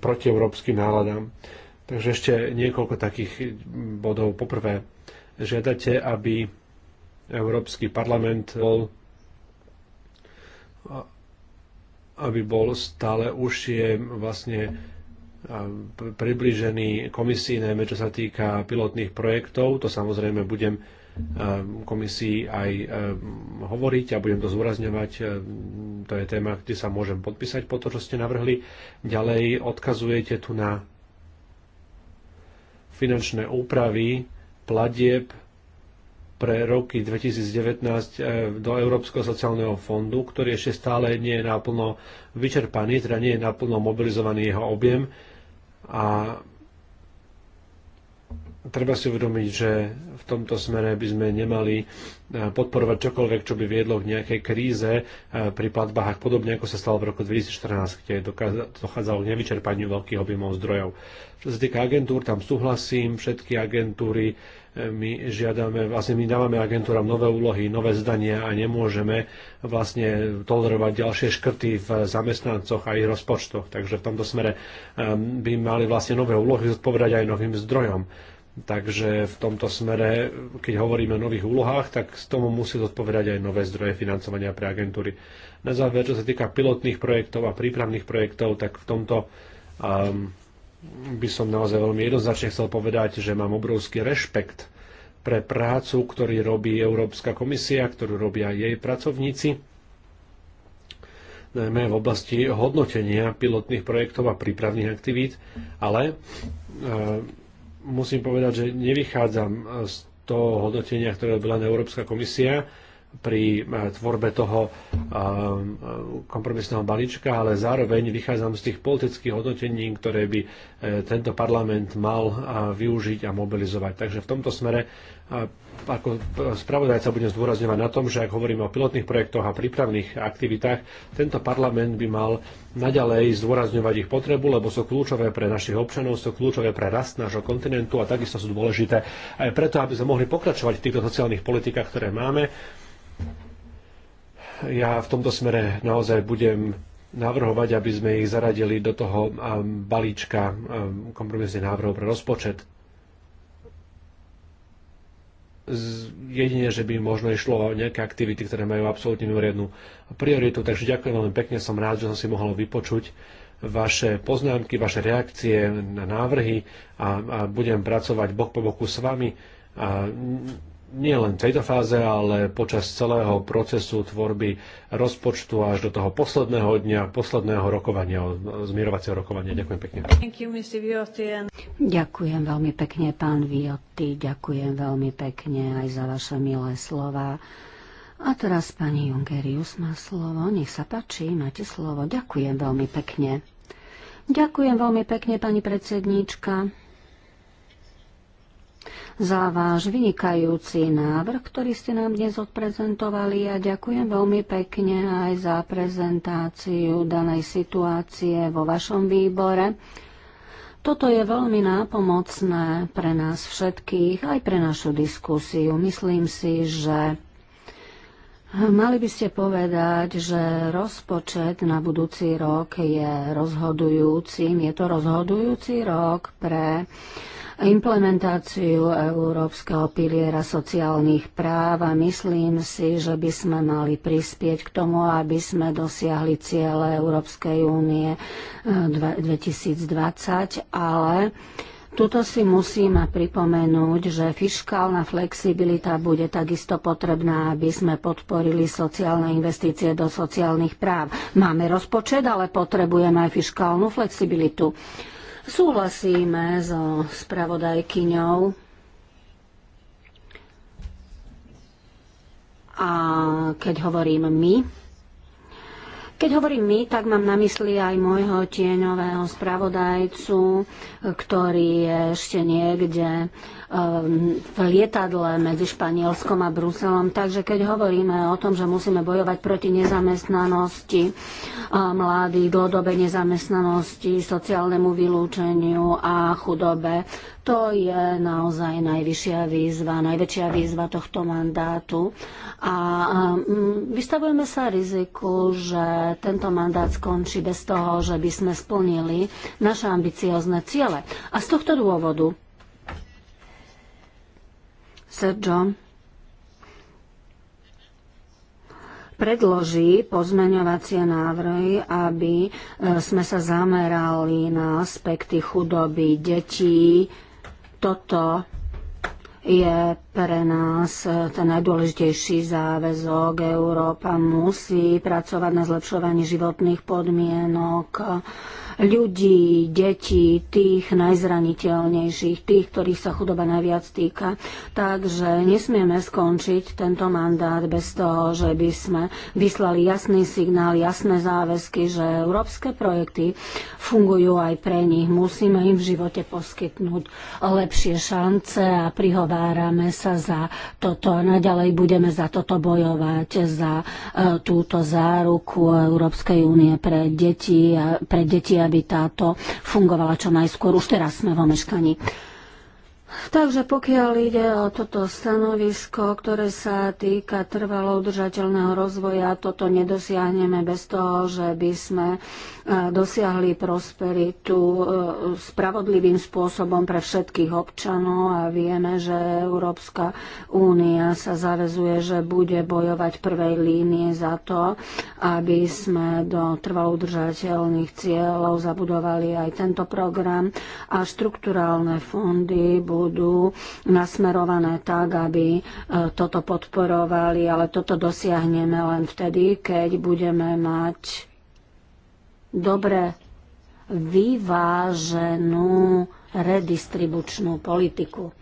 proti európskym náladám. Takže ešte niekoľko takých bodov. Poprvé, žiadate, aby Európsky parlament bol aby bol stále užšie vlastne e, približený komisii, najmä čo sa týka pilotných projektov. To samozrejme budem e, komisii aj e, hovoriť a budem to zúrazňovať. To je téma, kde sa môžem podpísať po to, čo ste navrhli. Ďalej odkazujete tu na finančné úpravy platieb pre roky 2019 eh, do Európskeho sociálneho fondu, ktorý ešte stále nie je naplno vyčerpaný, teda nie je naplno mobilizovaný jeho objem. A treba si uvedomiť, že v tomto smere by sme nemali eh, podporovať čokoľvek, čo by viedlo k nejakej kríze eh, pri platbách, podobne ako sa stalo v roku 2014, kde dochádzalo k nevyčerpaniu veľkých objemov zdrojov. Čo sa týka agentúr, tam súhlasím, všetky agentúry my žiadame, vlastne my dávame agentúram nové úlohy, nové zdania a nemôžeme vlastne tolerovať ďalšie škrty v zamestnancoch a ich rozpočtoch. Takže v tomto smere ehm, by mali vlastne nové úlohy zodpovedať aj novým zdrojom. Takže v tomto smere, keď hovoríme o nových úlohách, tak z tomu musí zodpovedať aj nové zdroje financovania pre agentúry. Na záver, čo sa týka pilotných projektov a prípravných projektov, tak v tomto um, by som naozaj veľmi jednoznačne chcel povedať, že mám obrovský rešpekt pre prácu, ktorý robí Európska komisia, ktorú robia jej pracovníci, najmä v oblasti hodnotenia pilotných projektov a prípravných aktivít, ale e, musím povedať, že nevychádzam z toho hodnotenia, ktoré robila Európska komisia, pri eh, tvorbe toho eh, kompromisného balíčka, ale zároveň vychádzam z tých politických hodnotení, ktoré by eh, tento parlament mal využiť a mobilizovať. Takže v tomto smere ako spravodajca budem zdôrazňovať na tom, že ak hovoríme o pilotných projektoch a prípravných aktivitách, tento parlament by mal naďalej zdôrazňovať ich potrebu, lebo sú kľúčové pre našich občanov, sú kľúčové pre rast nášho kontinentu a takisto sú dôležité aj preto, aby sme mohli pokračovať v týchto sociálnych politikách, ktoré máme ja v tomto smere naozaj budem navrhovať, aby sme ich zaradili do toho balíčka kompromisných návrhov pre rozpočet. Jedine, že by možno išlo o nejaké aktivity, ktoré majú absolútne mimoriadnú prioritu. Takže ďakujem veľmi pekne, som rád, že som si mohol vypočuť vaše poznámky, vaše reakcie na návrhy a, a budem pracovať bok po boku s vami. A nie len v tejto fáze, ale počas celého procesu tvorby rozpočtu až do toho posledného dňa, posledného rokovania, zmierovacieho rokovania. Ďakujem pekne. ďakujem veľmi pekne, pán Viotti. Ďakujem veľmi pekne aj za vaše milé slova. A teraz pani Jungerius má slovo. Nech sa páči, máte slovo. Ďakujem veľmi pekne. Ďakujem veľmi pekne, pani predsedníčka za váš vynikajúci návrh, ktorý ste nám dnes odprezentovali a ďakujem veľmi pekne aj za prezentáciu danej situácie vo vašom výbore. Toto je veľmi nápomocné pre nás všetkých, aj pre našu diskusiu. Myslím si, že Mali by ste povedať, že rozpočet na budúci rok je rozhodujúcim. Je to rozhodujúci rok pre implementáciu Európskeho piliera sociálnych práv a myslím si, že by sme mali prispieť k tomu, aby sme dosiahli ciele Európskej únie 2020, eh, ale Tuto si musíme pripomenúť, že fiskálna flexibilita bude takisto potrebná, aby sme podporili sociálne investície do sociálnych práv. Máme rozpočet, ale potrebujeme aj fiskálnu flexibilitu. Súhlasíme so spravodajkyňou a keď hovorím my, keď hovorím my, tak mám na mysli aj môjho tieňového spravodajcu, ktorý je ešte niekde ehm, v lietadle medzi Španielskom a Bruselom. Takže keď hovoríme o tom, že musíme bojovať proti nezamestnanosti mladých, dlhodobej nezamestnanosti, sociálnemu vylúčeniu a chudobe, to je naozaj najvyššia výzva, najväčšia výzva tohto mandátu. A um, vystavujeme sa riziku, že tento mandát skončí bez toho, že by sme splnili naše ambiciozne ciele. A z tohto dôvodu, Sergio, predloží pozmeňovacie návrhy, aby e, sme sa zamerali na aspekty chudoby detí, toto je pre nás e, ten najdôležitejší záväzok. Európa musí pracovať na zlepšovaní životných podmienok ľudí, detí, tých najzraniteľnejších, tých, ktorých sa chudoba najviac týka. Takže nesmieme skončiť tento mandát bez toho, že by sme vyslali jasný signál, jasné záväzky, že európske projekty fungujú aj pre nich. Musíme im v živote poskytnúť lepšie šance a prihovárame sa za toto. Naďalej budeme za toto bojovať, za e, túto záruku Európskej únie pre deti a, pre deti a aby táto fungovala čo najskôr. Už teraz sme v omeškaní. Takže pokiaľ ide o toto stanovisko, ktoré sa týka trvalo udržateľného rozvoja, toto nedosiahneme bez toho, že by sme e, dosiahli prosperitu e, spravodlivým spôsobom pre všetkých občanov a vieme, že Európska únia sa zavezuje, že bude bojovať prvej línie za to, aby sme do trvalo udržateľných cieľov zabudovali aj tento program a štrukturálne fondy budú budú nasmerované tak, aby e, toto podporovali, ale toto dosiahneme len vtedy, keď budeme mať dobre vyváženú redistribučnú politiku.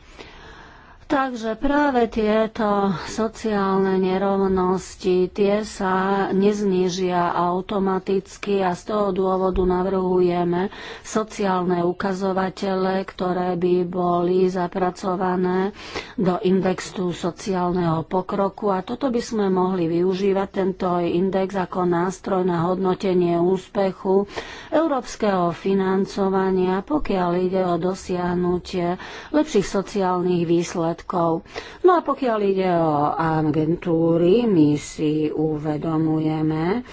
Takže práve tieto sociálne nerovnosti, tie sa neznížia automaticky a z toho dôvodu navrhujeme sociálne ukazovatele, ktoré by boli zapracované do indexu sociálneho pokroku a toto by sme mohli využívať, tento index ako nástroj na hodnotenie úspechu európskeho financovania, pokiaľ ide o dosiahnutie lepších sociálnych výsledkov svetkov. No a pokiaľ ide o agentúry, my si uvedomujeme,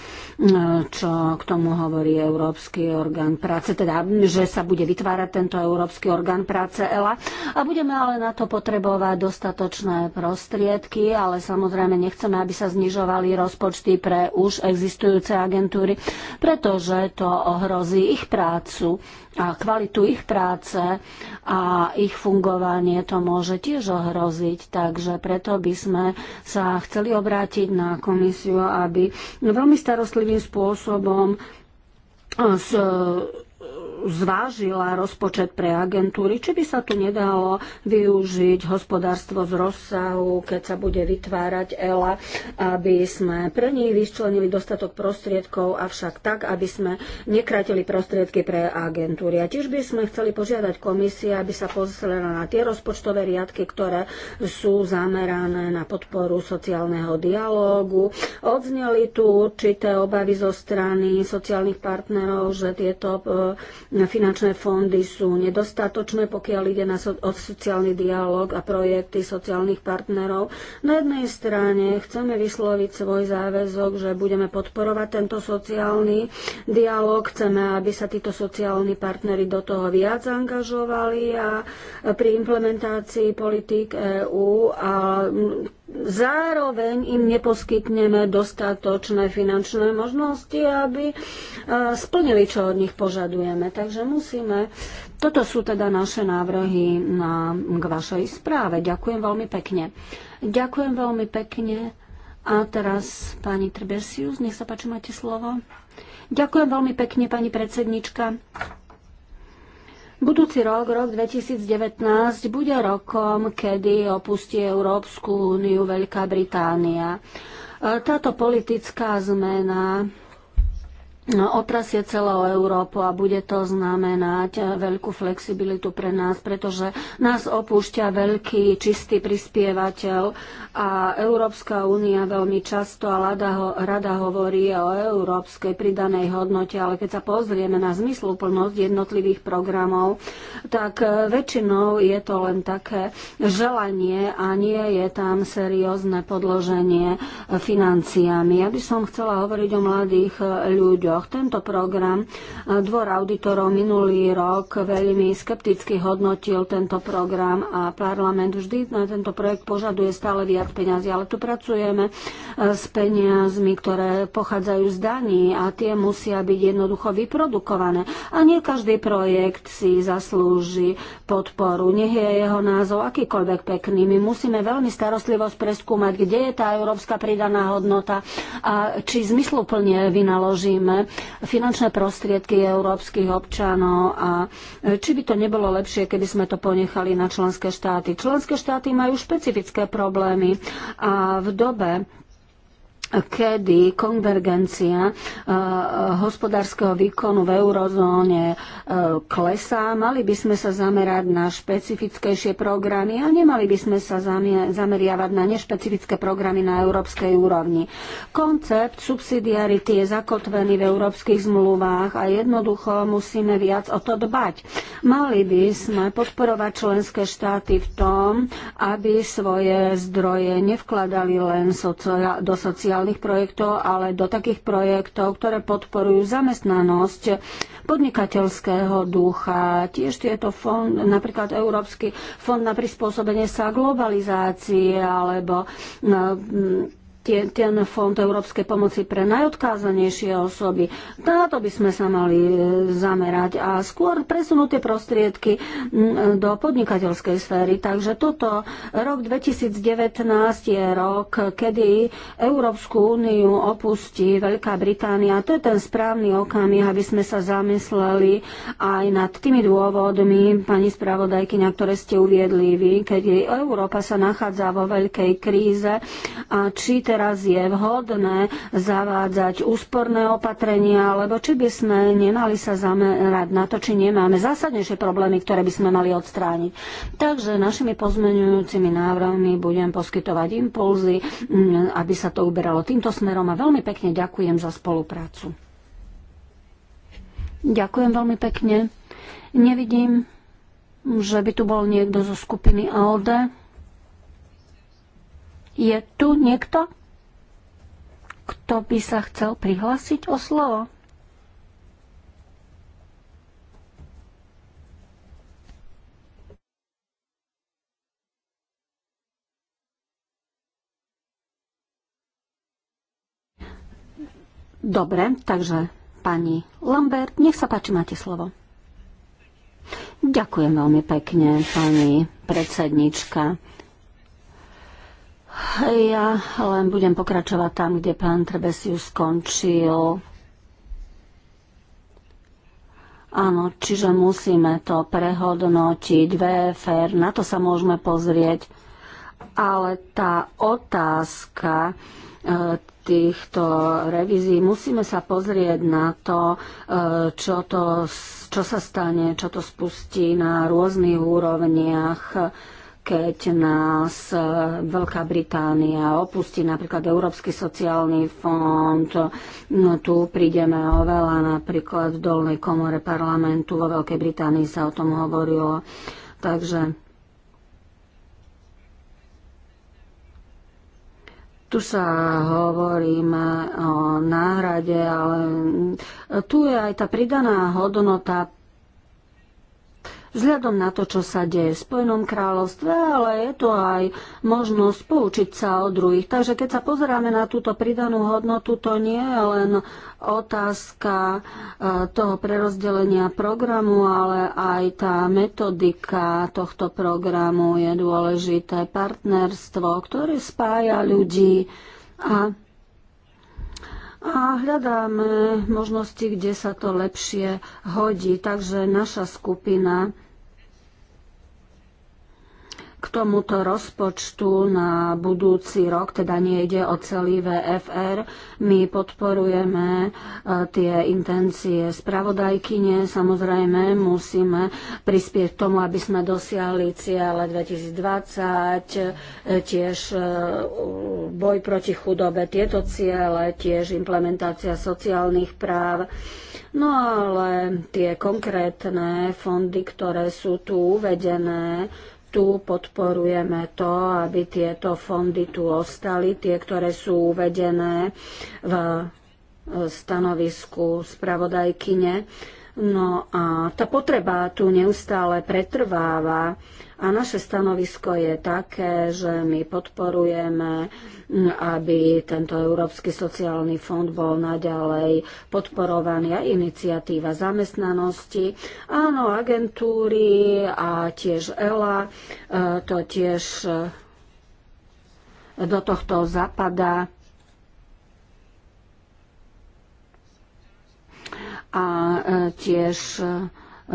čo k tomu hovorí Európsky orgán práce, teda že sa bude vytvárať tento Európsky orgán práce ELA a budeme ale na to potrebovať dostatočné prostriedky, ale samozrejme nechceme, aby sa znižovali rozpočty pre už existujúce agentúry, pretože to ohrozí ich prácu a kvalitu ich práce a ich fungovanie to môže tiež ohroziť. Takže preto by sme sa chceli obrátiť na komisiu, aby veľmi starostlivým spôsobom s zvážila rozpočet pre agentúry, či by sa tu nedalo využiť hospodárstvo z rozsahu, keď sa bude vytvárať ELA, aby sme pre nich vyčlenili dostatok prostriedkov, avšak tak, aby sme nekratili prostriedky pre agentúry. A tiež by sme chceli požiadať komisie, aby sa pozrela na tie rozpočtové riadky, ktoré sú zamerané na podporu sociálneho dialógu. Odzneli tu určité obavy zo strany sociálnych partnerov, že tieto e, finančné fondy sú nedostatočné, pokiaľ ide na so, o sociálny dialog a projekty sociálnych partnerov. Na jednej strane chceme vysloviť svoj záväzok, že budeme podporovať tento sociálny dialog, chceme, aby sa títo sociálni partnery do toho viac angažovali a pri implementácii politik EÚ a zároveň im neposkytneme dostatočné finančné možnosti, aby e, splnili, čo od nich požadujeme. Takže musíme, toto sú teda naše návrhy na, k vašej správe. Ďakujem veľmi pekne. Ďakujem veľmi pekne. A teraz pani Trbesius, nech sa páči, máte slovo. Ďakujem veľmi pekne, pani predsednička. Budúci rok, rok 2019, bude rokom, kedy opustí Európsku úniu Veľká Británia. E, táto politická zmena No, otrasie celou Európu a bude to znamenať eh, veľkú flexibilitu pre nás, pretože nás opúšťa veľký čistý prispievateľ a Európska únia veľmi často a rada, ho, rada hovorí o európskej pridanej hodnote, ale keď sa pozrieme na zmysluplnosť jednotlivých programov, tak eh, väčšinou je to len také želanie a nie je tam seriózne podloženie eh, financiami. Ja by som chcela hovoriť o mladých ľuďoch auditoroch. Tento program e, Dvor auditorov minulý rok veľmi skepticky hodnotil tento program a parlament vždy na tento projekt požaduje stále viac peňazí, ale tu pracujeme e, s peniazmi, ktoré pochádzajú z daní a tie musia byť jednoducho vyprodukované. A nie každý projekt si zaslúži podporu. Nech je jeho názov akýkoľvek pekný. My musíme veľmi starostlivosť preskúmať, kde je tá európska pridaná hodnota a či zmysluplne vynaložíme finančné prostriedky európskych občanov a e, či by to nebolo lepšie, keby sme to ponechali na členské štáty. Členské štáty majú špecifické problémy a v dobe, kedy konvergencia e, hospodárskeho výkonu v eurozóne e, klesá, mali by sme sa zamerať na špecifickejšie programy a nemali by sme sa zameriavať na nešpecifické programy na európskej úrovni. Koncept subsidiarity je zakotvený v európskych zmluvách a jednoducho musíme viac o to dbať. Mali by sme podporovať členské štáty v tom, aby svoje zdroje nevkladali len do sociálnych sociálnych projektov, ale do takých projektov, ktoré podporujú zamestnanosť podnikateľského ducha. Tiež tieto fond, napríklad Európsky fond na prispôsobenie sa globalizácii alebo ten fond Európskej pomoci pre najodkázanejšie osoby. Na to by sme sa mali e, zamerať a skôr presunúť tie prostriedky do podnikateľskej sféry. Takže toto rok 2019 je rok, kedy Európsku úniu opustí Veľká Británia. To je ten správny okamih, aby sme sa zamysleli aj nad tými dôvodmi, pani spravodajkyňa, ktoré ste uviedli vy, keď Európa sa nachádza vo veľkej kríze a či teraz teraz je vhodné zavádzať úsporné opatrenia, alebo či by sme nemali sa zamerať na to, či nemáme zásadnejšie problémy, ktoré by sme mali odstrániť. Takže našimi pozmenujúcimi návrhmi budem poskytovať impulzy, mm, aby sa to uberalo týmto smerom a veľmi pekne ďakujem za spoluprácu. Ďakujem veľmi pekne. Nevidím, že by tu bol niekto zo skupiny ALDE. Je tu niekto? Kto by sa chcel prihlásiť o slovo? Dobre, takže pani Lambert, nech sa páči, máte slovo. Ďakujem veľmi pekne, pani predsednička. Ja len budem pokračovať tam, kde pán Trebesius skončil. Áno, čiže musíme to prehodnotiť, VFR, na to sa môžeme pozrieť, ale tá otázka e, týchto revízií, musíme sa pozrieť na to, e, čo, to, čo sa stane, čo to spustí na rôznych úrovniach keď nás e, Veľká Británia opustí napríklad Európsky sociálny fond, no tu prídeme oveľa napríklad v dolnej komore parlamentu vo Veľkej Británii sa o tom hovorilo. Takže Tu sa hovoríme o náhrade, ale tu je aj tá pridaná hodnota vzhľadom na to, čo sa deje v Spojenom kráľovstve, ale je to aj možnosť poučiť sa o druhých. Takže keď sa pozeráme na túto pridanú hodnotu, to nie je len otázka e, toho prerozdelenia programu, ale aj tá metodika tohto programu je dôležité partnerstvo, ktoré spája ľudí a a hľadáme možnosti, kde sa to lepšie hodí. Takže naša skupina k tomuto rozpočtu na budúci rok, teda nie ide o celý VFR. My podporujeme e, tie intencie spravodajkyne. Samozrejme, musíme prispieť k tomu, aby sme dosiahli ciele 2020, e, tiež e, boj proti chudobe, tieto ciele, tiež implementácia sociálnych práv. No ale tie konkrétne fondy, ktoré sú tu uvedené, tu podporujeme to, aby tieto fondy tu ostali, tie, ktoré sú uvedené v eh, stanovisku spravodajkyne. No a tá potreba tu neustále pretrváva. A naše stanovisko je také, že my podporujeme, aby tento Európsky sociálny fond bol naďalej podporovaný a iniciatíva zamestnanosti. Áno, agentúry a tiež ELA, e, to tiež e, do tohto zapadá. a e, tiež E,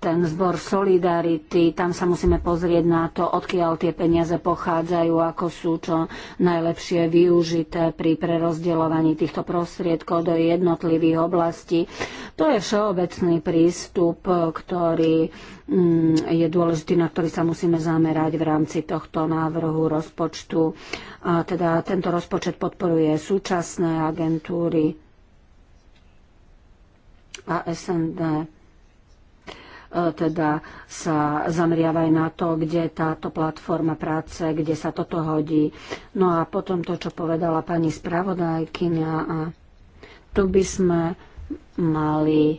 ten zbor Solidarity, tam sa musíme pozrieť na to, odkiaľ tie peniaze pochádzajú, ako sú čo najlepšie využité pri prerozdeľovaní týchto prostriedkov do jednotlivých oblastí. To je všeobecný prístup, ktorý mm, je dôležitý, na ktorý sa musíme zamerať v rámci tohto návrhu rozpočtu. A teda tento rozpočet podporuje súčasné agentúry a SND E, teda sa zameriavaj na to, kde táto platforma práce, kde sa toto hodí. No a potom to, čo povedala pani spravodajkyňa, a tu by sme mali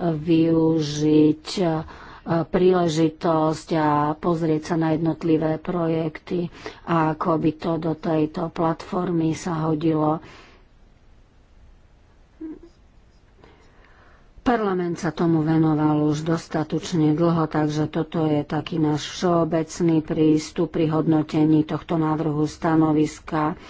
využiť e, príležitosť a pozrieť sa na jednotlivé projekty a ako by to do tejto platformy sa hodilo. Parlament sa tomu venoval už dostatočne dlho, takže toto je taký náš všeobecný prístup pri hodnotení tohto návrhu stanoviska.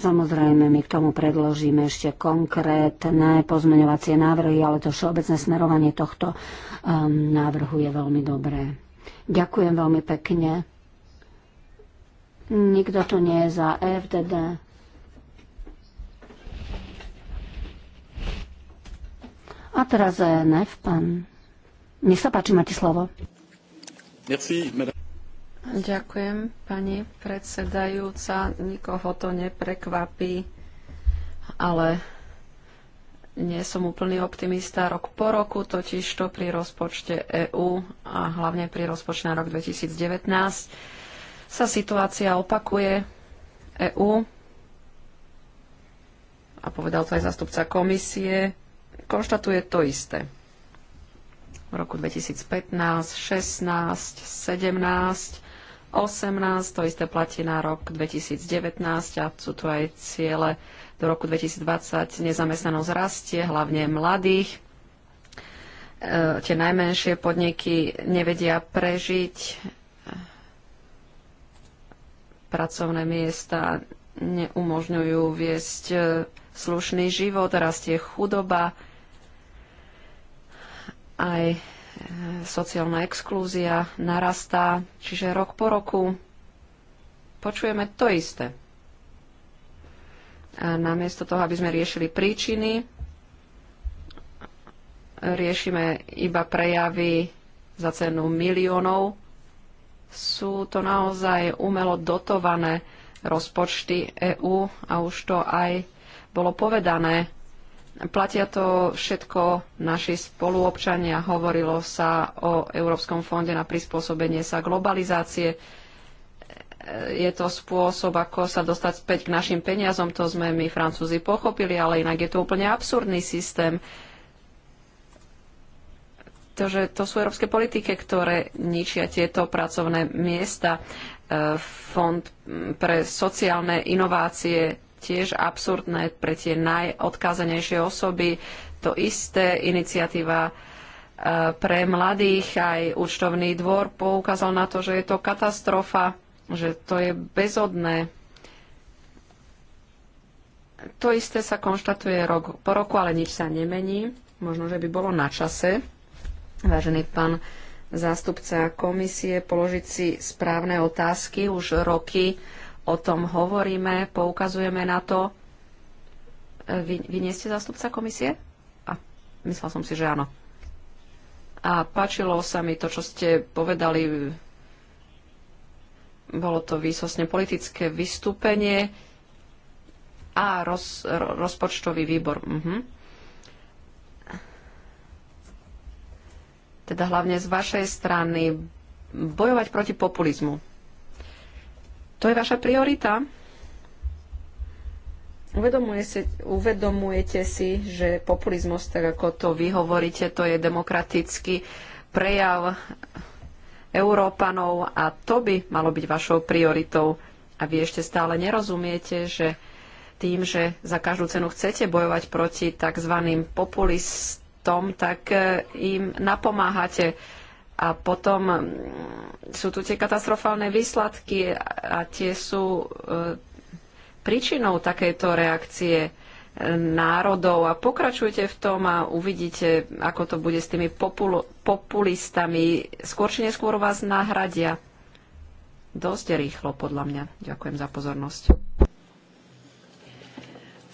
Samozrejme, my k tomu predložíme ešte konkrétne pozmeňovacie návrhy, ale to všeobecné smerovanie tohto um, návrhu je veľmi dobré. Ďakujem veľmi pekne. Nikto tu nie je za FDD. A teraz ENF, eh, pán. Nech sa páči, máte slovo. Merci, madame. Ďakujem, pani predsedajúca. Nikoho to neprekvapí, ale nie som úplný optimista rok po roku, totiž to pri rozpočte EÚ a hlavne pri rozpočte na rok 2019 sa situácia opakuje. EÚ a povedal to aj zastupca komisie, konštatuje to isté. V roku 2015, 16, 17, 18, to isté platí na rok 2019 a sú tu aj ciele do roku 2020. Nezamestnanosť rastie, hlavne mladých. E, tie najmenšie podniky nevedia prežiť e, pracovné miesta neumožňujú viesť e, slušný život, rastie chudoba, aj e, sociálna exklúzia narastá, čiže rok po roku počujeme to isté. A namiesto toho, aby sme riešili príčiny, riešime iba prejavy za cenu miliónov. Sú to naozaj umelo dotované rozpočty EÚ a už to aj bolo povedané Platia to všetko naši spoluobčania. Hovorilo sa o Európskom fonde na prispôsobenie sa globalizácie. Je to spôsob, ako sa dostať späť k našim peniazom. To sme my, Francúzi, pochopili, ale inak je to úplne absurdný systém. To, že to sú európske politike, ktoré ničia tieto pracovné miesta. E, Fond pre sociálne inovácie tiež absurdné pre tie najodkázanejšie osoby. To isté iniciatíva e, pre mladých aj účtovný dvor poukázal na to, že je to katastrofa, že to je bezodné. To isté sa konštatuje rok po roku, ale nič sa nemení. Možno, že by bolo na čase, vážený pán zástupca komisie, položiť si správne otázky. Už roky o tom hovoríme, poukazujeme na to. E, vy, vy nie ste zástupca komisie? A myslel som si, že áno. A páčilo sa mi to, čo ste povedali. Bolo to výsosne politické vystúpenie a roz, rozpočtový výbor. Mhm. Teda hlavne z vašej strany bojovať proti populizmu to je vaša priorita? Si, uvedomujete si, že populizmus, tak ako to vy hovoríte, to je demokratický prejav Európanov a to by malo byť vašou prioritou. A vy ešte stále nerozumiete, že tým, že za každú cenu chcete bojovať proti tzv. populistom, tak eh, im napomáhate a potom mm, sú tu tie katastrofálne výsledky a tie sú e, príčinou takéto reakcie e, národov a pokračujte v tom a uvidíte, ako to bude s tými popul- populistami. Skôr či neskôr vás nahradia. Dosť rýchlo, podľa mňa. Ďakujem za pozornosť.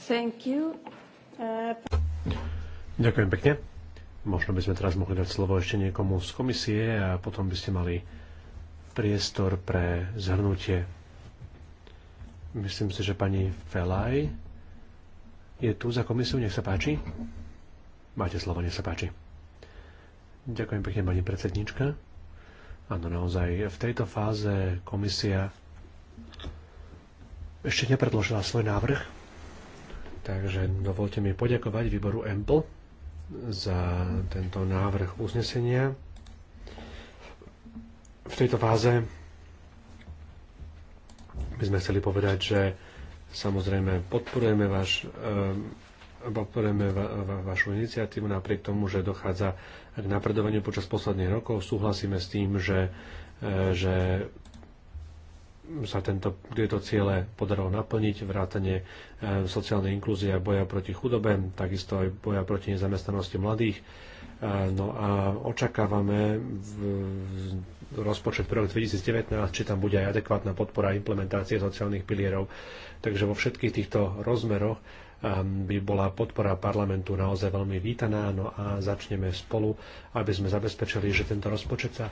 Thank you. Uh... Ďakujem pekne. Možno by sme teraz mohli dať slovo ešte niekomu z komisie a potom by ste mali priestor pre zhrnutie. Myslím si, že pani Felaj je tu za komisiu, nech sa páči. Máte slovo, nech sa páči. Ďakujem pekne, pani predsednička. Áno, naozaj, v tejto fáze komisia ešte nepredložila svoj návrh, takže dovolte mi poďakovať výboru EMPL za tento návrh uznesenia. V tejto fáze by sme chceli povedať, že samozrejme podporujeme, váš, eh, podporujeme va, va, vašu iniciatívu napriek tomu, že dochádza k napredovaniu počas posledných rokov. Súhlasíme s tým, že, eh, že sa tento, tieto ciele podarilo naplniť, vrátanie e, sociálnej inklúzie a boja proti chudobe, takisto aj boja proti nezamestnanosti mladých. E, no a očakávame v rozpočet pre rok 2019, či tam bude aj adekvátna podpora implementácie sociálnych pilierov. Takže vo všetkých týchto rozmeroch e, by bola podpora parlamentu naozaj veľmi vítaná. No a začneme spolu, aby sme zabezpečili, že tento rozpočet sa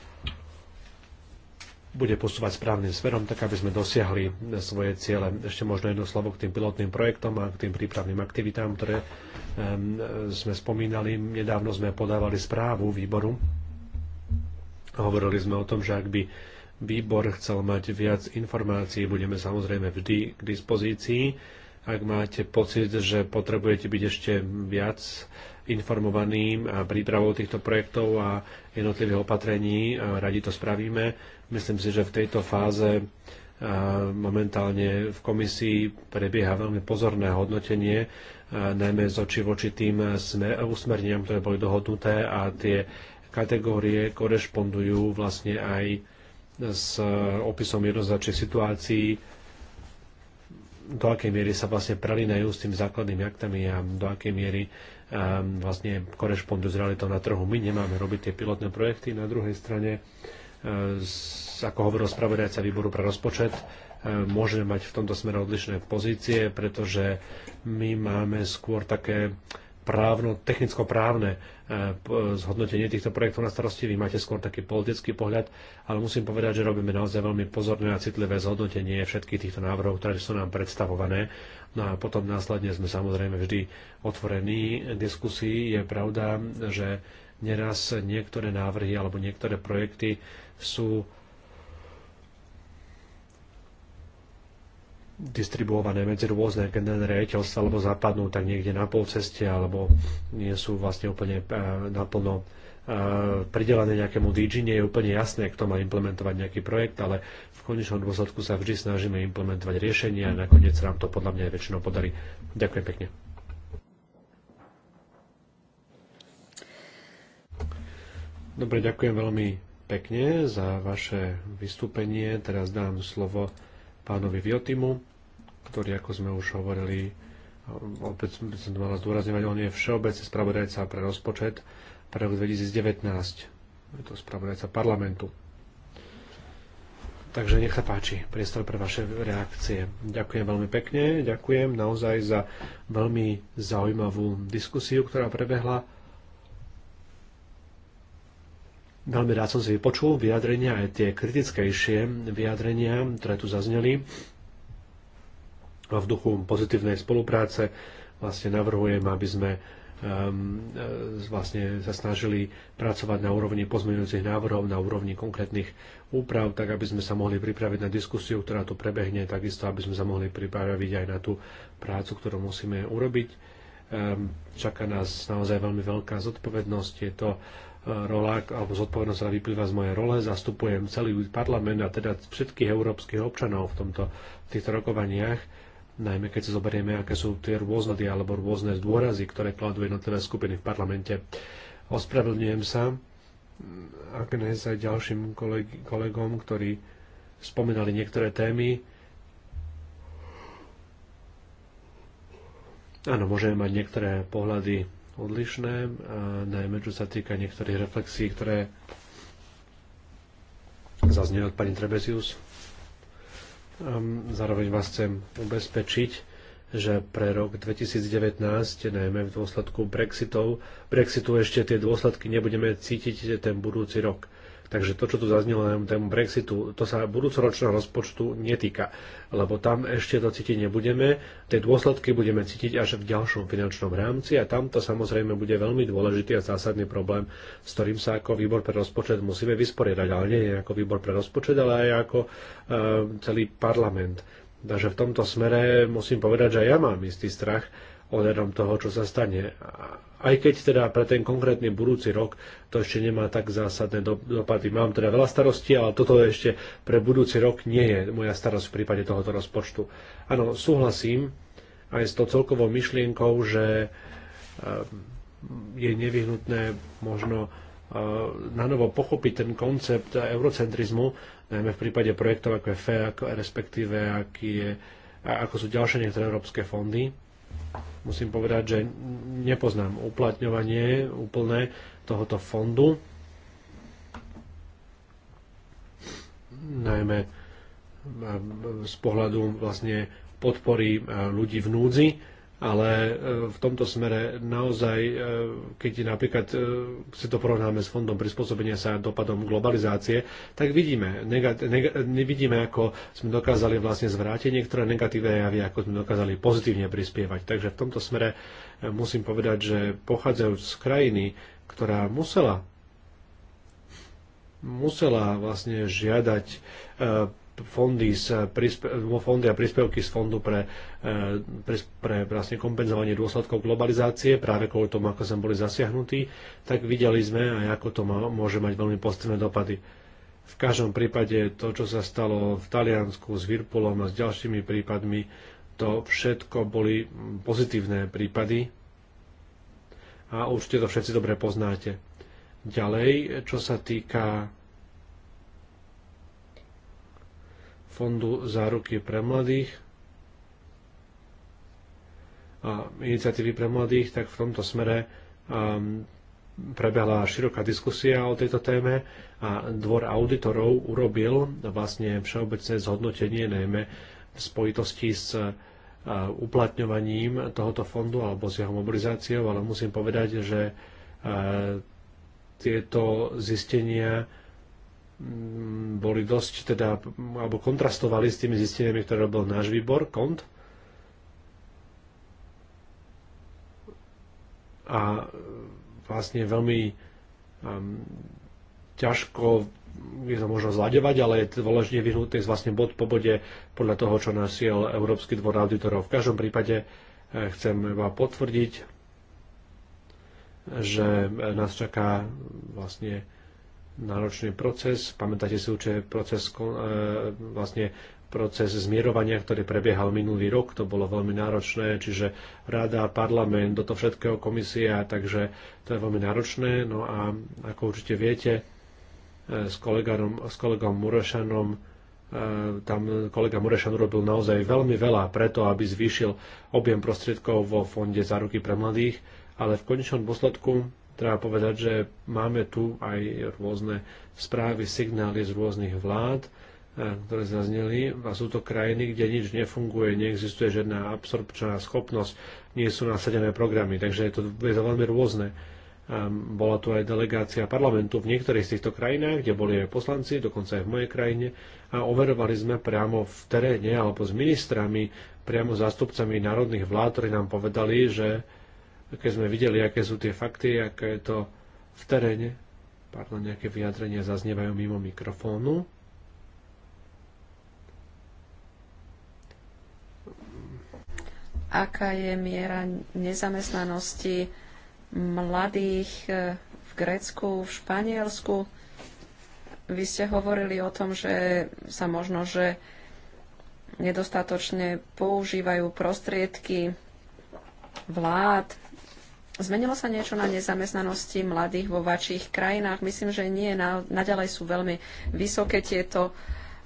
bude posúvať správnym smerom, tak aby sme dosiahli svoje ciele. Ešte možno jedno slovo k tým pilotným projektom a k tým prípravným aktivitám, ktoré sme spomínali. Nedávno sme podávali správu výboru. Hovorili sme o tom, že ak by výbor chcel mať viac informácií, budeme samozrejme vždy k dispozícii. Ak máte pocit, že potrebujete byť ešte viac informovaným a prípravou týchto projektov a jednotlivých opatrení, radi to spravíme Myslím si, že v tejto fáze momentálne v komisii prebieha veľmi pozorné hodnotenie, najmä z oči voči tým usmerniam, ktoré boli dohodnuté a tie kategórie korešpondujú vlastne aj s opisom jednoznačných situácií, do akej miery sa vlastne prelinajú s tým základnými aktami a do akej miery vlastne korešpondujú s realitou na trhu. My nemáme robiť tie pilotné projekty, na druhej strane E, ako hovoril spravodajca výboru pre rozpočet, e, môžeme mať v tomto smere odlišné pozície, pretože my máme skôr také právno, technicko-právne e, zhodnotenie týchto projektov na starosti. Vy máte skôr taký politický pohľad, ale musím povedať, že robíme naozaj veľmi pozorné a citlivé zhodnotenie všetkých týchto návrhov, ktoré sú nám predstavované. No a potom následne sme samozrejme vždy otvorení diskusii. Je pravda, že Neraz niektoré návrhy alebo niektoré projekty sú distribuované medzi rôzne generálne alebo zapadnú tak niekde na pol ceste alebo nie sú vlastne úplne eh, naplno eh, pridelené nejakému DG, nie je úplne jasné, kto má implementovať nejaký projekt, ale v konečnom dôsledku sa vždy snažíme implementovať riešenie a nakoniec nám to podľa mňa aj väčšinou podarí. Ďakujem pekne. Dobre, ďakujem veľmi pekne za vaše vystúpenie. Teraz dám slovo pánovi Viotimu, ktorý, ako sme už hovorili, opäť som to mala zdôrazňovať, on je všeobecný spravodajca pre rozpočet pre rok 2019. Je to spravodajca parlamentu. Takže nech sa páči, priestor pre vaše reakcie. Ďakujem veľmi pekne, ďakujem naozaj za veľmi zaujímavú diskusiu, ktorá prebehla Veľmi rád som si vypočul vyjadrenia, aj tie kritickejšie vyjadrenia, ktoré tu zazneli. A v duchu pozitívnej spolupráce vlastne navrhujem, aby sme um, vlastne sa snažili pracovať na úrovni pozmeňujúcich návrhov, na úrovni konkrétnych úprav, tak aby sme sa mohli pripraviť na diskusiu, ktorá tu prebehne, takisto aby sme sa mohli pripraviť aj na tú prácu, ktorú musíme urobiť. Um, čaká nás naozaj veľmi veľká zodpovednosť. Je to rola alebo zodpovednosť, ktorá vyplýva z mojej role. Zastupujem celý parlament a teda všetkých európskych občanov v, tomto, v týchto rokovaniach, najmä keď si zoberieme, aké sú tie rôzne alebo rôzne dôrazy, ktoré kladú jednotlivé skupiny v parlamente. Ospravedlňujem sa Agnes aj ďalším koleg- kolegom, ktorí spomínali niektoré témy. Áno, môžeme mať niektoré pohľady odlišné, a najmä čo sa týka niektorých reflexí, ktoré zazneli od pani Trebesius. Zároveň vás chcem ubezpečiť, že pre rok 2019, najmä v dôsledku Brexitov, Brexitu ešte tie dôsledky nebudeme cítiť ten budúci rok. Takže to, čo tu zaznelo na tému Brexitu, to sa budúcoročného rozpočtu netýka, lebo tam ešte to cítiť nebudeme. Tie dôsledky budeme cítiť až v ďalšom finančnom rámci a tam to samozrejme bude veľmi dôležitý a zásadný problém, s ktorým sa ako výbor pre rozpočet musíme vysporiadať, ale nie ako výbor pre rozpočet, ale aj ako e, celý parlament. Takže v tomto smere musím povedať, že aj ja mám istý strach ohľadom toho, čo sa stane aj keď teda pre ten konkrétny budúci rok to ešte nemá tak zásadné dopady. Mám teda veľa starostí, ale toto ešte pre budúci rok nie je moja starosť v prípade tohoto rozpočtu. Áno, súhlasím aj s tou celkovou myšlienkou, že ehm, je nevyhnutné možno ehm, na novo pochopiť ten koncept eurocentrizmu, najmä v prípade projektov ako je FEA, ako respektíve aký je, ako sú ďalšie niektoré európske fondy musím povedať, že nepoznám uplatňovanie úplné tohoto fondu. Najmä eh, z pohľadu vlastne podpory eh, ľudí v núdzi ale e, v tomto smere naozaj, e, keď napríklad e, si to porovnáme s Fondom prispôsobenia sa dopadom globalizácie, tak vidíme, nevidíme, neg, vidíme ako sme dokázali vlastne zvrátiť niektoré negatívne javy, ako sme dokázali pozitívne prispievať. Takže v tomto smere musím povedať, že pochádzajú z krajiny, ktorá musela musela vlastne žiadať fondy, z, eh, eh, no, fondy a príspevky z fondu pre, eh, pre vlastne kompenzovanie dôsledkov globalizácie, práve kvôli tomu, ako sme boli zasiahnutí, tak videli sme aj ako to môže mať veľmi pozitívne dopady. V každom prípade to, čo sa stalo v Taliansku s Virpulom a s ďalšími prípadmi, to všetko boli mm, pozitívne prípady a určite to všetci dobre poznáte. Ďalej, čo sa týka Fondu záruky pre mladých a iniciatívy pre mladých, tak v tomto smere um, prebehla široká diskusia o tejto téme a dvor auditorov urobil vlastne všeobecné zhodnotenie najmä v spojitosti s uh, uplatňovaním tohoto fondu alebo s jeho mobilizáciou, ale musím povedať, že uh, tieto zistenia Mm, boli dosť teda, alebo kontrastovali s tými zisteniami, ktoré robil náš výbor, KONT. A e, vlastne veľmi um, ťažko je to možno zľadevať, ale je dôležite vyhnutý vlastne bod po bode podľa toho, čo nasiel Európsky dvor auditorov. V každom prípade e, chcem iba potvrdiť, že nás čaká vlastne náročný proces. Pamätáte si určite proces, e, vlastne proces zmierovania, ktorý prebiehal minulý rok, to bolo veľmi náročné, čiže rada, parlament, do toho všetkého komisia, takže to je veľmi náročné. No a ako určite viete, e, s, kolegom, s kolegom Murešanom, e, tam kolega Murešan robil naozaj veľmi veľa preto, aby zvýšil objem prostriedkov vo fonde záruky pre mladých, ale v konečnom dôsledku Treba povedať, že máme tu aj rôzne správy, signály z rôznych vlád, e, ktoré zazneli a sú to krajiny, kde nič nefunguje, neexistuje žiadna absorpčná schopnosť, nie sú nasadené programy, takže je to, je to veľmi rôzne. E, bola tu aj delegácia parlamentu v niektorých z týchto krajinách, kde boli aj poslanci, dokonca aj v mojej krajine, a overovali sme priamo v teréne alebo s ministrami, priamo zástupcami národných vlád, ktorí nám povedali, že keď sme videli, aké sú tie fakty, aké je to v teréne, pardon, nejaké vyjadrenia zaznievajú mimo mikrofónu. Aká je miera nezamestnanosti mladých eh, v Grécku, v Španielsku? Vy ste hovorili o tom, že sa možno, že nedostatočne používajú prostriedky vlád, Zmenilo sa niečo na nezamestnanosti mladých vo vašich krajinách? Myslím, že nie. Naďalej sú veľmi vysoké tieto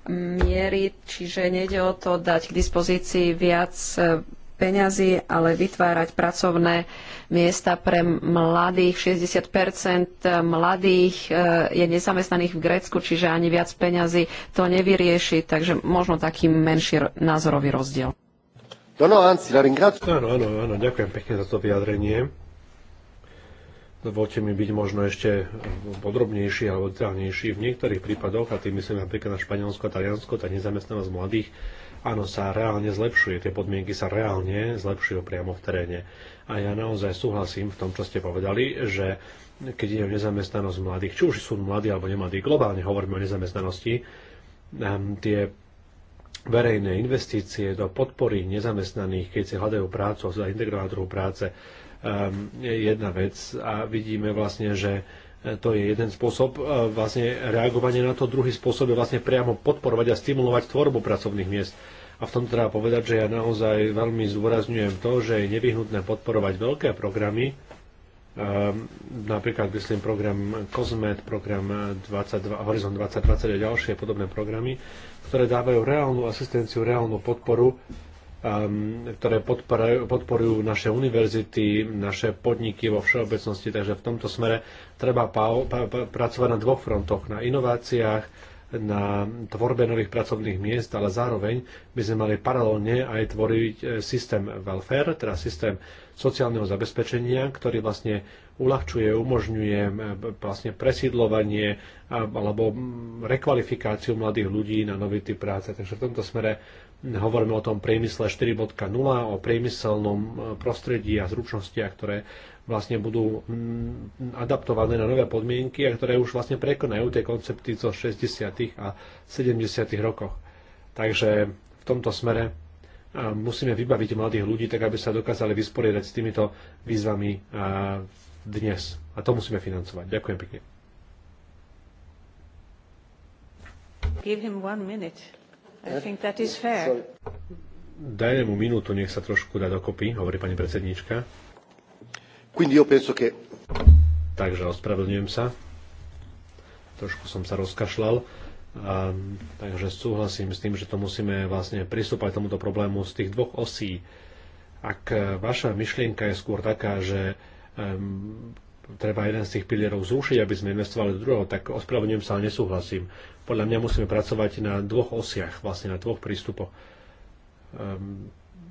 miery, čiže nejde o to dať k dispozícii viac e, peňazí, ale vytvárať pracovné miesta pre mladých. 60 mladých e, je nezamestnaných v Grécku, čiže ani viac peňazí to nevyrieši, takže možno taký menší názorový rozdiel. No, no, áno, áno, áno, ďakujem pekne za to vyjadrenie. Dovolte mi byť možno ešte podrobnejší alebo detaľnejší V niektorých prípadoch, a tým myslím napríklad na Španielsko a Taliansko, tá nezamestnanosť mladých, áno, sa reálne zlepšuje. Tie podmienky sa reálne zlepšujú priamo v teréne. A ja naozaj súhlasím v tom, čo ste povedali, že keď je nezamestnanosť mladých, či už sú mladí alebo nemladí, globálne hovoríme o nezamestnanosti, ehm, tie verejné investície do podpory nezamestnaných, keď si hľadajú prácu a zaintegrovať druhú práce, Ehm, jedna vec a vidíme vlastne, že e, to je jeden spôsob e, vlastne reagovanie na to, druhý spôsob je vlastne priamo podporovať a stimulovať tvorbu pracovných miest. A v tom treba povedať, že ja naozaj veľmi zdôrazňujem to, že je nevyhnutné podporovať veľké programy, ehm, napríklad myslím program COSMET, program 22, Horizon 2020 a ďalšie podobné programy, ktoré dávajú reálnu asistenciu, reálnu podporu Um, ktoré podporujú naše univerzity, naše podniky vo všeobecnosti. Takže v tomto smere treba pracovať na dvoch frontoch, na inováciách, na tvorbe nových pracovných miest, ale zároveň by sme mali paralelne aj tvoriť e, systém welfare, teda systém sociálneho zabezpečenia, ktorý vlastne uľahčuje, umožňuje vlastne presídlovanie alebo rekvalifikáciu mladých ľudí na nový typ práce. Takže v tomto smere Hovoríme o tom priemysle 4.0, o priemyselnom e, prostredí a zručnostiach, ktoré vlastne budú mm, adaptované na nové podmienky a ktoré už vlastne prekonajú tie koncepty zo 60. a 70. rokoch. Takže v tomto smere e, musíme vybaviť mladých ľudí tak, aby sa dokázali vysporiadať s týmito výzvami e, dnes. A to musíme financovať. Ďakujem pekne. Give him one minute. I think that is fair. Dajme mu minútu, nech sa trošku dá dokopy, hovorí pani predsednička. Quindi io penso che... Takže ospravedlňujem sa. Trošku som sa rozkašľal. A, ehm, takže súhlasím s tým, že to musíme vlastne pristúpať tomuto problému z tých dvoch osí. Ak eh, vaša myšlienka je skôr taká, že um, treba jeden z tých pilierov zrušiť, aby sme investovali do druhého, tak ospravedlňujem sa, ale nesúhlasím. Podľa mňa musíme pracovať na dvoch osiach, vlastne na dvoch prístupoch. Um,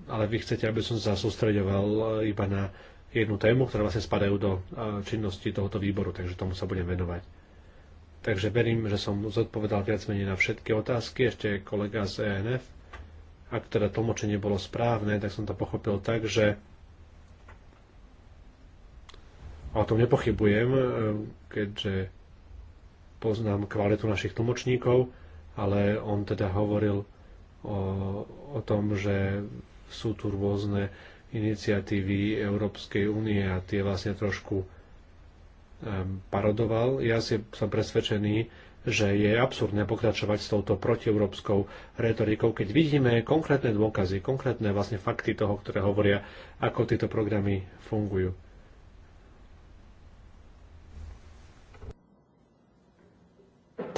ale vy chcete, aby som sa sústredoval eh, iba na jednu tému, ktorá vlastne spadajú do eh, činnosti tohoto výboru, takže tomu sa budem venovať. Takže verím, že som zodpovedal viac menej na všetky otázky. Ešte kolega z ENF. Ak teda tlmočenie bolo správne, tak som to pochopil tak, že a o tom nepochybujem, e, keďže poznám kvalitu našich tlmočníkov, ale on teda hovoril o, o tom, že sú tu rôzne iniciatívy Európskej únie a tie vlastne trošku e, parodoval. Ja si som presvedčený, že je absurdné pokračovať s touto protieurópskou retorikou, keď vidíme konkrétne dôkazy, konkrétne vlastne fakty toho, ktoré hovoria, ako tieto programy fungujú.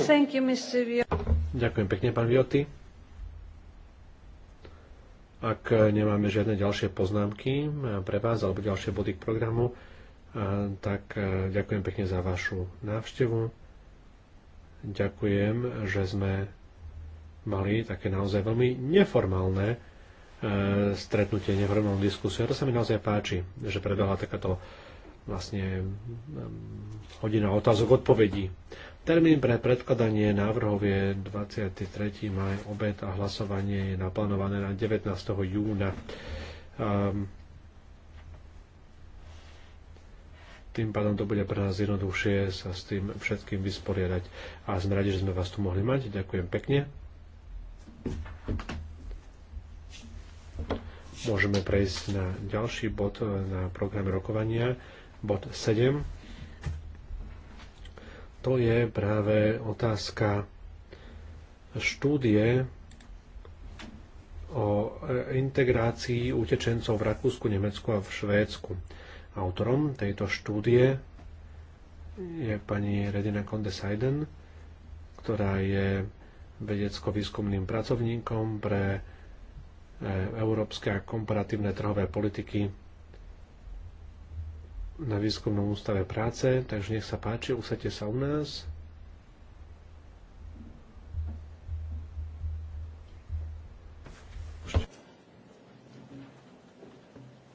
Thank you, Mr. Ďakujem pekne, pán Vioty. Ak nemáme žiadne ďalšie poznámky eh, pre vás alebo ďalšie body k programu, eh, tak eh, ďakujem pekne za vašu návštevu. Ďakujem, že sme mali také naozaj veľmi neformálne stretnutie, neformálnu diskusiu. A to sa mi naozaj páči, že prebehla takáto vlastne mm, hodina otázok odpovedí. Termín pre predkladanie návrhov je 23. maj obed a hlasovanie je naplánované na 19. júna. Um, tým pádom to bude pre nás jednoduchšie sa s tým všetkým vysporiadať. A sme radi, že sme vás tu mohli mať. Ďakujem pekne. Môžeme prejsť na ďalší bod na programe rokovania, bod 7 to je práve otázka štúdie o integrácii utečencov v Rakúsku, Nemecku a v Švédsku. Autorom tejto štúdie je pani Redina Kondesajden, ktorá je vedecko-výskumným pracovníkom pre e, európske a komparatívne trhové politiky na výskumnom ústave práce, takže nech sa páči, usadte sa u nás.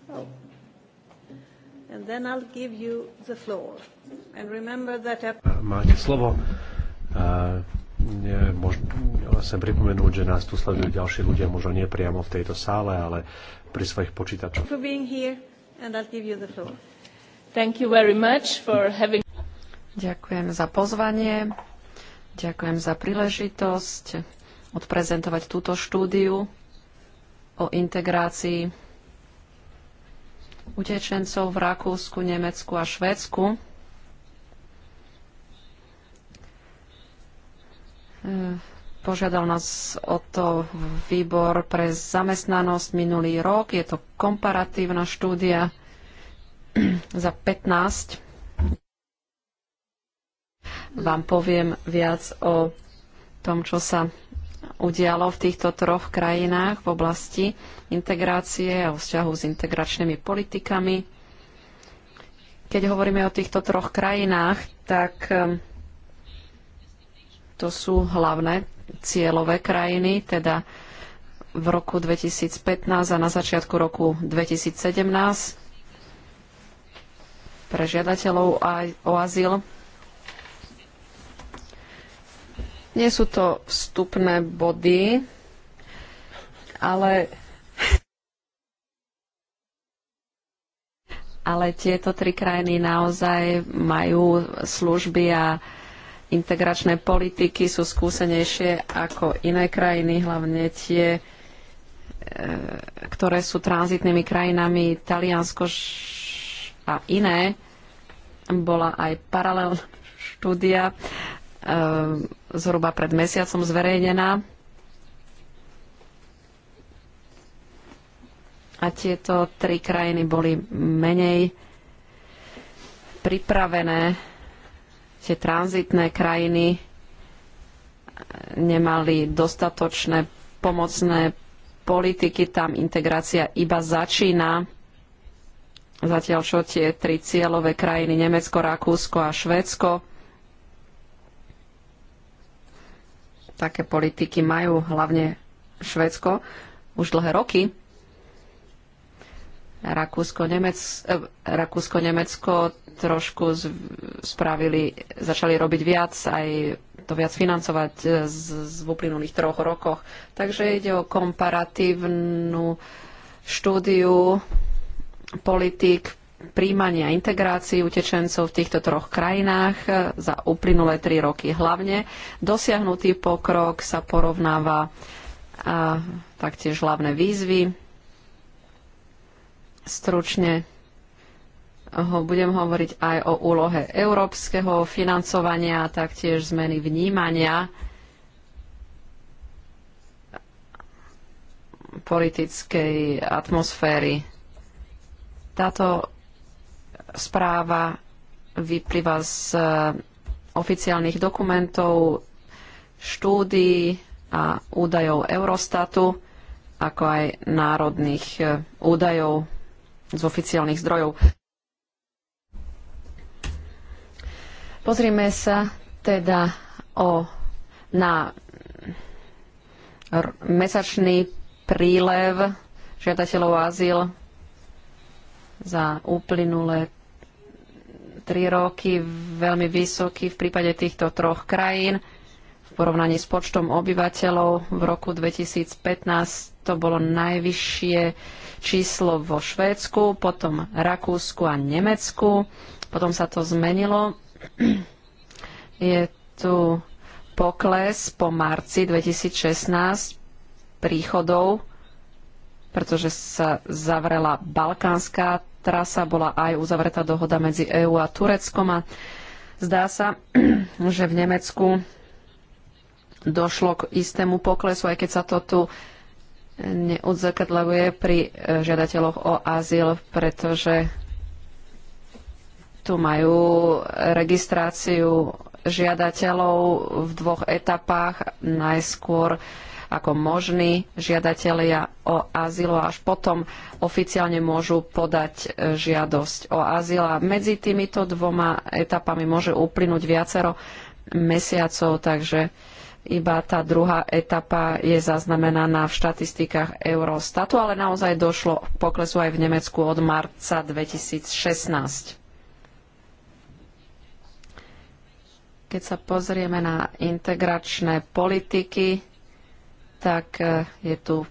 Oh. then I'll give you the floor. And remember that... I... Máte slovo. Uh, sem pripomenúť, že nás tu sledujú ďalší ľudia, možno nie priamo v tejto sále, ale pri svojich počítačoch. For being here, and I'll give you the floor. Ďakujem za pozvanie, ďakujem za príležitosť odprezentovať túto štúdiu o integrácii utečencov v Rakúsku, Nemecku a Švédsku. Eh, požiadal nás o to výbor pre zamestnanosť minulý rok. Je to komparatívna štúdia <clears throat> za 15 vám poviem viac o tom, čo sa udialo v týchto troch krajinách v oblasti integrácie a vzťahu s integračnými politikami. Keď hovoríme o týchto troch krajinách, tak ehm, to sú hlavné cieľové krajiny, teda v roku 2015 a na začiatku roku 2017 pre žiadateľov o azyl. Nie sú to vstupné body, ale, ale tieto tri krajiny naozaj majú služby a integračné politiky, sú skúsenejšie ako iné krajiny, hlavne tie, e, ktoré sú tranzitnými krajinami Taliansko, a iné. Bola aj paralelná štúdia e, zhruba pred mesiacom zverejnená. A tieto tri krajiny boli menej pripravené. Tie tranzitné krajiny nemali dostatočné pomocné politiky, tam integrácia iba začína Zatiaľ čo tie tri cieľové krajiny Nemecko, Rakúsko a Švédsko také politiky majú, hlavne Švédsko, už dlhé roky. Rakúsko, Nemec, eh, Rakúsko, Nemecko trošku z, spravili, začali robiť viac, aj to viac financovať e, z, z uplynulých troch rokoch. Takže ide o komparatívnu štúdiu politík príjmania integrácií utečencov v týchto troch krajinách e, za uplynulé tri roky hlavne. Dosiahnutý pokrok sa porovnáva a e, taktiež hlavné výzvy. Stručne ho budem hovoriť aj o úlohe európskeho financovania a taktiež zmeny vnímania politickej atmosféry táto správa vyplýva z eh, oficiálnych dokumentov, štúdií a údajov Eurostatu, ako aj národných eh, údajov z oficiálnych zdrojov. Pozrime sa teda o, na mesačný prílev žiadateľov o azyl za uplynulé tri roky veľmi vysoký v prípade týchto troch krajín. V porovnaní s počtom obyvateľov v roku 2015 to bolo najvyššie číslo vo Švédsku, potom Rakúsku a Nemecku. Potom sa to zmenilo. Je tu pokles po marci 2016 príchodov pretože sa zavrela balkánska trasa, bola aj uzavretá dohoda medzi EÚ a Tureckom a zdá sa, <clears throat> že v Nemecku došlo k istému poklesu, aj keď sa to tu neodzakadľuje pri e, žiadateľoch o azyl, pretože tu majú registráciu žiadateľov v dvoch etapách. Najskôr ako možní žiadatelia o azyl a až potom oficiálne môžu podať e, žiadosť o azyl. A medzi týmito dvoma etapami môže uplynúť viacero mesiacov, takže iba tá druhá etapa je zaznamenaná v štatistikách Eurostatu, ale naozaj došlo k poklesu aj v Nemecku od marca 2016. Keď sa pozrieme na integračné politiky, tak e, je tu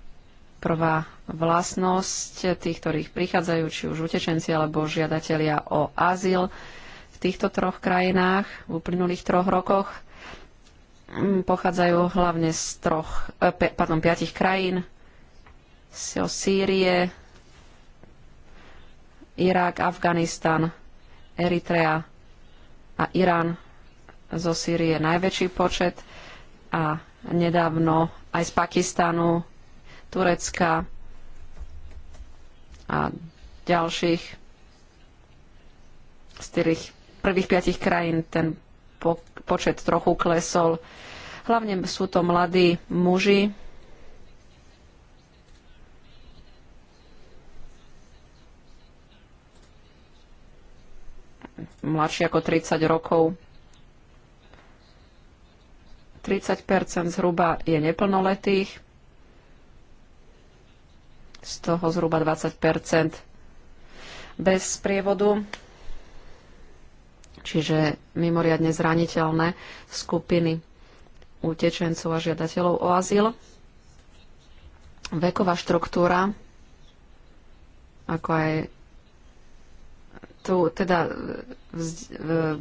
prvá vlastnosť tých, ktorých prichádzajú, či už utečenci alebo žiadatelia o azyl v týchto troch krajinách v uplynulých troch rokoch. Mm, pochádzajú hlavne z troch, e, pardon, piatich krajín, z Sýrie, Irak, Afganistan, Eritrea a Irán. Zo Sýrie najväčší počet a nedávno aj z Pakistanu, Turecka a ďalších z tých prvých piatich krajín ten po, počet trochu klesol. Hlavne sú to mladí muži. mladší ako 30 rokov. 30 zhruba je neplnoletých, z toho zhruba 20 bez prievodu, čiže mimoriadne zraniteľné skupiny utečencov a žiadateľov o azyl. Veková štruktúra, ako aj tu teda e, e,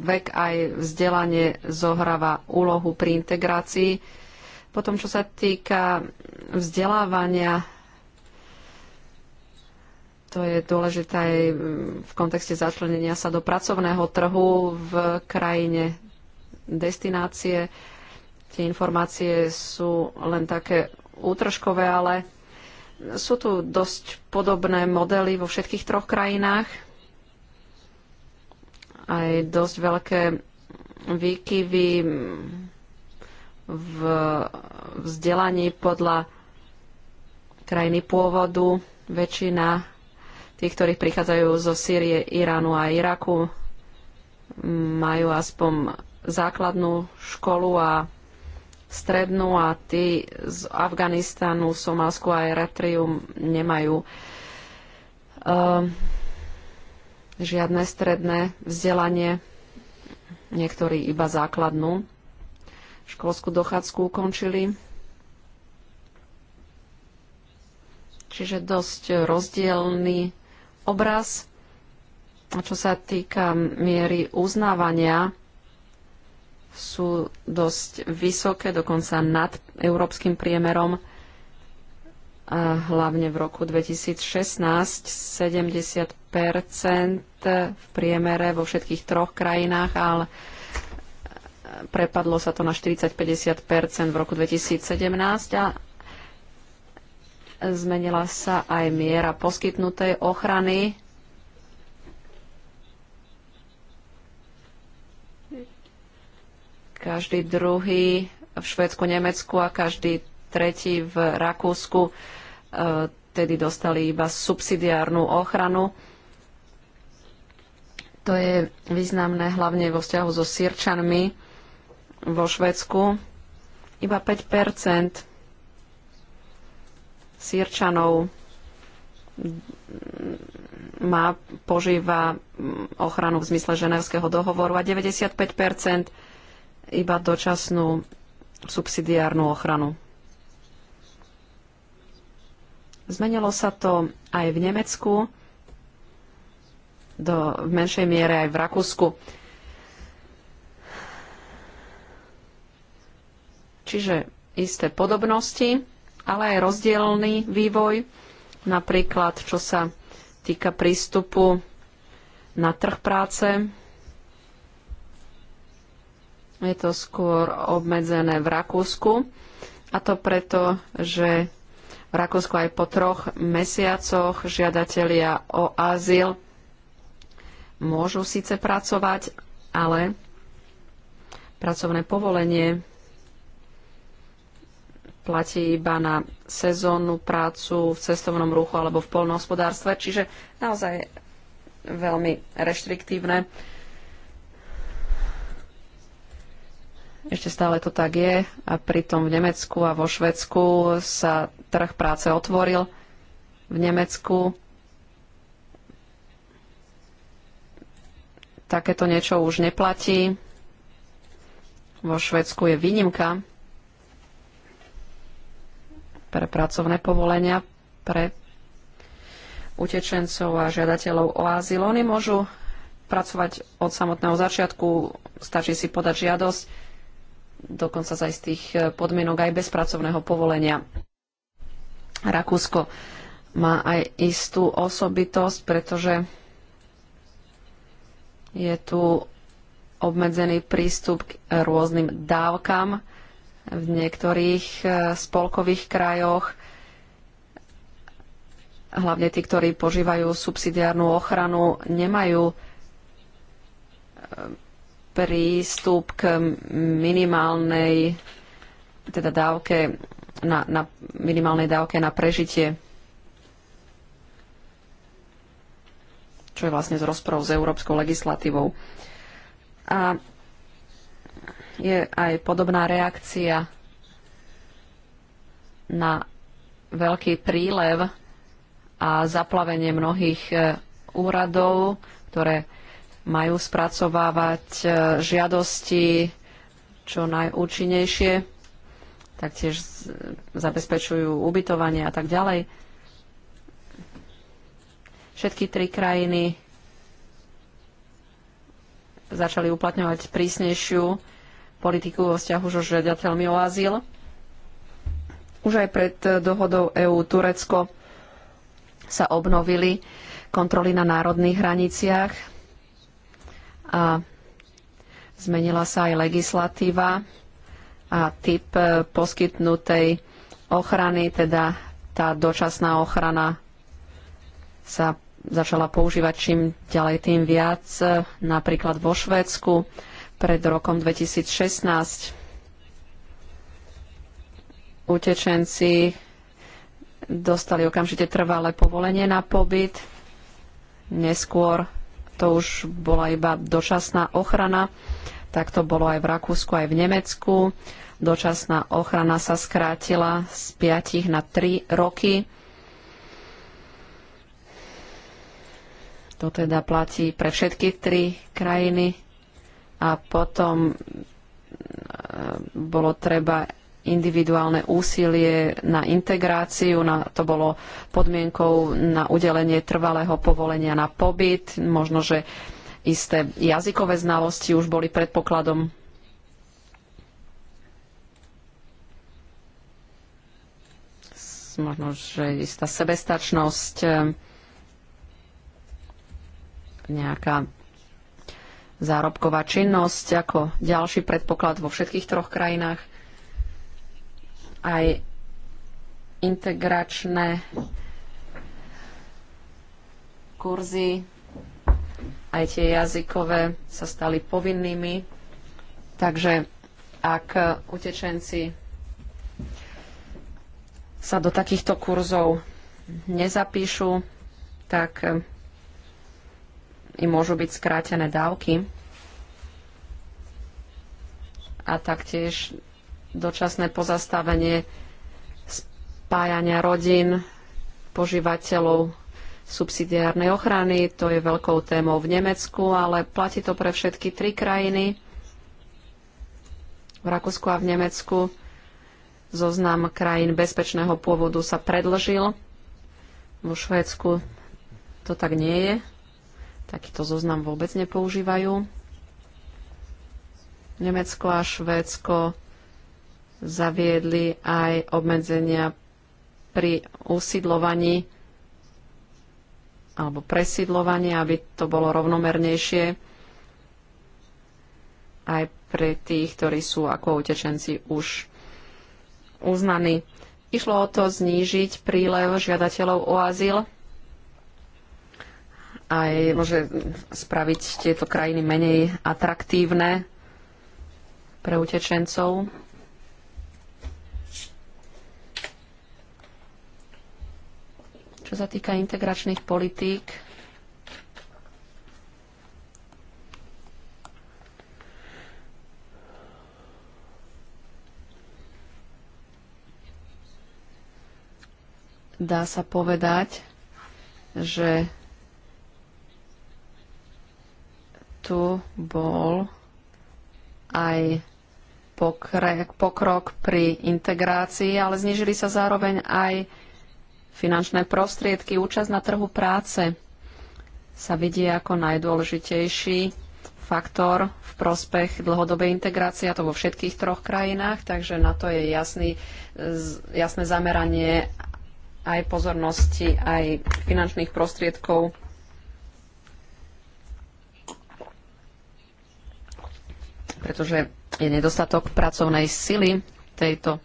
vek aj vzdelanie zohráva úlohu pri integrácii. Potom, čo sa týka vzdelávania, to je dôležité aj v kontexte začlenenia sa do pracovného trhu v krajine destinácie. Tie informácie sú len také útržkové, ale sú tu dosť podobné modely vo všetkých troch krajinách aj dosť veľké výkyvy v vzdelaní podľa krajiny pôvodu. Väčšina tých, ktorí prichádzajú zo Sýrie, Iránu a Iraku, majú aspoň základnú školu a strednú a tí z Afganistanu, Somálsku a Eretriu nemajú. Uh, žiadne stredné vzdelanie, niektorí iba základnú školskú dochádzku ukončili. Čiže dosť rozdielný obraz. A čo sa týka miery uznávania, sú dosť vysoké, dokonca nad európskym priemerom. A hlavne v roku 2016 70 v priemere vo všetkých troch krajinách, ale prepadlo sa to na 40-50 v roku 2017 a zmenila sa aj miera poskytnutej ochrany. Každý druhý v Švedsku, Nemecku a každý tretí v Rakúsku eh, tedy dostali iba subsidiárnu ochranu to je významné hlavne vo vzťahu so Sirčanmi vo Švedsku. Iba 5 Sirčanov má, požíva ochranu v zmysle ženevského dohovoru a 95 iba dočasnú subsidiárnu ochranu. Zmenilo sa to aj v Nemecku do, v menšej miere aj v Rakúsku. Čiže isté podobnosti, ale aj rozdielný vývoj, napríklad čo sa týka prístupu na trh práce. Je to skôr obmedzené v Rakúsku a to preto, že v Rakúsku aj po troch mesiacoch žiadatelia o azyl môžu síce pracovať, ale pracovné povolenie platí iba na sezónnu prácu v cestovnom ruchu alebo v polnohospodárstve, čiže naozaj veľmi reštriktívne. Ešte stále to tak je a pritom v Nemecku a vo Švedsku sa trh práce otvoril. V Nemecku takéto niečo už neplatí. Vo Švedsku je výnimka pre pracovné povolenia pre utečencov a žiadateľov o azyl. Oni môžu pracovať od samotného začiatku, stačí si podať žiadosť, dokonca aj z tých e, podmienok aj bez pracovného povolenia. Rakúsko má aj istú osobitosť, pretože je tu obmedzený prístup k rôznym dávkam v niektorých e, spolkových krajoch, hlavne tí, ktorí požívajú subsidiárnu ochranu, nemajú e, prístup k minimálnej teda dávke na, na minimálnej dávke na prežitie. čo je vlastne z rozprov s európskou legislatívou. A je aj podobná reakcia na veľký prílev a zaplavenie mnohých e, úradov, ktoré majú spracovávať e, žiadosti čo najúčinnejšie, taktiež zabezpečujú ubytovanie a tak ďalej. Všetky tri krajiny začali uplatňovať prísnejšiu politiku vo vzťahu so žiadateľmi o azyl. Už aj pred eh, dohodou EÚ-Turecko sa obnovili kontroly na národných hraniciach a zmenila sa aj legislatíva a typ eh, poskytnutej ochrany, teda tá dočasná ochrana sa začala používať čím ďalej tým viac, e, napríklad vo Švédsku pred rokom 2016. Utečenci dostali okamžite trvalé povolenie na pobyt, neskôr to už bola iba dočasná ochrana, tak to bolo aj v Rakúsku, aj v Nemecku. Dočasná ochrana sa skrátila z 5 na 3 roky To teda platí pre všetky tri krajiny a potom e, bolo treba individuálne úsilie na integráciu, na, to bolo podmienkou na udelenie trvalého povolenia na pobyt, možno, že isté jazykové znalosti už boli predpokladom. Možno, že istá sebestačnosť, e, nejaká zárobková činnosť ako ďalší predpoklad vo všetkých troch krajinách. Aj integračné kurzy, aj tie jazykové sa stali povinnými. Takže ak utečenci sa do takýchto kurzov nezapíšu, tak im môžu byť skrátené dávky a taktiež dočasné pozastavenie spájania rodín požívateľov subsidiárnej ochrany. To je veľkou témou v Nemecku, ale platí to pre všetky tri krajiny. V Rakúsku a v Nemecku zoznam krajín bezpečného pôvodu sa predlžil. Vo Švédsku to tak nie je takýto zoznam vôbec nepoužívajú. Nemecko a Švédsko zaviedli aj obmedzenia pri usídlovaní alebo presidlovaní, aby to bolo rovnomernejšie aj pre tých, ktorí sú ako utečenci už uznaní. Išlo o to znížiť prílev žiadateľov o azyl aj môže spraviť tieto krajiny menej atraktívne pre utečencov. Čo sa týka integračných politík, dá sa povedať, že tu bol aj pokrek, pokrok pri integrácii, ale znižili sa zároveň aj finančné prostriedky. Účasť na trhu práce sa vidie ako najdôležitejší faktor v prospech dlhodobej integrácie, a to vo všetkých troch krajinách, takže na to je jasný, jasné zameranie aj pozornosti, aj finančných prostriedkov pretože je nedostatok pracovnej sily v tejto,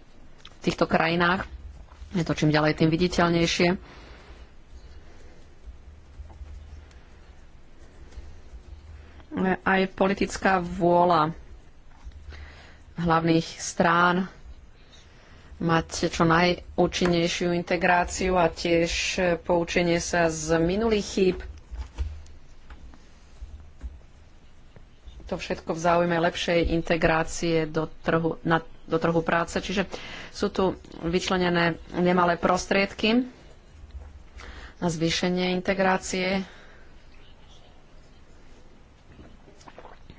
v týchto krajinách. Je to čím ďalej, tým viditeľnejšie. Aj politická vôľa hlavných strán mať čo najúčinnejšiu integráciu a tiež poučenie sa z minulých chýb to všetko v záujme lepšej integrácie do trhu, na, do trhu práce. Čiže sú tu vyčlenené nemalé prostriedky na zvýšenie integrácie.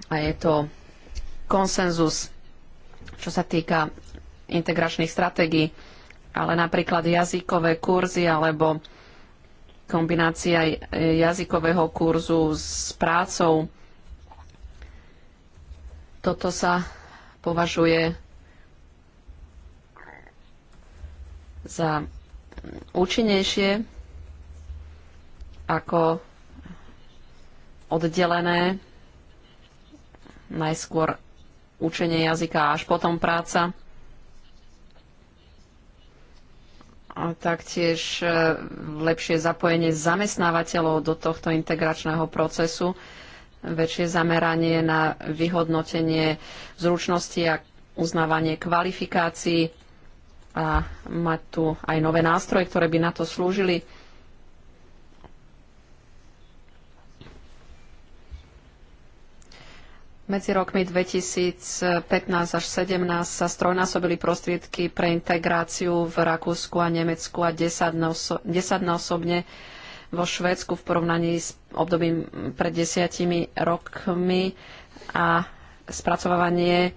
A je to konsenzus, čo sa týka integračných stratégií, ale napríklad jazykové kurzy alebo kombinácia jazykového kurzu s prácou toto sa považuje za účinnejšie ako oddelené najskôr učenie jazyka až potom práca. A taktiež e, lepšie zapojenie zamestnávateľov do tohto integračného procesu väčšie zameranie na vyhodnotenie zručnosti a uznávanie kvalifikácií a mať tu aj nové nástroje, ktoré by na to slúžili. Medzi rokmi 2015 až 2017 sa strojnásobili prostriedky pre integráciu v Rakúsku a Nemecku a desaťnásobne vo Švédsku v porovnaní s obdobím pred desiatimi rokmi a spracovávanie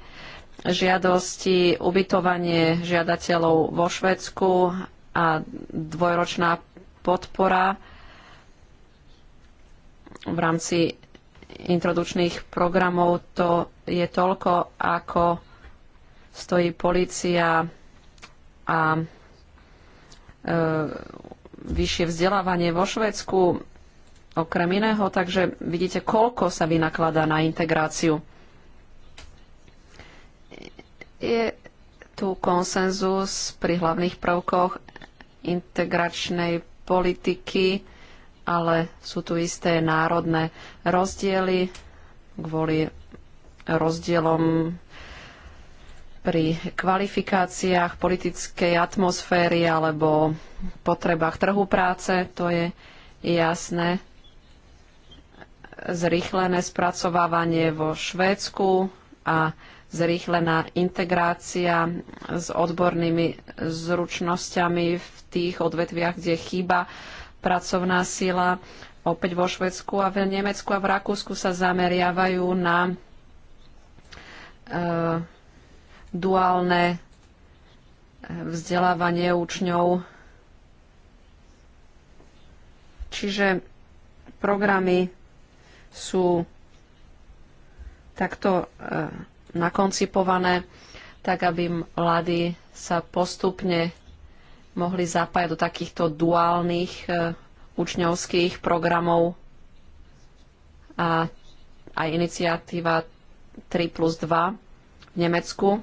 žiadosti, ubytovanie žiadateľov vo Švedsku a dvojročná podpora v rámci introdučných programov to je toľko, ako stojí policia a e, vyššie vzdelávanie vo Švedsku okrem iného, takže vidíte, koľko sa vynakladá na integráciu. Je tu konsenzus pri hlavných prvkoch integračnej politiky, ale sú tu isté národné rozdiely kvôli rozdielom pri kvalifikáciách politickej atmosféry alebo potrebách trhu práce, to je jasné. Zrýchlené spracovávanie vo Švédsku a zrýchlená integrácia s odbornými zručnosťami v tých odvetviach, kde chýba pracovná sila. Opäť vo Švedsku a v Nemecku a v Rakúsku sa zameriavajú na eh, duálne eh, vzdelávanie učňov. Čiže programy sú takto eh, nakoncipované, tak aby mladí sa postupne mohli zapájať do takýchto duálnych eh, učňovských programov a aj iniciatíva 3 plus 2 v Nemecku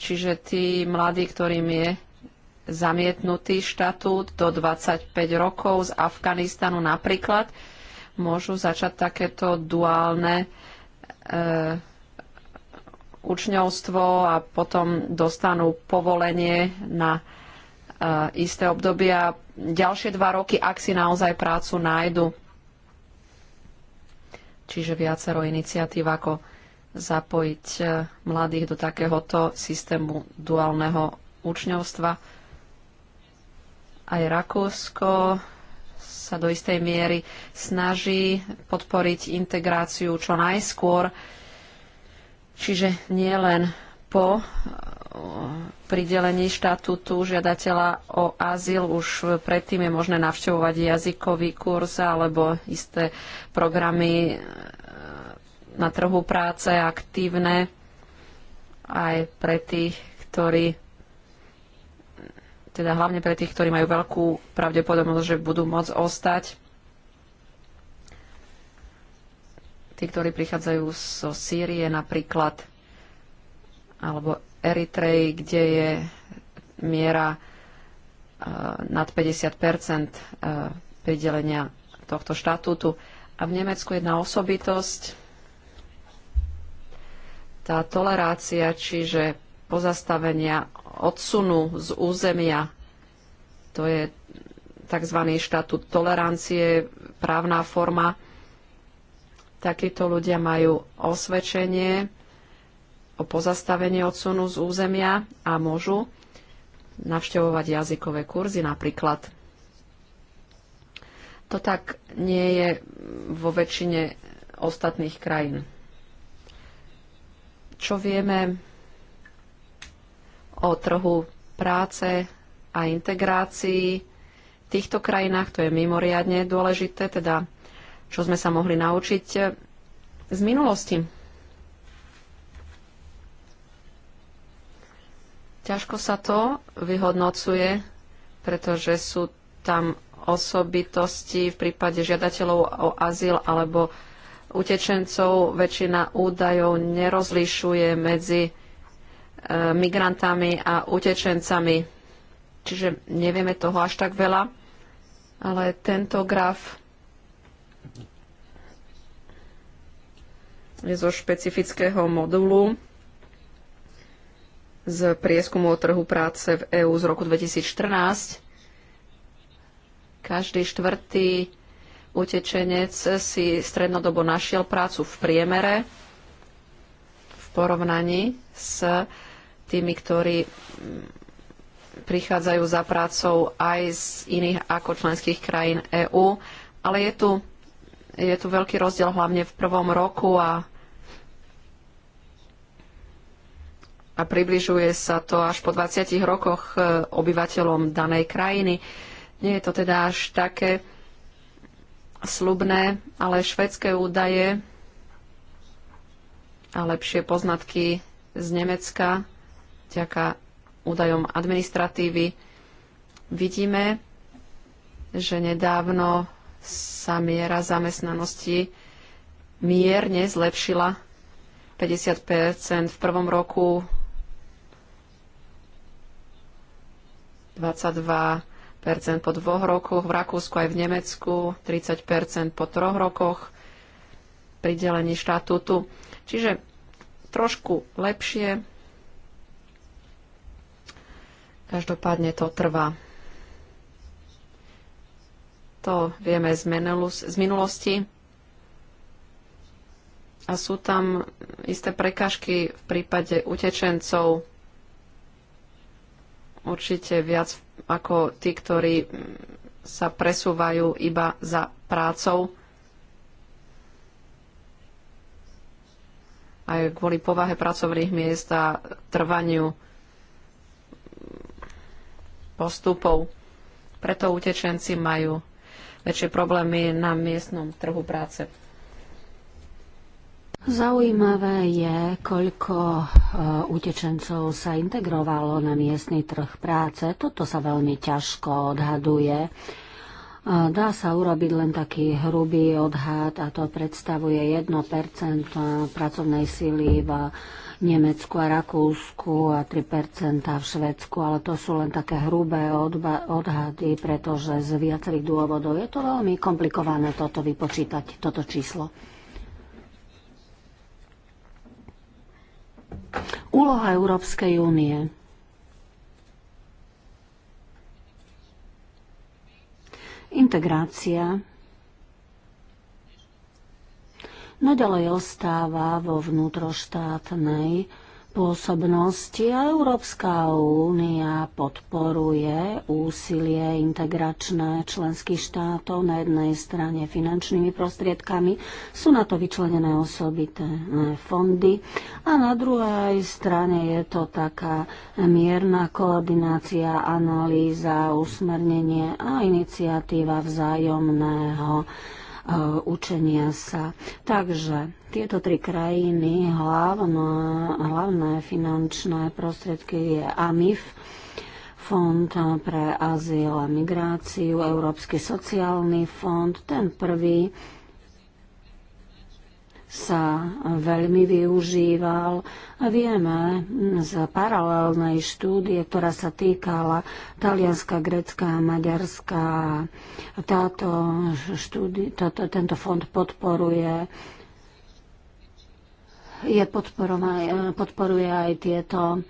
Čiže tí mladí, ktorým je zamietnutý štatút do 25 rokov z Afganistanu napríklad, môžu začať takéto duálne e, učňovstvo a potom dostanú povolenie na e, isté obdobia ďalšie dva roky, ak si naozaj prácu nájdu. Čiže viacero iniciatív, ako zapojiť e, mladých do takéhoto systému duálneho učňovstva. Aj Rakúsko sa do istej miery snaží podporiť integráciu čo najskôr, čiže nie len po e, pridelení štatútu žiadateľa o azyl už predtým je možné navštevovať jazykový kurz alebo isté programy na trhu práce aktívne aj pre tých, ktorí teda hlavne pre tých, ktorí majú veľkú pravdepodobnosť, že budú môcť ostať. Tí, ktorí prichádzajú zo Sýrie napríklad, alebo Eritrej, kde je miera eh, nad 50 eh, pridelenia tohto štatútu. A v Nemecku jedna osobitosť, tá tolerácia, čiže pozastavenia odsunu z územia, to je tzv. štatút tolerancie, právna forma. Takíto ľudia majú osvedčenie o pozastavení odsunu z územia a môžu navštevovať jazykové kurzy napríklad. To tak nie je vo väčšine ostatných krajín čo vieme o trhu práce a integrácii v týchto krajinách, to je mimoriadne dôležité, teda čo sme sa mohli naučiť z minulosti. Ťažko sa to vyhodnocuje, pretože sú tam osobitosti v prípade žiadateľov o azyl alebo utečencov väčšina údajov nerozlišuje medzi e, migrantami a utečencami. Čiže nevieme toho až tak veľa, ale tento graf je zo špecifického modulu z prieskumu o trhu práce v EÚ z roku 2014. Každý štvrtý utečenec si strednodobo našiel prácu v priemere v porovnaní s tými, ktorí prichádzajú za prácou aj z iných ako členských krajín EÚ. Ale je tu, je tu veľký rozdiel hlavne v prvom roku a, a približuje sa to až po 20 rokoch e, obyvateľom danej krajiny. Nie je to teda až také slubné, ale švedské údaje a lepšie poznatky z Nemecka vďaka údajom administratívy vidíme, že nedávno sa miera zamestnanosti mierne zlepšila 50 v prvom roku, 22 po dvoch rokoch, v Rakúsku aj v Nemecku 30 po troch rokoch pridelení štatútu. Čiže trošku lepšie. Každopádne to trvá. To vieme z minulosti. A sú tam isté prekažky v prípade utečencov. Určite viac v ako tí, ktorí sa presúvajú iba za prácou. Aj kvôli povahe pracovných miest a trvaniu postupov. Preto utečenci majú väčšie problémy na miestnom trhu práce. Zaujímavé je, koľko e, utečencov sa integrovalo na miestny trh práce. Toto sa veľmi ťažko odhaduje. E, dá sa urobiť len taký hrubý odhad a to predstavuje 1% pracovnej síly v Nemecku a Rakúsku a 3% v Švedsku, ale to sú len také hrubé odhady, pretože z viacerých dôvodov je to veľmi komplikované toto vypočítať, toto číslo. Úloha Európskej únie. Integrácia naďalej ostáva vo vnútroštátnej pôsobnosti a Európska únia podporuje úsilie integračné členských štátov na jednej strane finančnými prostriedkami, sú na to vyčlenené osobité eh, fondy a na druhej strane je to taká mierna koordinácia, analýza, usmernenie a iniciatíva vzájomného E, učenia sa. Takže tieto tri krajiny hlavná, hlavné finančné prostriedky je AMIF, Fond pre azyl a migráciu, Európsky sociálny fond, ten prvý sa veľmi využíval. A vieme z paralelnej štúdie, ktorá sa týkala Talianska, Grecka a maďarská Táto tento fond podporuje je podporuje aj tieto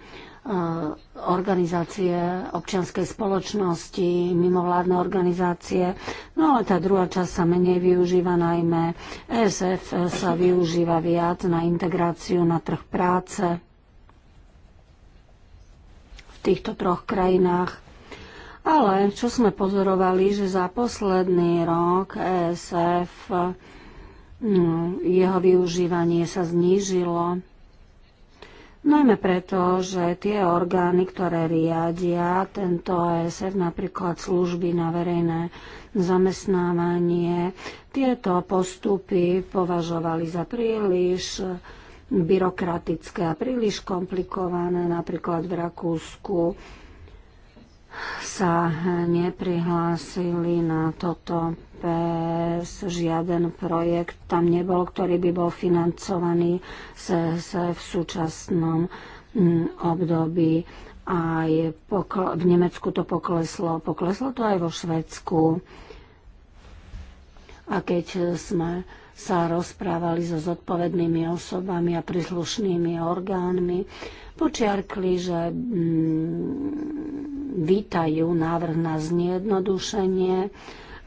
organizácie občianskej spoločnosti, mimovládne organizácie. No ale tá druhá časť sa menej využíva, najmä ESF sa využíva viac na integráciu na trh práce v týchto troch krajinách. Ale čo sme pozorovali, že za posledný rok ESF mm, jeho využívanie sa znížilo Najmä preto, že tie orgány, ktoré riadia tento ESF, napríklad služby na verejné zamestnávanie, tieto postupy považovali za príliš byrokratické a príliš komplikované. Napríklad v Rakúsku sa neprihlásili na toto SPS žiaden projekt tam nebol, ktorý by bol financovaný se, se v súčasnom mm, období. Aj pokl- v Nemecku to pokleslo, pokleslo to aj vo Švedsku. A keď sme sa rozprávali so zodpovednými osobami a príslušnými orgánmi, počiarkli, že m, mm, vítajú návrh na znejednodušenie,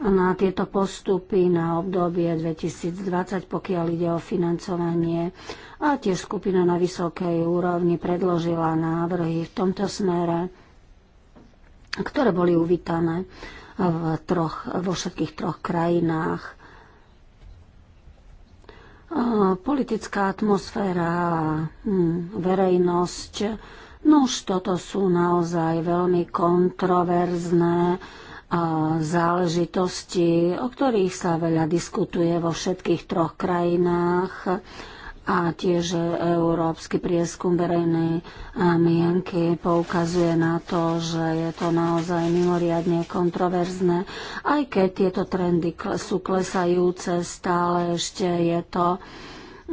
na tieto postupy na obdobie 2020, pokiaľ ide o financovanie. A tiež skupina na vysokej úrovni predložila návrhy v tomto smere, ktoré boli uvítané v troch, vo všetkých troch krajinách. Politická atmosféra a hm, verejnosť, no už toto sú naozaj veľmi kontroverzné záležitosti, o ktorých sa veľa diskutuje vo všetkých troch krajinách a tiež európsky prieskum verejnej mienky poukazuje na to, že je to naozaj mimoriadne kontroverzné. Aj keď tieto trendy sú klesajúce, stále ešte je to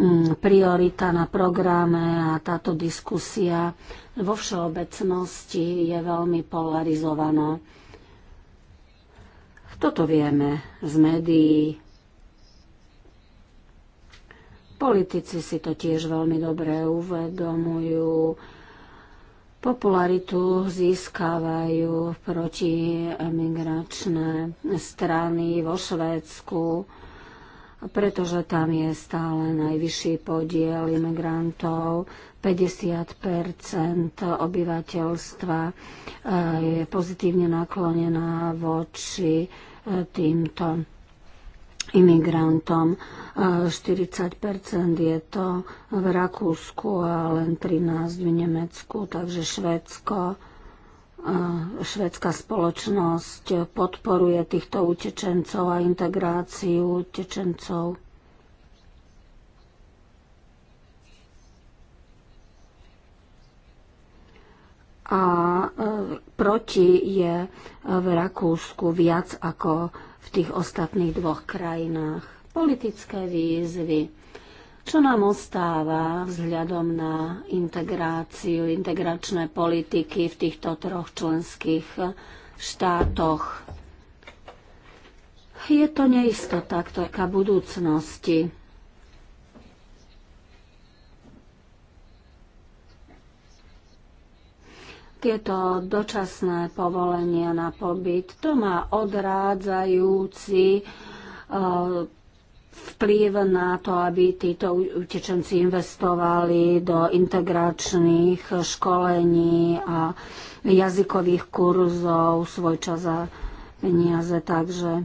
mm, priorita na programe a táto diskusia vo všeobecnosti je veľmi polarizovaná. Toto vieme z médií. Politici si to tiež veľmi dobre uvedomujú popularitu získavajú protiemigračné strany vo Švédsku, pretože tam je stále najvyšší podiel imigrantov. 50 obyvateľstva eh, je pozitívne naklonená voči týmto imigrantom. 40 je to v Rakúsku a len 13 v Nemecku, takže Švédsko švedská spoločnosť podporuje týchto utečencov a integráciu utečencov. a e, proti je e, v Rakúsku viac ako v tých ostatných dvoch krajinách. Politické výzvy. Čo nám ostáva vzhľadom na integráciu, integračné politiky v týchto troch členských štátoch? Je to neistota, ktorá budúcnosti. Tieto dočasné povolenia na pobyt, to má odrádzajúci eh, vplyv na to, aby títo utečenci investovali do integračných školení a jazykových kurzov svoj čas a peniaze. Takže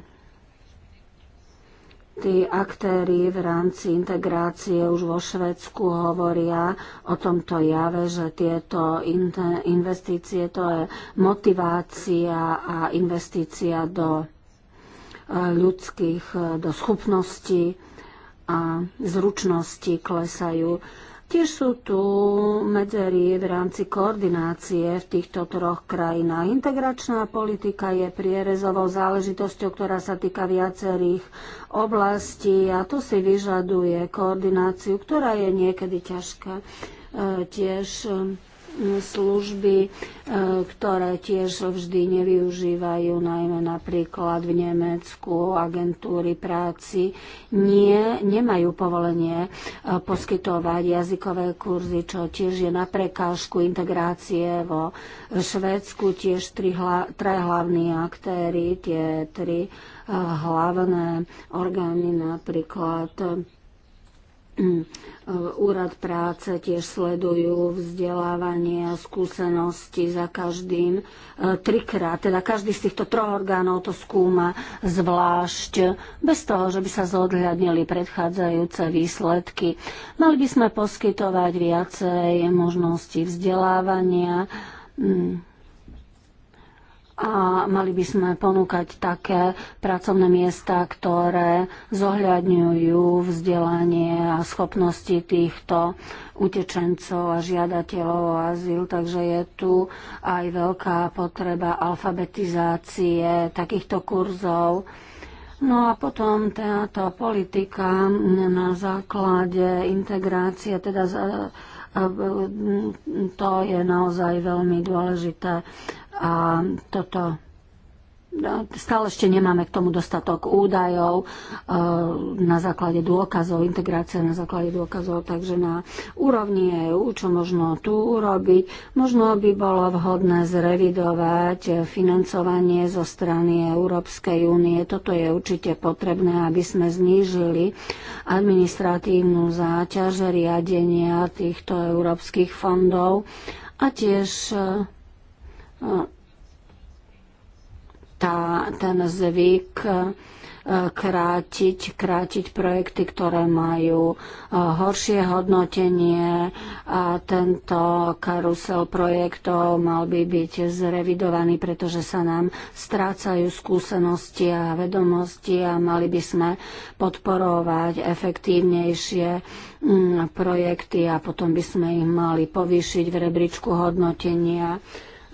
tí aktéry v rámci integrácie už vo Švedsku hovoria o tomto jave, že tieto investície to je motivácia a investícia do e, ľudských, e, do schopností a zručnosti klesajú. Tiež sú tu medzery v rámci koordinácie v týchto troch krajinách. Integračná politika je prierezovou záležitosťou, ktorá sa týka viacerých oblastí a to si vyžaduje koordináciu, ktorá je niekedy ťažká. E, tiež služby, e, ktoré tiež vždy nevyužívajú, najmä napríklad v Nemecku agentúry práci, nie, nemajú povolenie e, poskytovať jazykové kurzy, čo tiež je na prekážku integrácie vo Švedsku. Tiež tri, tri hlavní aktéry, tie tri e, hlavné orgány napríklad Mm. Úrad práce tiež sledujú vzdelávanie a skúsenosti za každým e, trikrát. Teda každý z týchto troch orgánov to skúma zvlášť, bez toho, že by sa zodhľadnili predchádzajúce výsledky. Mali by sme poskytovať viacej možností vzdelávania, mm a mali by sme ponúkať také pracovné miesta, ktoré zohľadňujú vzdelanie a schopnosti týchto utečencov a žiadateľov o azyl. Takže je tu aj veľká potreba alfabetizácie takýchto kurzov. No a potom táto politika na základe integrácie, teda to je naozaj veľmi dôležité a toto no, stále ešte nemáme k tomu dostatok údajov e, na základe dôkazov, integrácia na základe dôkazov, takže na úrovni EU, čo možno tu urobiť, možno by bolo vhodné zrevidovať financovanie zo strany Európskej únie. Toto je určite potrebné, aby sme znížili administratívnu záťaž riadenia týchto európskych fondov a tiež e, tá, ten zvyk e, krátiť, krátiť projekty, ktoré majú e, horšie hodnotenie a tento karusel projektov mal by byť zrevidovaný, pretože sa nám strácajú skúsenosti a vedomosti a mali by sme podporovať efektívnejšie mm, projekty a potom by sme ich mali povýšiť v rebríčku hodnotenia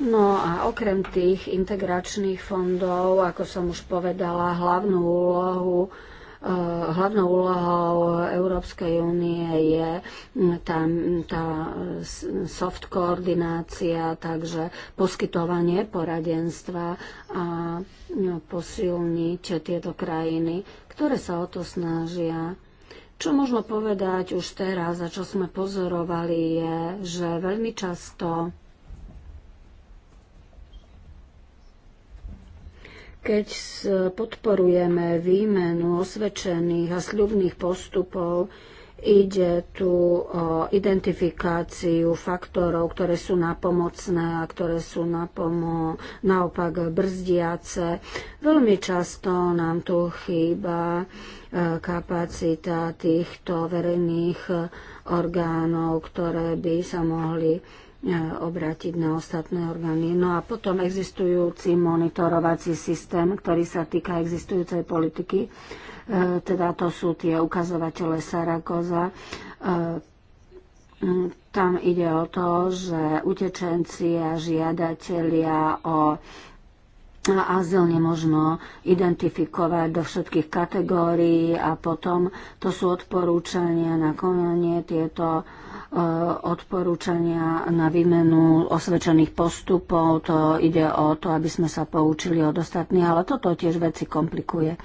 No a okrem tých integračných fondov, ako som už povedala, hlavnú úlohu eh, hlavnou úlohou Európskej únie je mm, tá, tá soft koordinácia, takže poskytovanie poradenstva a no, posilniť tieto krajiny, ktoré sa o to snažia. Čo možno povedať už teraz a čo sme pozorovali je, že veľmi často Keď podporujeme výmenu osvedčených a sľubných postupov, Ide tu o identifikáciu faktorov, ktoré sú napomocné a ktoré sú napomo, naopak brzdiace. Veľmi často nám tu chýba e, kapacita týchto verejných orgánov, ktoré by sa mohli E, obrátiť na ostatné orgány. No a potom existujúci monitorovací systém, ktorý sa týka existujúcej politiky, e, teda to sú tie ukazovatele Sarakoza. E, tam ide o to, že utečenci a žiadatelia o azyl nemožno identifikovať do všetkých kategórií a potom to sú odporúčania na konanie tieto odporúčania na výmenu osvedčených postupov. To ide o to, aby sme sa poučili od ostatných, ale toto tiež veci komplikuje. E,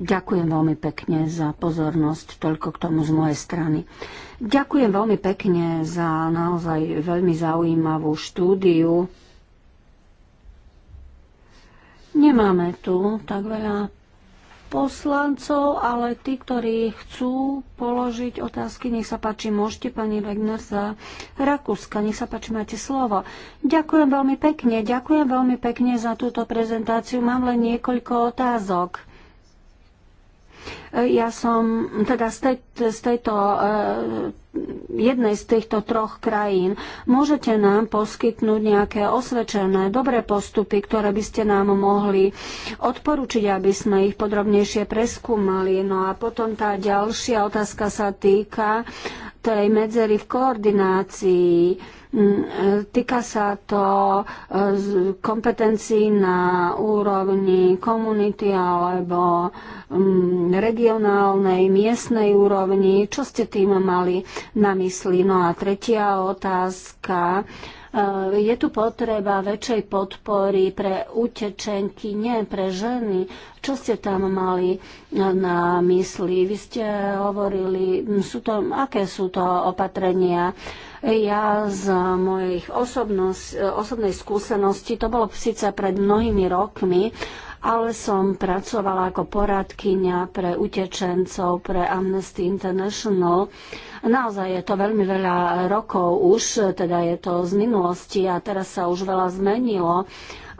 ďakujem veľmi pekne za pozornosť, toľko k tomu z mojej strany. Ďakujem veľmi pekne za naozaj veľmi zaujímavú štúdiu. Nemáme tu tak veľa poslancov, ale tí, ktorí chcú položiť otázky, nech sa páči, môžete, pani Wegner za Rakúska, nech sa páči, máte slovo. Ďakujem veľmi pekne, ďakujem veľmi pekne za túto prezentáciu. Mám len niekoľko otázok. Ja som teda z, tej, z tejto e, jednej z týchto troch krajín. Môžete nám poskytnúť nejaké osvedčené, dobré postupy, ktoré by ste nám mohli odporučiť, aby sme ich podrobnejšie preskúmali. No a potom tá ďalšia otázka sa týka tej medzery v koordinácii Týka sa to e, kompetencií na úrovni komunity alebo mm, regionálnej, miestnej úrovni. Čo ste tým mali na mysli? No a tretia otázka. E, je tu potreba väčšej podpory pre utečenky, nie pre ženy. Čo ste tam mali e, na mysli? Vy ste hovorili, sú to, aké sú to opatrenia? Ja z mojej osobnej skúsenosti, to bolo síce pred mnohými rokmi, ale som pracovala ako poradkyňa pre utečencov, pre Amnesty International. Naozaj je to veľmi veľa rokov už, teda je to z minulosti a teraz sa už veľa zmenilo,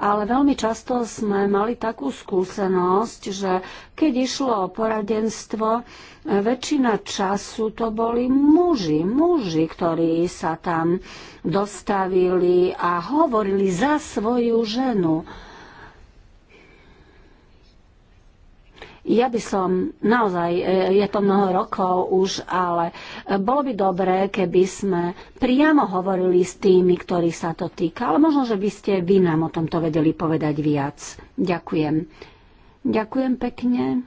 ale veľmi často sme mali takú skúsenosť, že keď išlo o poradenstvo, väčšina času to boli muži, muži, ktorí sa tam dostavili a hovorili za svoju ženu. Ja by som, naozaj, e, je to mnoho rokov už, ale e, bolo by dobré, keby sme priamo hovorili s tými, ktorí sa to týka, ale možno, že by ste vy nám o tomto vedeli povedať viac. Ďakujem. Ďakujem pekne.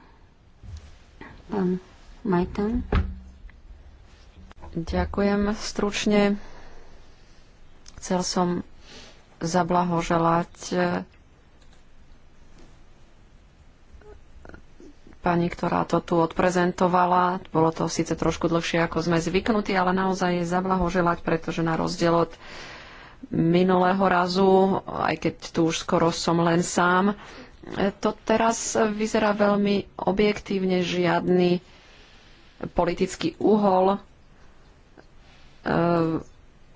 Pán Majtan. Ďakujem stručne. Chcel som zablahoželať e, pani, ktorá to tu odprezentovala. Bolo to síce trošku dlhšie, ako sme zvyknutí, ale naozaj je zablahoželať, pretože na rozdiel od minulého razu, aj keď tu už skoro som len sám, to teraz vyzerá veľmi objektívne, žiadny politický uhol. E,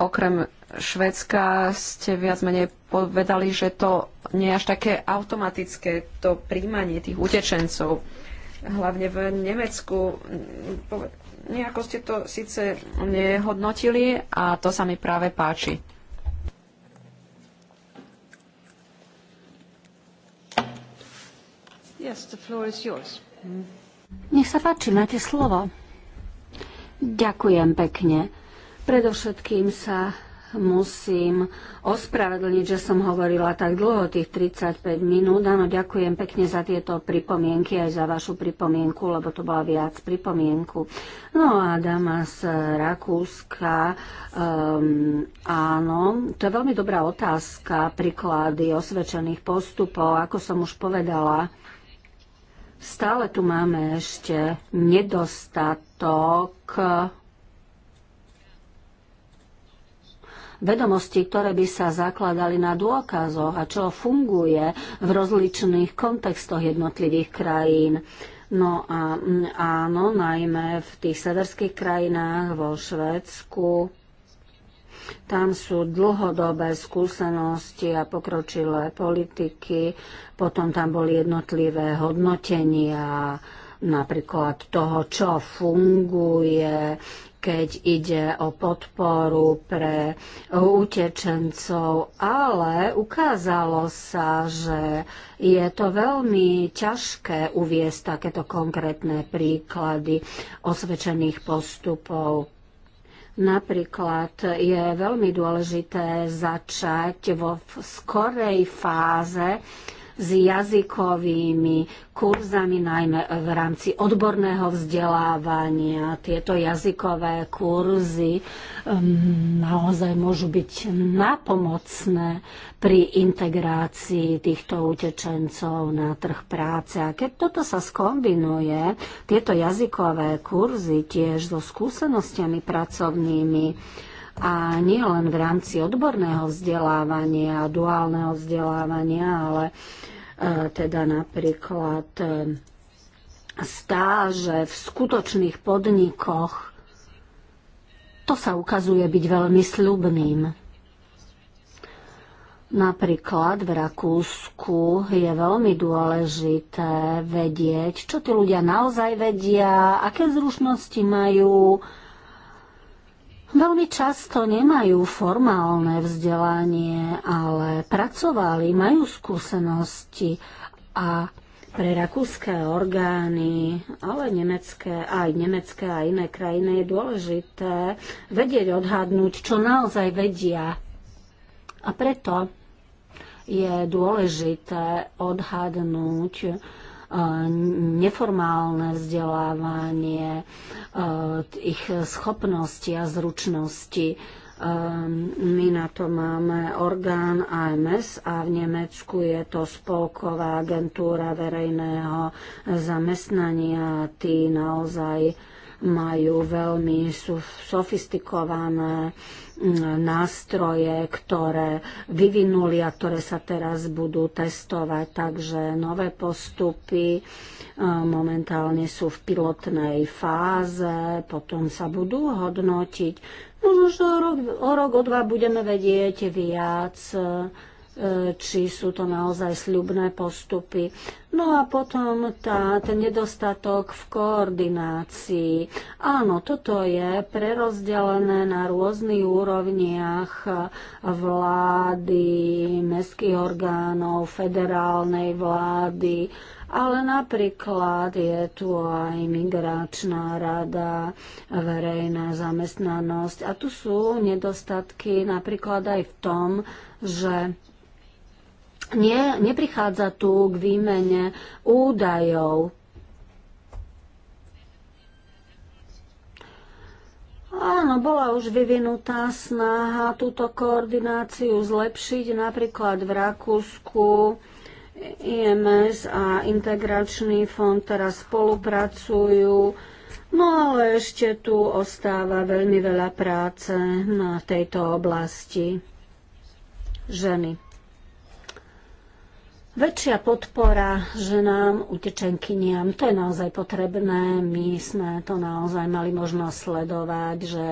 okrem Švedska ste viac menej povedali, že to nie je až také automatické, to príjmanie tých utečencov hlavne v Nemecku. Nejako ste to síce nehodnotili a to sa mi práve páči. Yes, the floor is yours. Nech sa páči, máte slovo. Ďakujem pekne. Predovšetkým sa musím ospravedlniť, že som hovorila tak dlho, tých 35 minút. Áno, ďakujem pekne za tieto pripomienky, aj za vašu pripomienku, lebo to bola viac pripomienku. No a dáma z Rakúska, um, áno, to je veľmi dobrá otázka, príklady osvedčených postupov, ako som už povedala. Stále tu máme ešte nedostatok vedomosti, ktoré by sa zakladali na dôkazoch a čo funguje v rozličných kontextoch jednotlivých krajín. No a áno, najmä v tých severských krajinách, vo Švedsku, tam sú dlhodobé skúsenosti a pokročilé politiky, potom tam boli jednotlivé hodnotenia napríklad toho, čo funguje, keď ide o podporu pre utečencov, ale ukázalo sa, že je to veľmi ťažké uviesť takéto konkrétne príklady osvedčených postupov. Napríklad je veľmi dôležité začať vo skorej fáze s jazykovými kurzami, najmä v rámci odborného vzdelávania. Tieto jazykové kurzy um, naozaj môžu byť napomocné pri integrácii týchto utečencov na trh práce. A keď toto sa skombinuje, tieto jazykové kurzy tiež so skúsenostiami pracovnými, a nie len v rámci odborného vzdelávania, duálneho vzdelávania, ale e, teda napríklad e, stáže v skutočných podnikoch, to sa ukazuje byť veľmi sľubným. Napríklad v Rakúsku je veľmi dôležité vedieť, čo tí ľudia naozaj vedia, aké zrušnosti majú, veľmi často nemajú formálne vzdelanie, ale pracovali, majú skúsenosti a pre rakúske orgány, ale nemecké, aj nemecké a iné krajiny je dôležité vedieť odhadnúť, čo naozaj vedia. A preto je dôležité odhadnúť, neformálne vzdelávanie, eh, ich schopnosti a zručnosti. Eh, my na to máme orgán AMS a v Nemecku je to Spolková agentúra verejného zamestnania. Tí naozaj majú veľmi sofistikované uh, nástroje, ktoré vyvinuli a ktoré sa teraz budú testovať. Takže nové postupy e, momentálne sú v pilotnej fáze, potom sa budú hodnotiť. No, možno, že o rok, o rok, o dva budeme vedieť viac E, či sú to naozaj sľubné postupy. No a potom tá, ten nedostatok v koordinácii. Áno, toto je prerozdelené na rôznych úrovniach vlády, mestských orgánov, federálnej vlády, ale napríklad je tu aj migračná rada, verejná zamestnanosť a tu sú nedostatky napríklad aj v tom, že nie, neprichádza tu k výmene údajov. Áno, bola už vyvinutá snaha túto koordináciu zlepšiť napríklad v Rakúsku. IMS a Integračný fond teraz spolupracujú, no ale ešte tu ostáva veľmi veľa práce na tejto oblasti ženy. Väčšia podpora ženám, utečenkyniam, to je naozaj potrebné. My sme to naozaj mali možnosť sledovať, že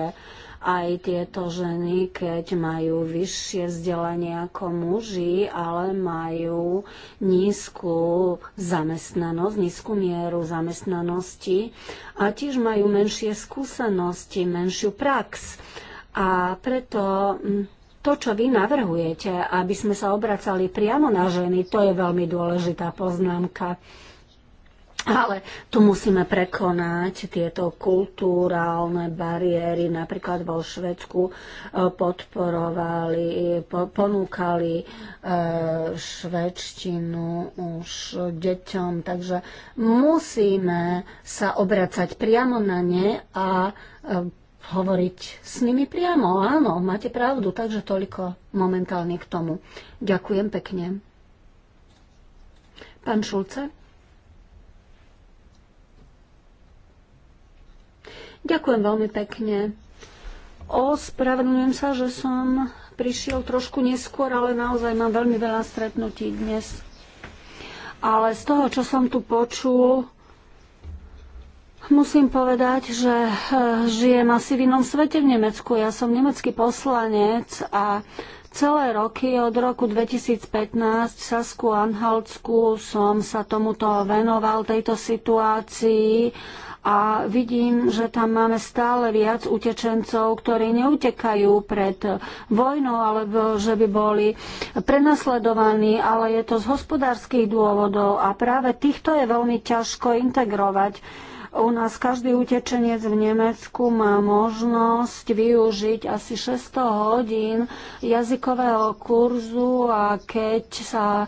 aj tieto ženy, keď majú vyššie vzdelanie ako muži, ale majú nízku zamestnanosť, nízku mieru zamestnanosti a tiež majú menšie skúsenosti, menšiu prax. A preto mm, to, čo vy navrhujete, aby sme sa obracali priamo na ženy, to je veľmi dôležitá poznámka. Ale tu musíme prekonať tieto kulturálne bariéry. Napríklad vo Švedsku e, podporovali, po, ponúkali e, švedštinu už deťom. Takže musíme sa obracať priamo na ne a e, hovoriť s nimi priamo. Áno, máte pravdu, takže toľko momentálne k tomu. Ďakujem pekne. Pán Šulce? Ďakujem veľmi pekne. Ospravedlňujem sa, že som prišiel trošku neskôr, ale naozaj mám veľmi veľa stretnutí dnes. Ale z toho, čo som tu počul, Musím povedať, že eh, žijem asi v inom svete v Nemecku. Ja som nemecký poslanec a celé roky od roku 2015 v Sasku Anhaltsku som sa tomuto venoval, tejto situácii a vidím, že tam máme stále viac utečencov, ktorí neutekajú pred vojnou, alebo že by boli prenasledovaní, ale je to z hospodárskych dôvodov a práve týchto je veľmi ťažko integrovať. U nás každý utečenec v Nemecku má možnosť využiť asi 600 hodín jazykového kurzu a keď sa e,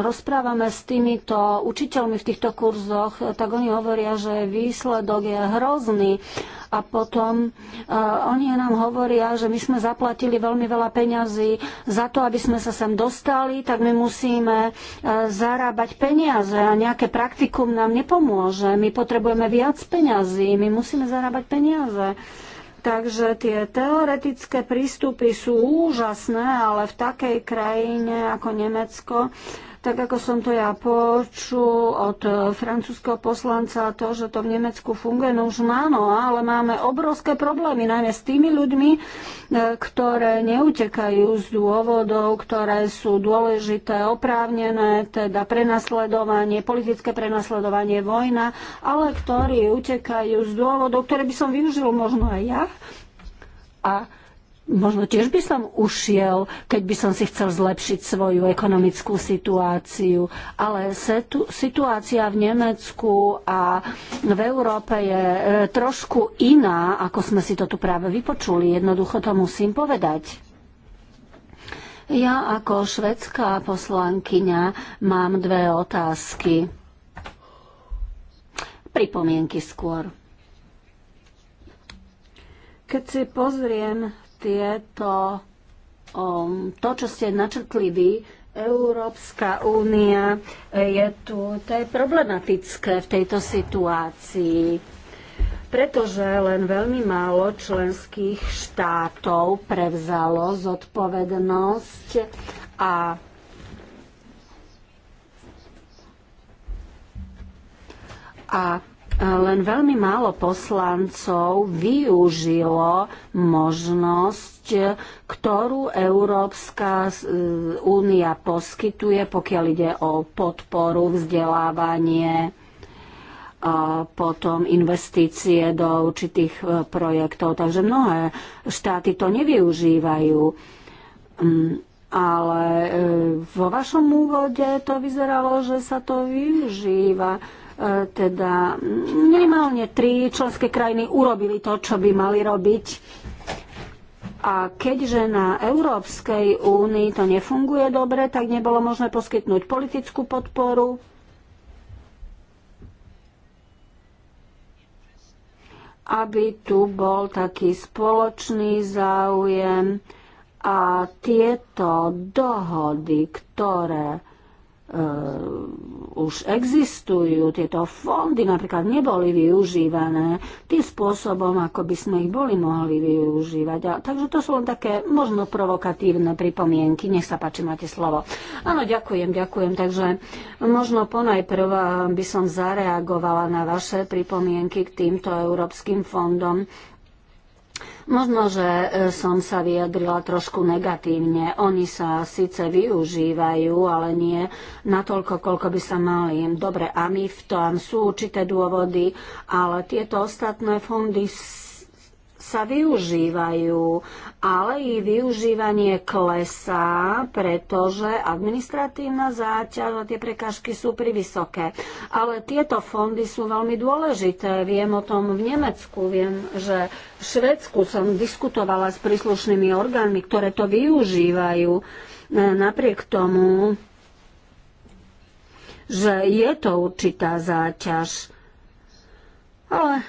rozprávame s týmito učiteľmi v týchto kurzoch, tak oni hovoria, že výsledok je hrozný a potom uh, oni nám hovoria, že my sme zaplatili veľmi veľa peňazí za to, aby sme sa sem dostali, tak my musíme uh, zarábať peniaze a nejaké praktikum nám nepomôže. My potrebujeme viac peňazí, my musíme zarábať peniaze. Takže tie teoretické prístupy sú úžasné, ale v takej krajine ako Nemecko uh, tak ako som to ja počul od e, francúzského poslanca, to, že to v Nemecku funguje, no už áno, ale máme obrovské problémy, najmä s tými ľuďmi, e, ktoré neutekajú z dôvodov, ktoré sú dôležité, oprávnené, teda prenasledovanie, politické prenasledovanie, vojna, ale ktorí utekajú z dôvodov, ktoré by som využil možno aj ja. A možno tiež by som ušiel, keď by som si chcel zlepšiť svoju ekonomickú situáciu. Ale situácia v Nemecku a v Európe je e, trošku iná, ako sme si to tu práve vypočuli. Jednoducho to musím povedať. Ja ako švedská poslankyňa mám dve otázky. Pripomienky skôr. Keď si pozriem tieto, um, to, čo ste načrtli vy, Európska únia je tu, to je problematické v tejto situácii, pretože len veľmi málo členských štátov prevzalo zodpovednosť a a len veľmi málo poslancov využilo možnosť, ktorú Európska e, únia poskytuje, pokiaľ ide o podporu, vzdelávanie, a potom investície do určitých e, projektov. Takže mnohé štáty to nevyužívajú. Mm, ale e, vo vašom úvode to vyzeralo, že sa to využíva E, teda minimálne tri členské krajiny urobili to, čo by mali robiť. A keďže na Európskej únii to nefunguje dobre, tak nebolo možné poskytnúť politickú podporu. aby tu bol taký spoločný záujem a tieto dohody, ktoré Eh, už existujú, tieto fondy napríklad neboli využívané tým spôsobom, ako by sme ich boli mohli využívať. A, takže to sú len také možno provokatívne pripomienky. Nech sa páči, máte slovo. Áno, ďakujem, ďakujem. Takže možno ponajprv eh, by som zareagovala na vaše pripomienky k týmto európskym fondom. Možno, že e, som sa vyjadrila trošku negatívne. Oni sa síce využívajú, ale nie natoľko, koľko by sa mali. Dobre, a my v tom sú určité dôvody, ale tieto ostatné fondy sa využívajú, ale ich využívanie klesá, pretože administratívna záťaž a tie prekážky sú privysoké. Ale tieto fondy sú veľmi dôležité. Viem o tom v Nemecku, viem, že v Švedsku som diskutovala s príslušnými orgánmi, ktoré to využívajú. E, napriek tomu, že je to určitá záťaž. Ale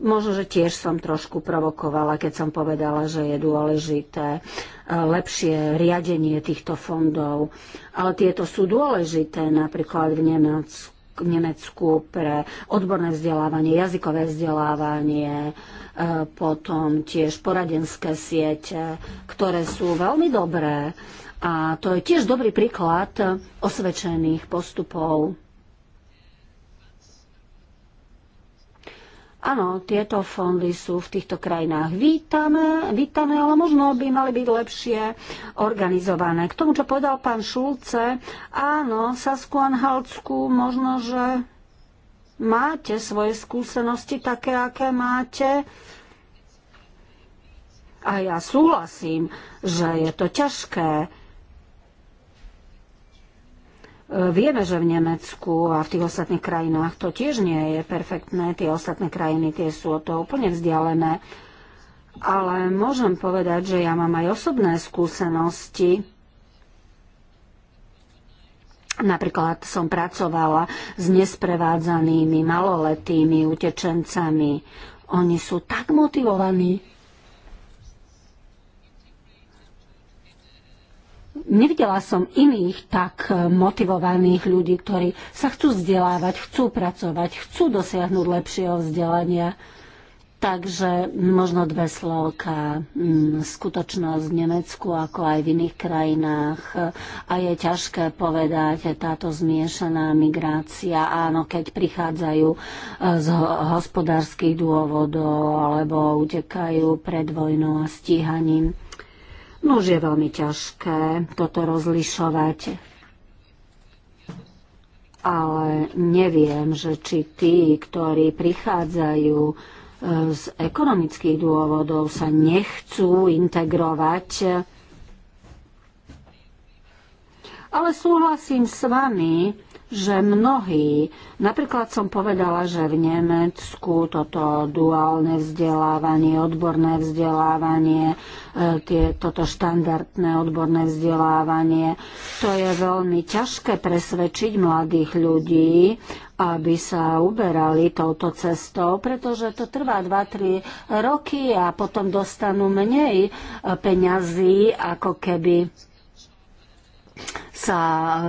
Možno, že tiež som trošku provokovala, keď som povedala, že je dôležité e, lepšie riadenie týchto fondov. Ale tieto sú dôležité napríklad v Nemecku v Nemecku pre odborné vzdelávanie, jazykové vzdelávanie, e, potom tiež poradenské siete, ktoré sú veľmi dobré. A to je tiež dobrý príklad osvedčených postupov Áno, tieto fondy sú v týchto krajinách vítané, vítané, ale možno by mali byť lepšie organizované. K tomu, čo povedal pán Šulce, áno, Sasku Anhaltsku, možno, že máte svoje skúsenosti také, aké máte. A ja súhlasím, že je to ťažké E, vieme, že v Nemecku a v tých ostatných krajinách to tiež nie je perfektné, tie ostatné krajiny tie sú o to úplne vzdialené, ale môžem povedať, že ja mám aj osobné skúsenosti. Napríklad som pracovala s nesprevádzanými maloletými utečencami. Oni sú tak motivovaní Nevidela som iných tak e, motivovaných ľudí, ktorí sa chcú vzdelávať, chcú pracovať, chcú dosiahnuť lepšieho vzdelania. Takže možno dve slovka. Mm, skutočnosť v Nemecku, ako aj v iných krajinách. E, a je ťažké povedať, táto zmiešaná migrácia, áno, keď prichádzajú e, z hospodárskych dôvodov alebo utekajú pred vojnou a stíhaním No už je veľmi ťažké toto rozlišovať ale neviem, že či tí, ktorí prichádzajú e, z ekonomických dôvodov, sa nechcú integrovať. Ale súhlasím s vami, že mnohí, napríklad som povedala, že v Nemecku toto duálne vzdelávanie, odborné vzdelávanie, e, tie, toto štandardné odborné vzdelávanie, to je veľmi ťažké presvedčiť mladých ľudí, aby sa uberali touto cestou, pretože to trvá 2-3 roky a potom dostanú menej e, peňazí, ako keby sa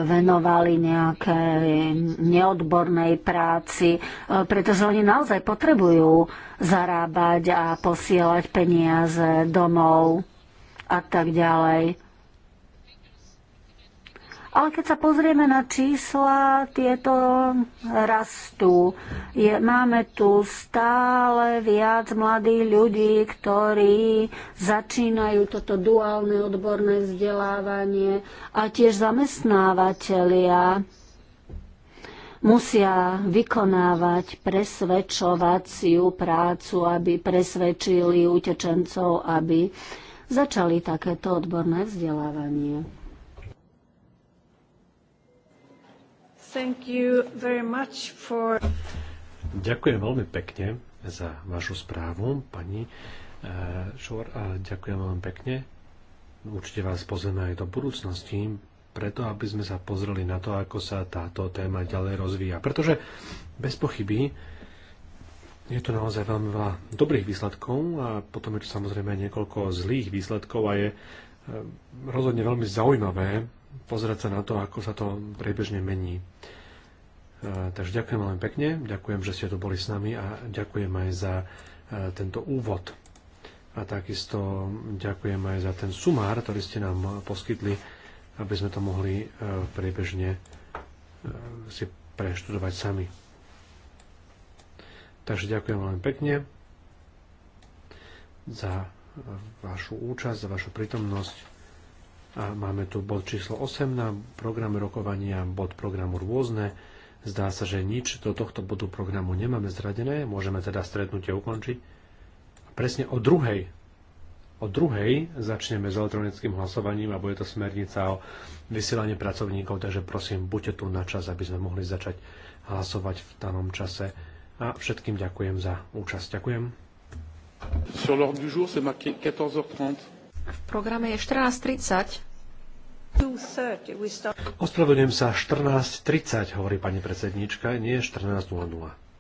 venovali nejakej neodbornej práci, e, pretože oni naozaj potrebujú zarábať a posielať peniaze domov a tak ďalej. Ale keď sa pozrieme na čísla, tieto rastú. Je, máme tu stále viac mladých ľudí, ktorí začínajú toto duálne odborné vzdelávanie a tiež zamestnávateľia musia vykonávať presvedčovaciu prácu, aby presvedčili utečencov, aby začali takéto odborné vzdelávanie. Thank you very much for... Ďakujem veľmi pekne za vašu správu, pani eh, Šor, a ďakujem veľmi pekne. Určite vás pozveme aj do budúcnosti, preto aby sme sa pozreli na to, ako sa táto téma ďalej rozvíja. Pretože bez pochyby je tu naozaj veľmi veľa dobrých výsledkov a potom je tu samozrejme niekoľko zlých výsledkov a je eh, rozhodne veľmi zaujímavé pozrieť sa na to, ako sa to priebežne mení. E, takže ďakujem veľmi pekne, ďakujem, že ste tu boli s nami a ďakujem aj za e, tento úvod. A takisto ďakujem aj za ten sumár, ktorý ste nám poskytli, aby sme to mohli e, priebežne si preštudovať sami. Takže ďakujem veľmi pekne za vašu účasť, za vašu prítomnosť a máme tu bod číslo 8 na programe rokovania, bod programu rôzne. Zdá sa, že nič do tohto bodu programu nemáme zradené. Môžeme teda stretnutie ukončiť. Presne o druhej O druhej začneme s elektronickým hlasovaním a bude to smernica o vysielaní pracovníkov, takže prosím, buďte tu na čas, aby sme mohli začať hlasovať v danom čase. A všetkým ďakujem za účasť. Ďakujem. Sur l'ordre du jour, c'est marqué 14h30 v programe je 14.30. Ospravedlňujem sa, 14.30, hovorí pani predsednička, nie 14.00.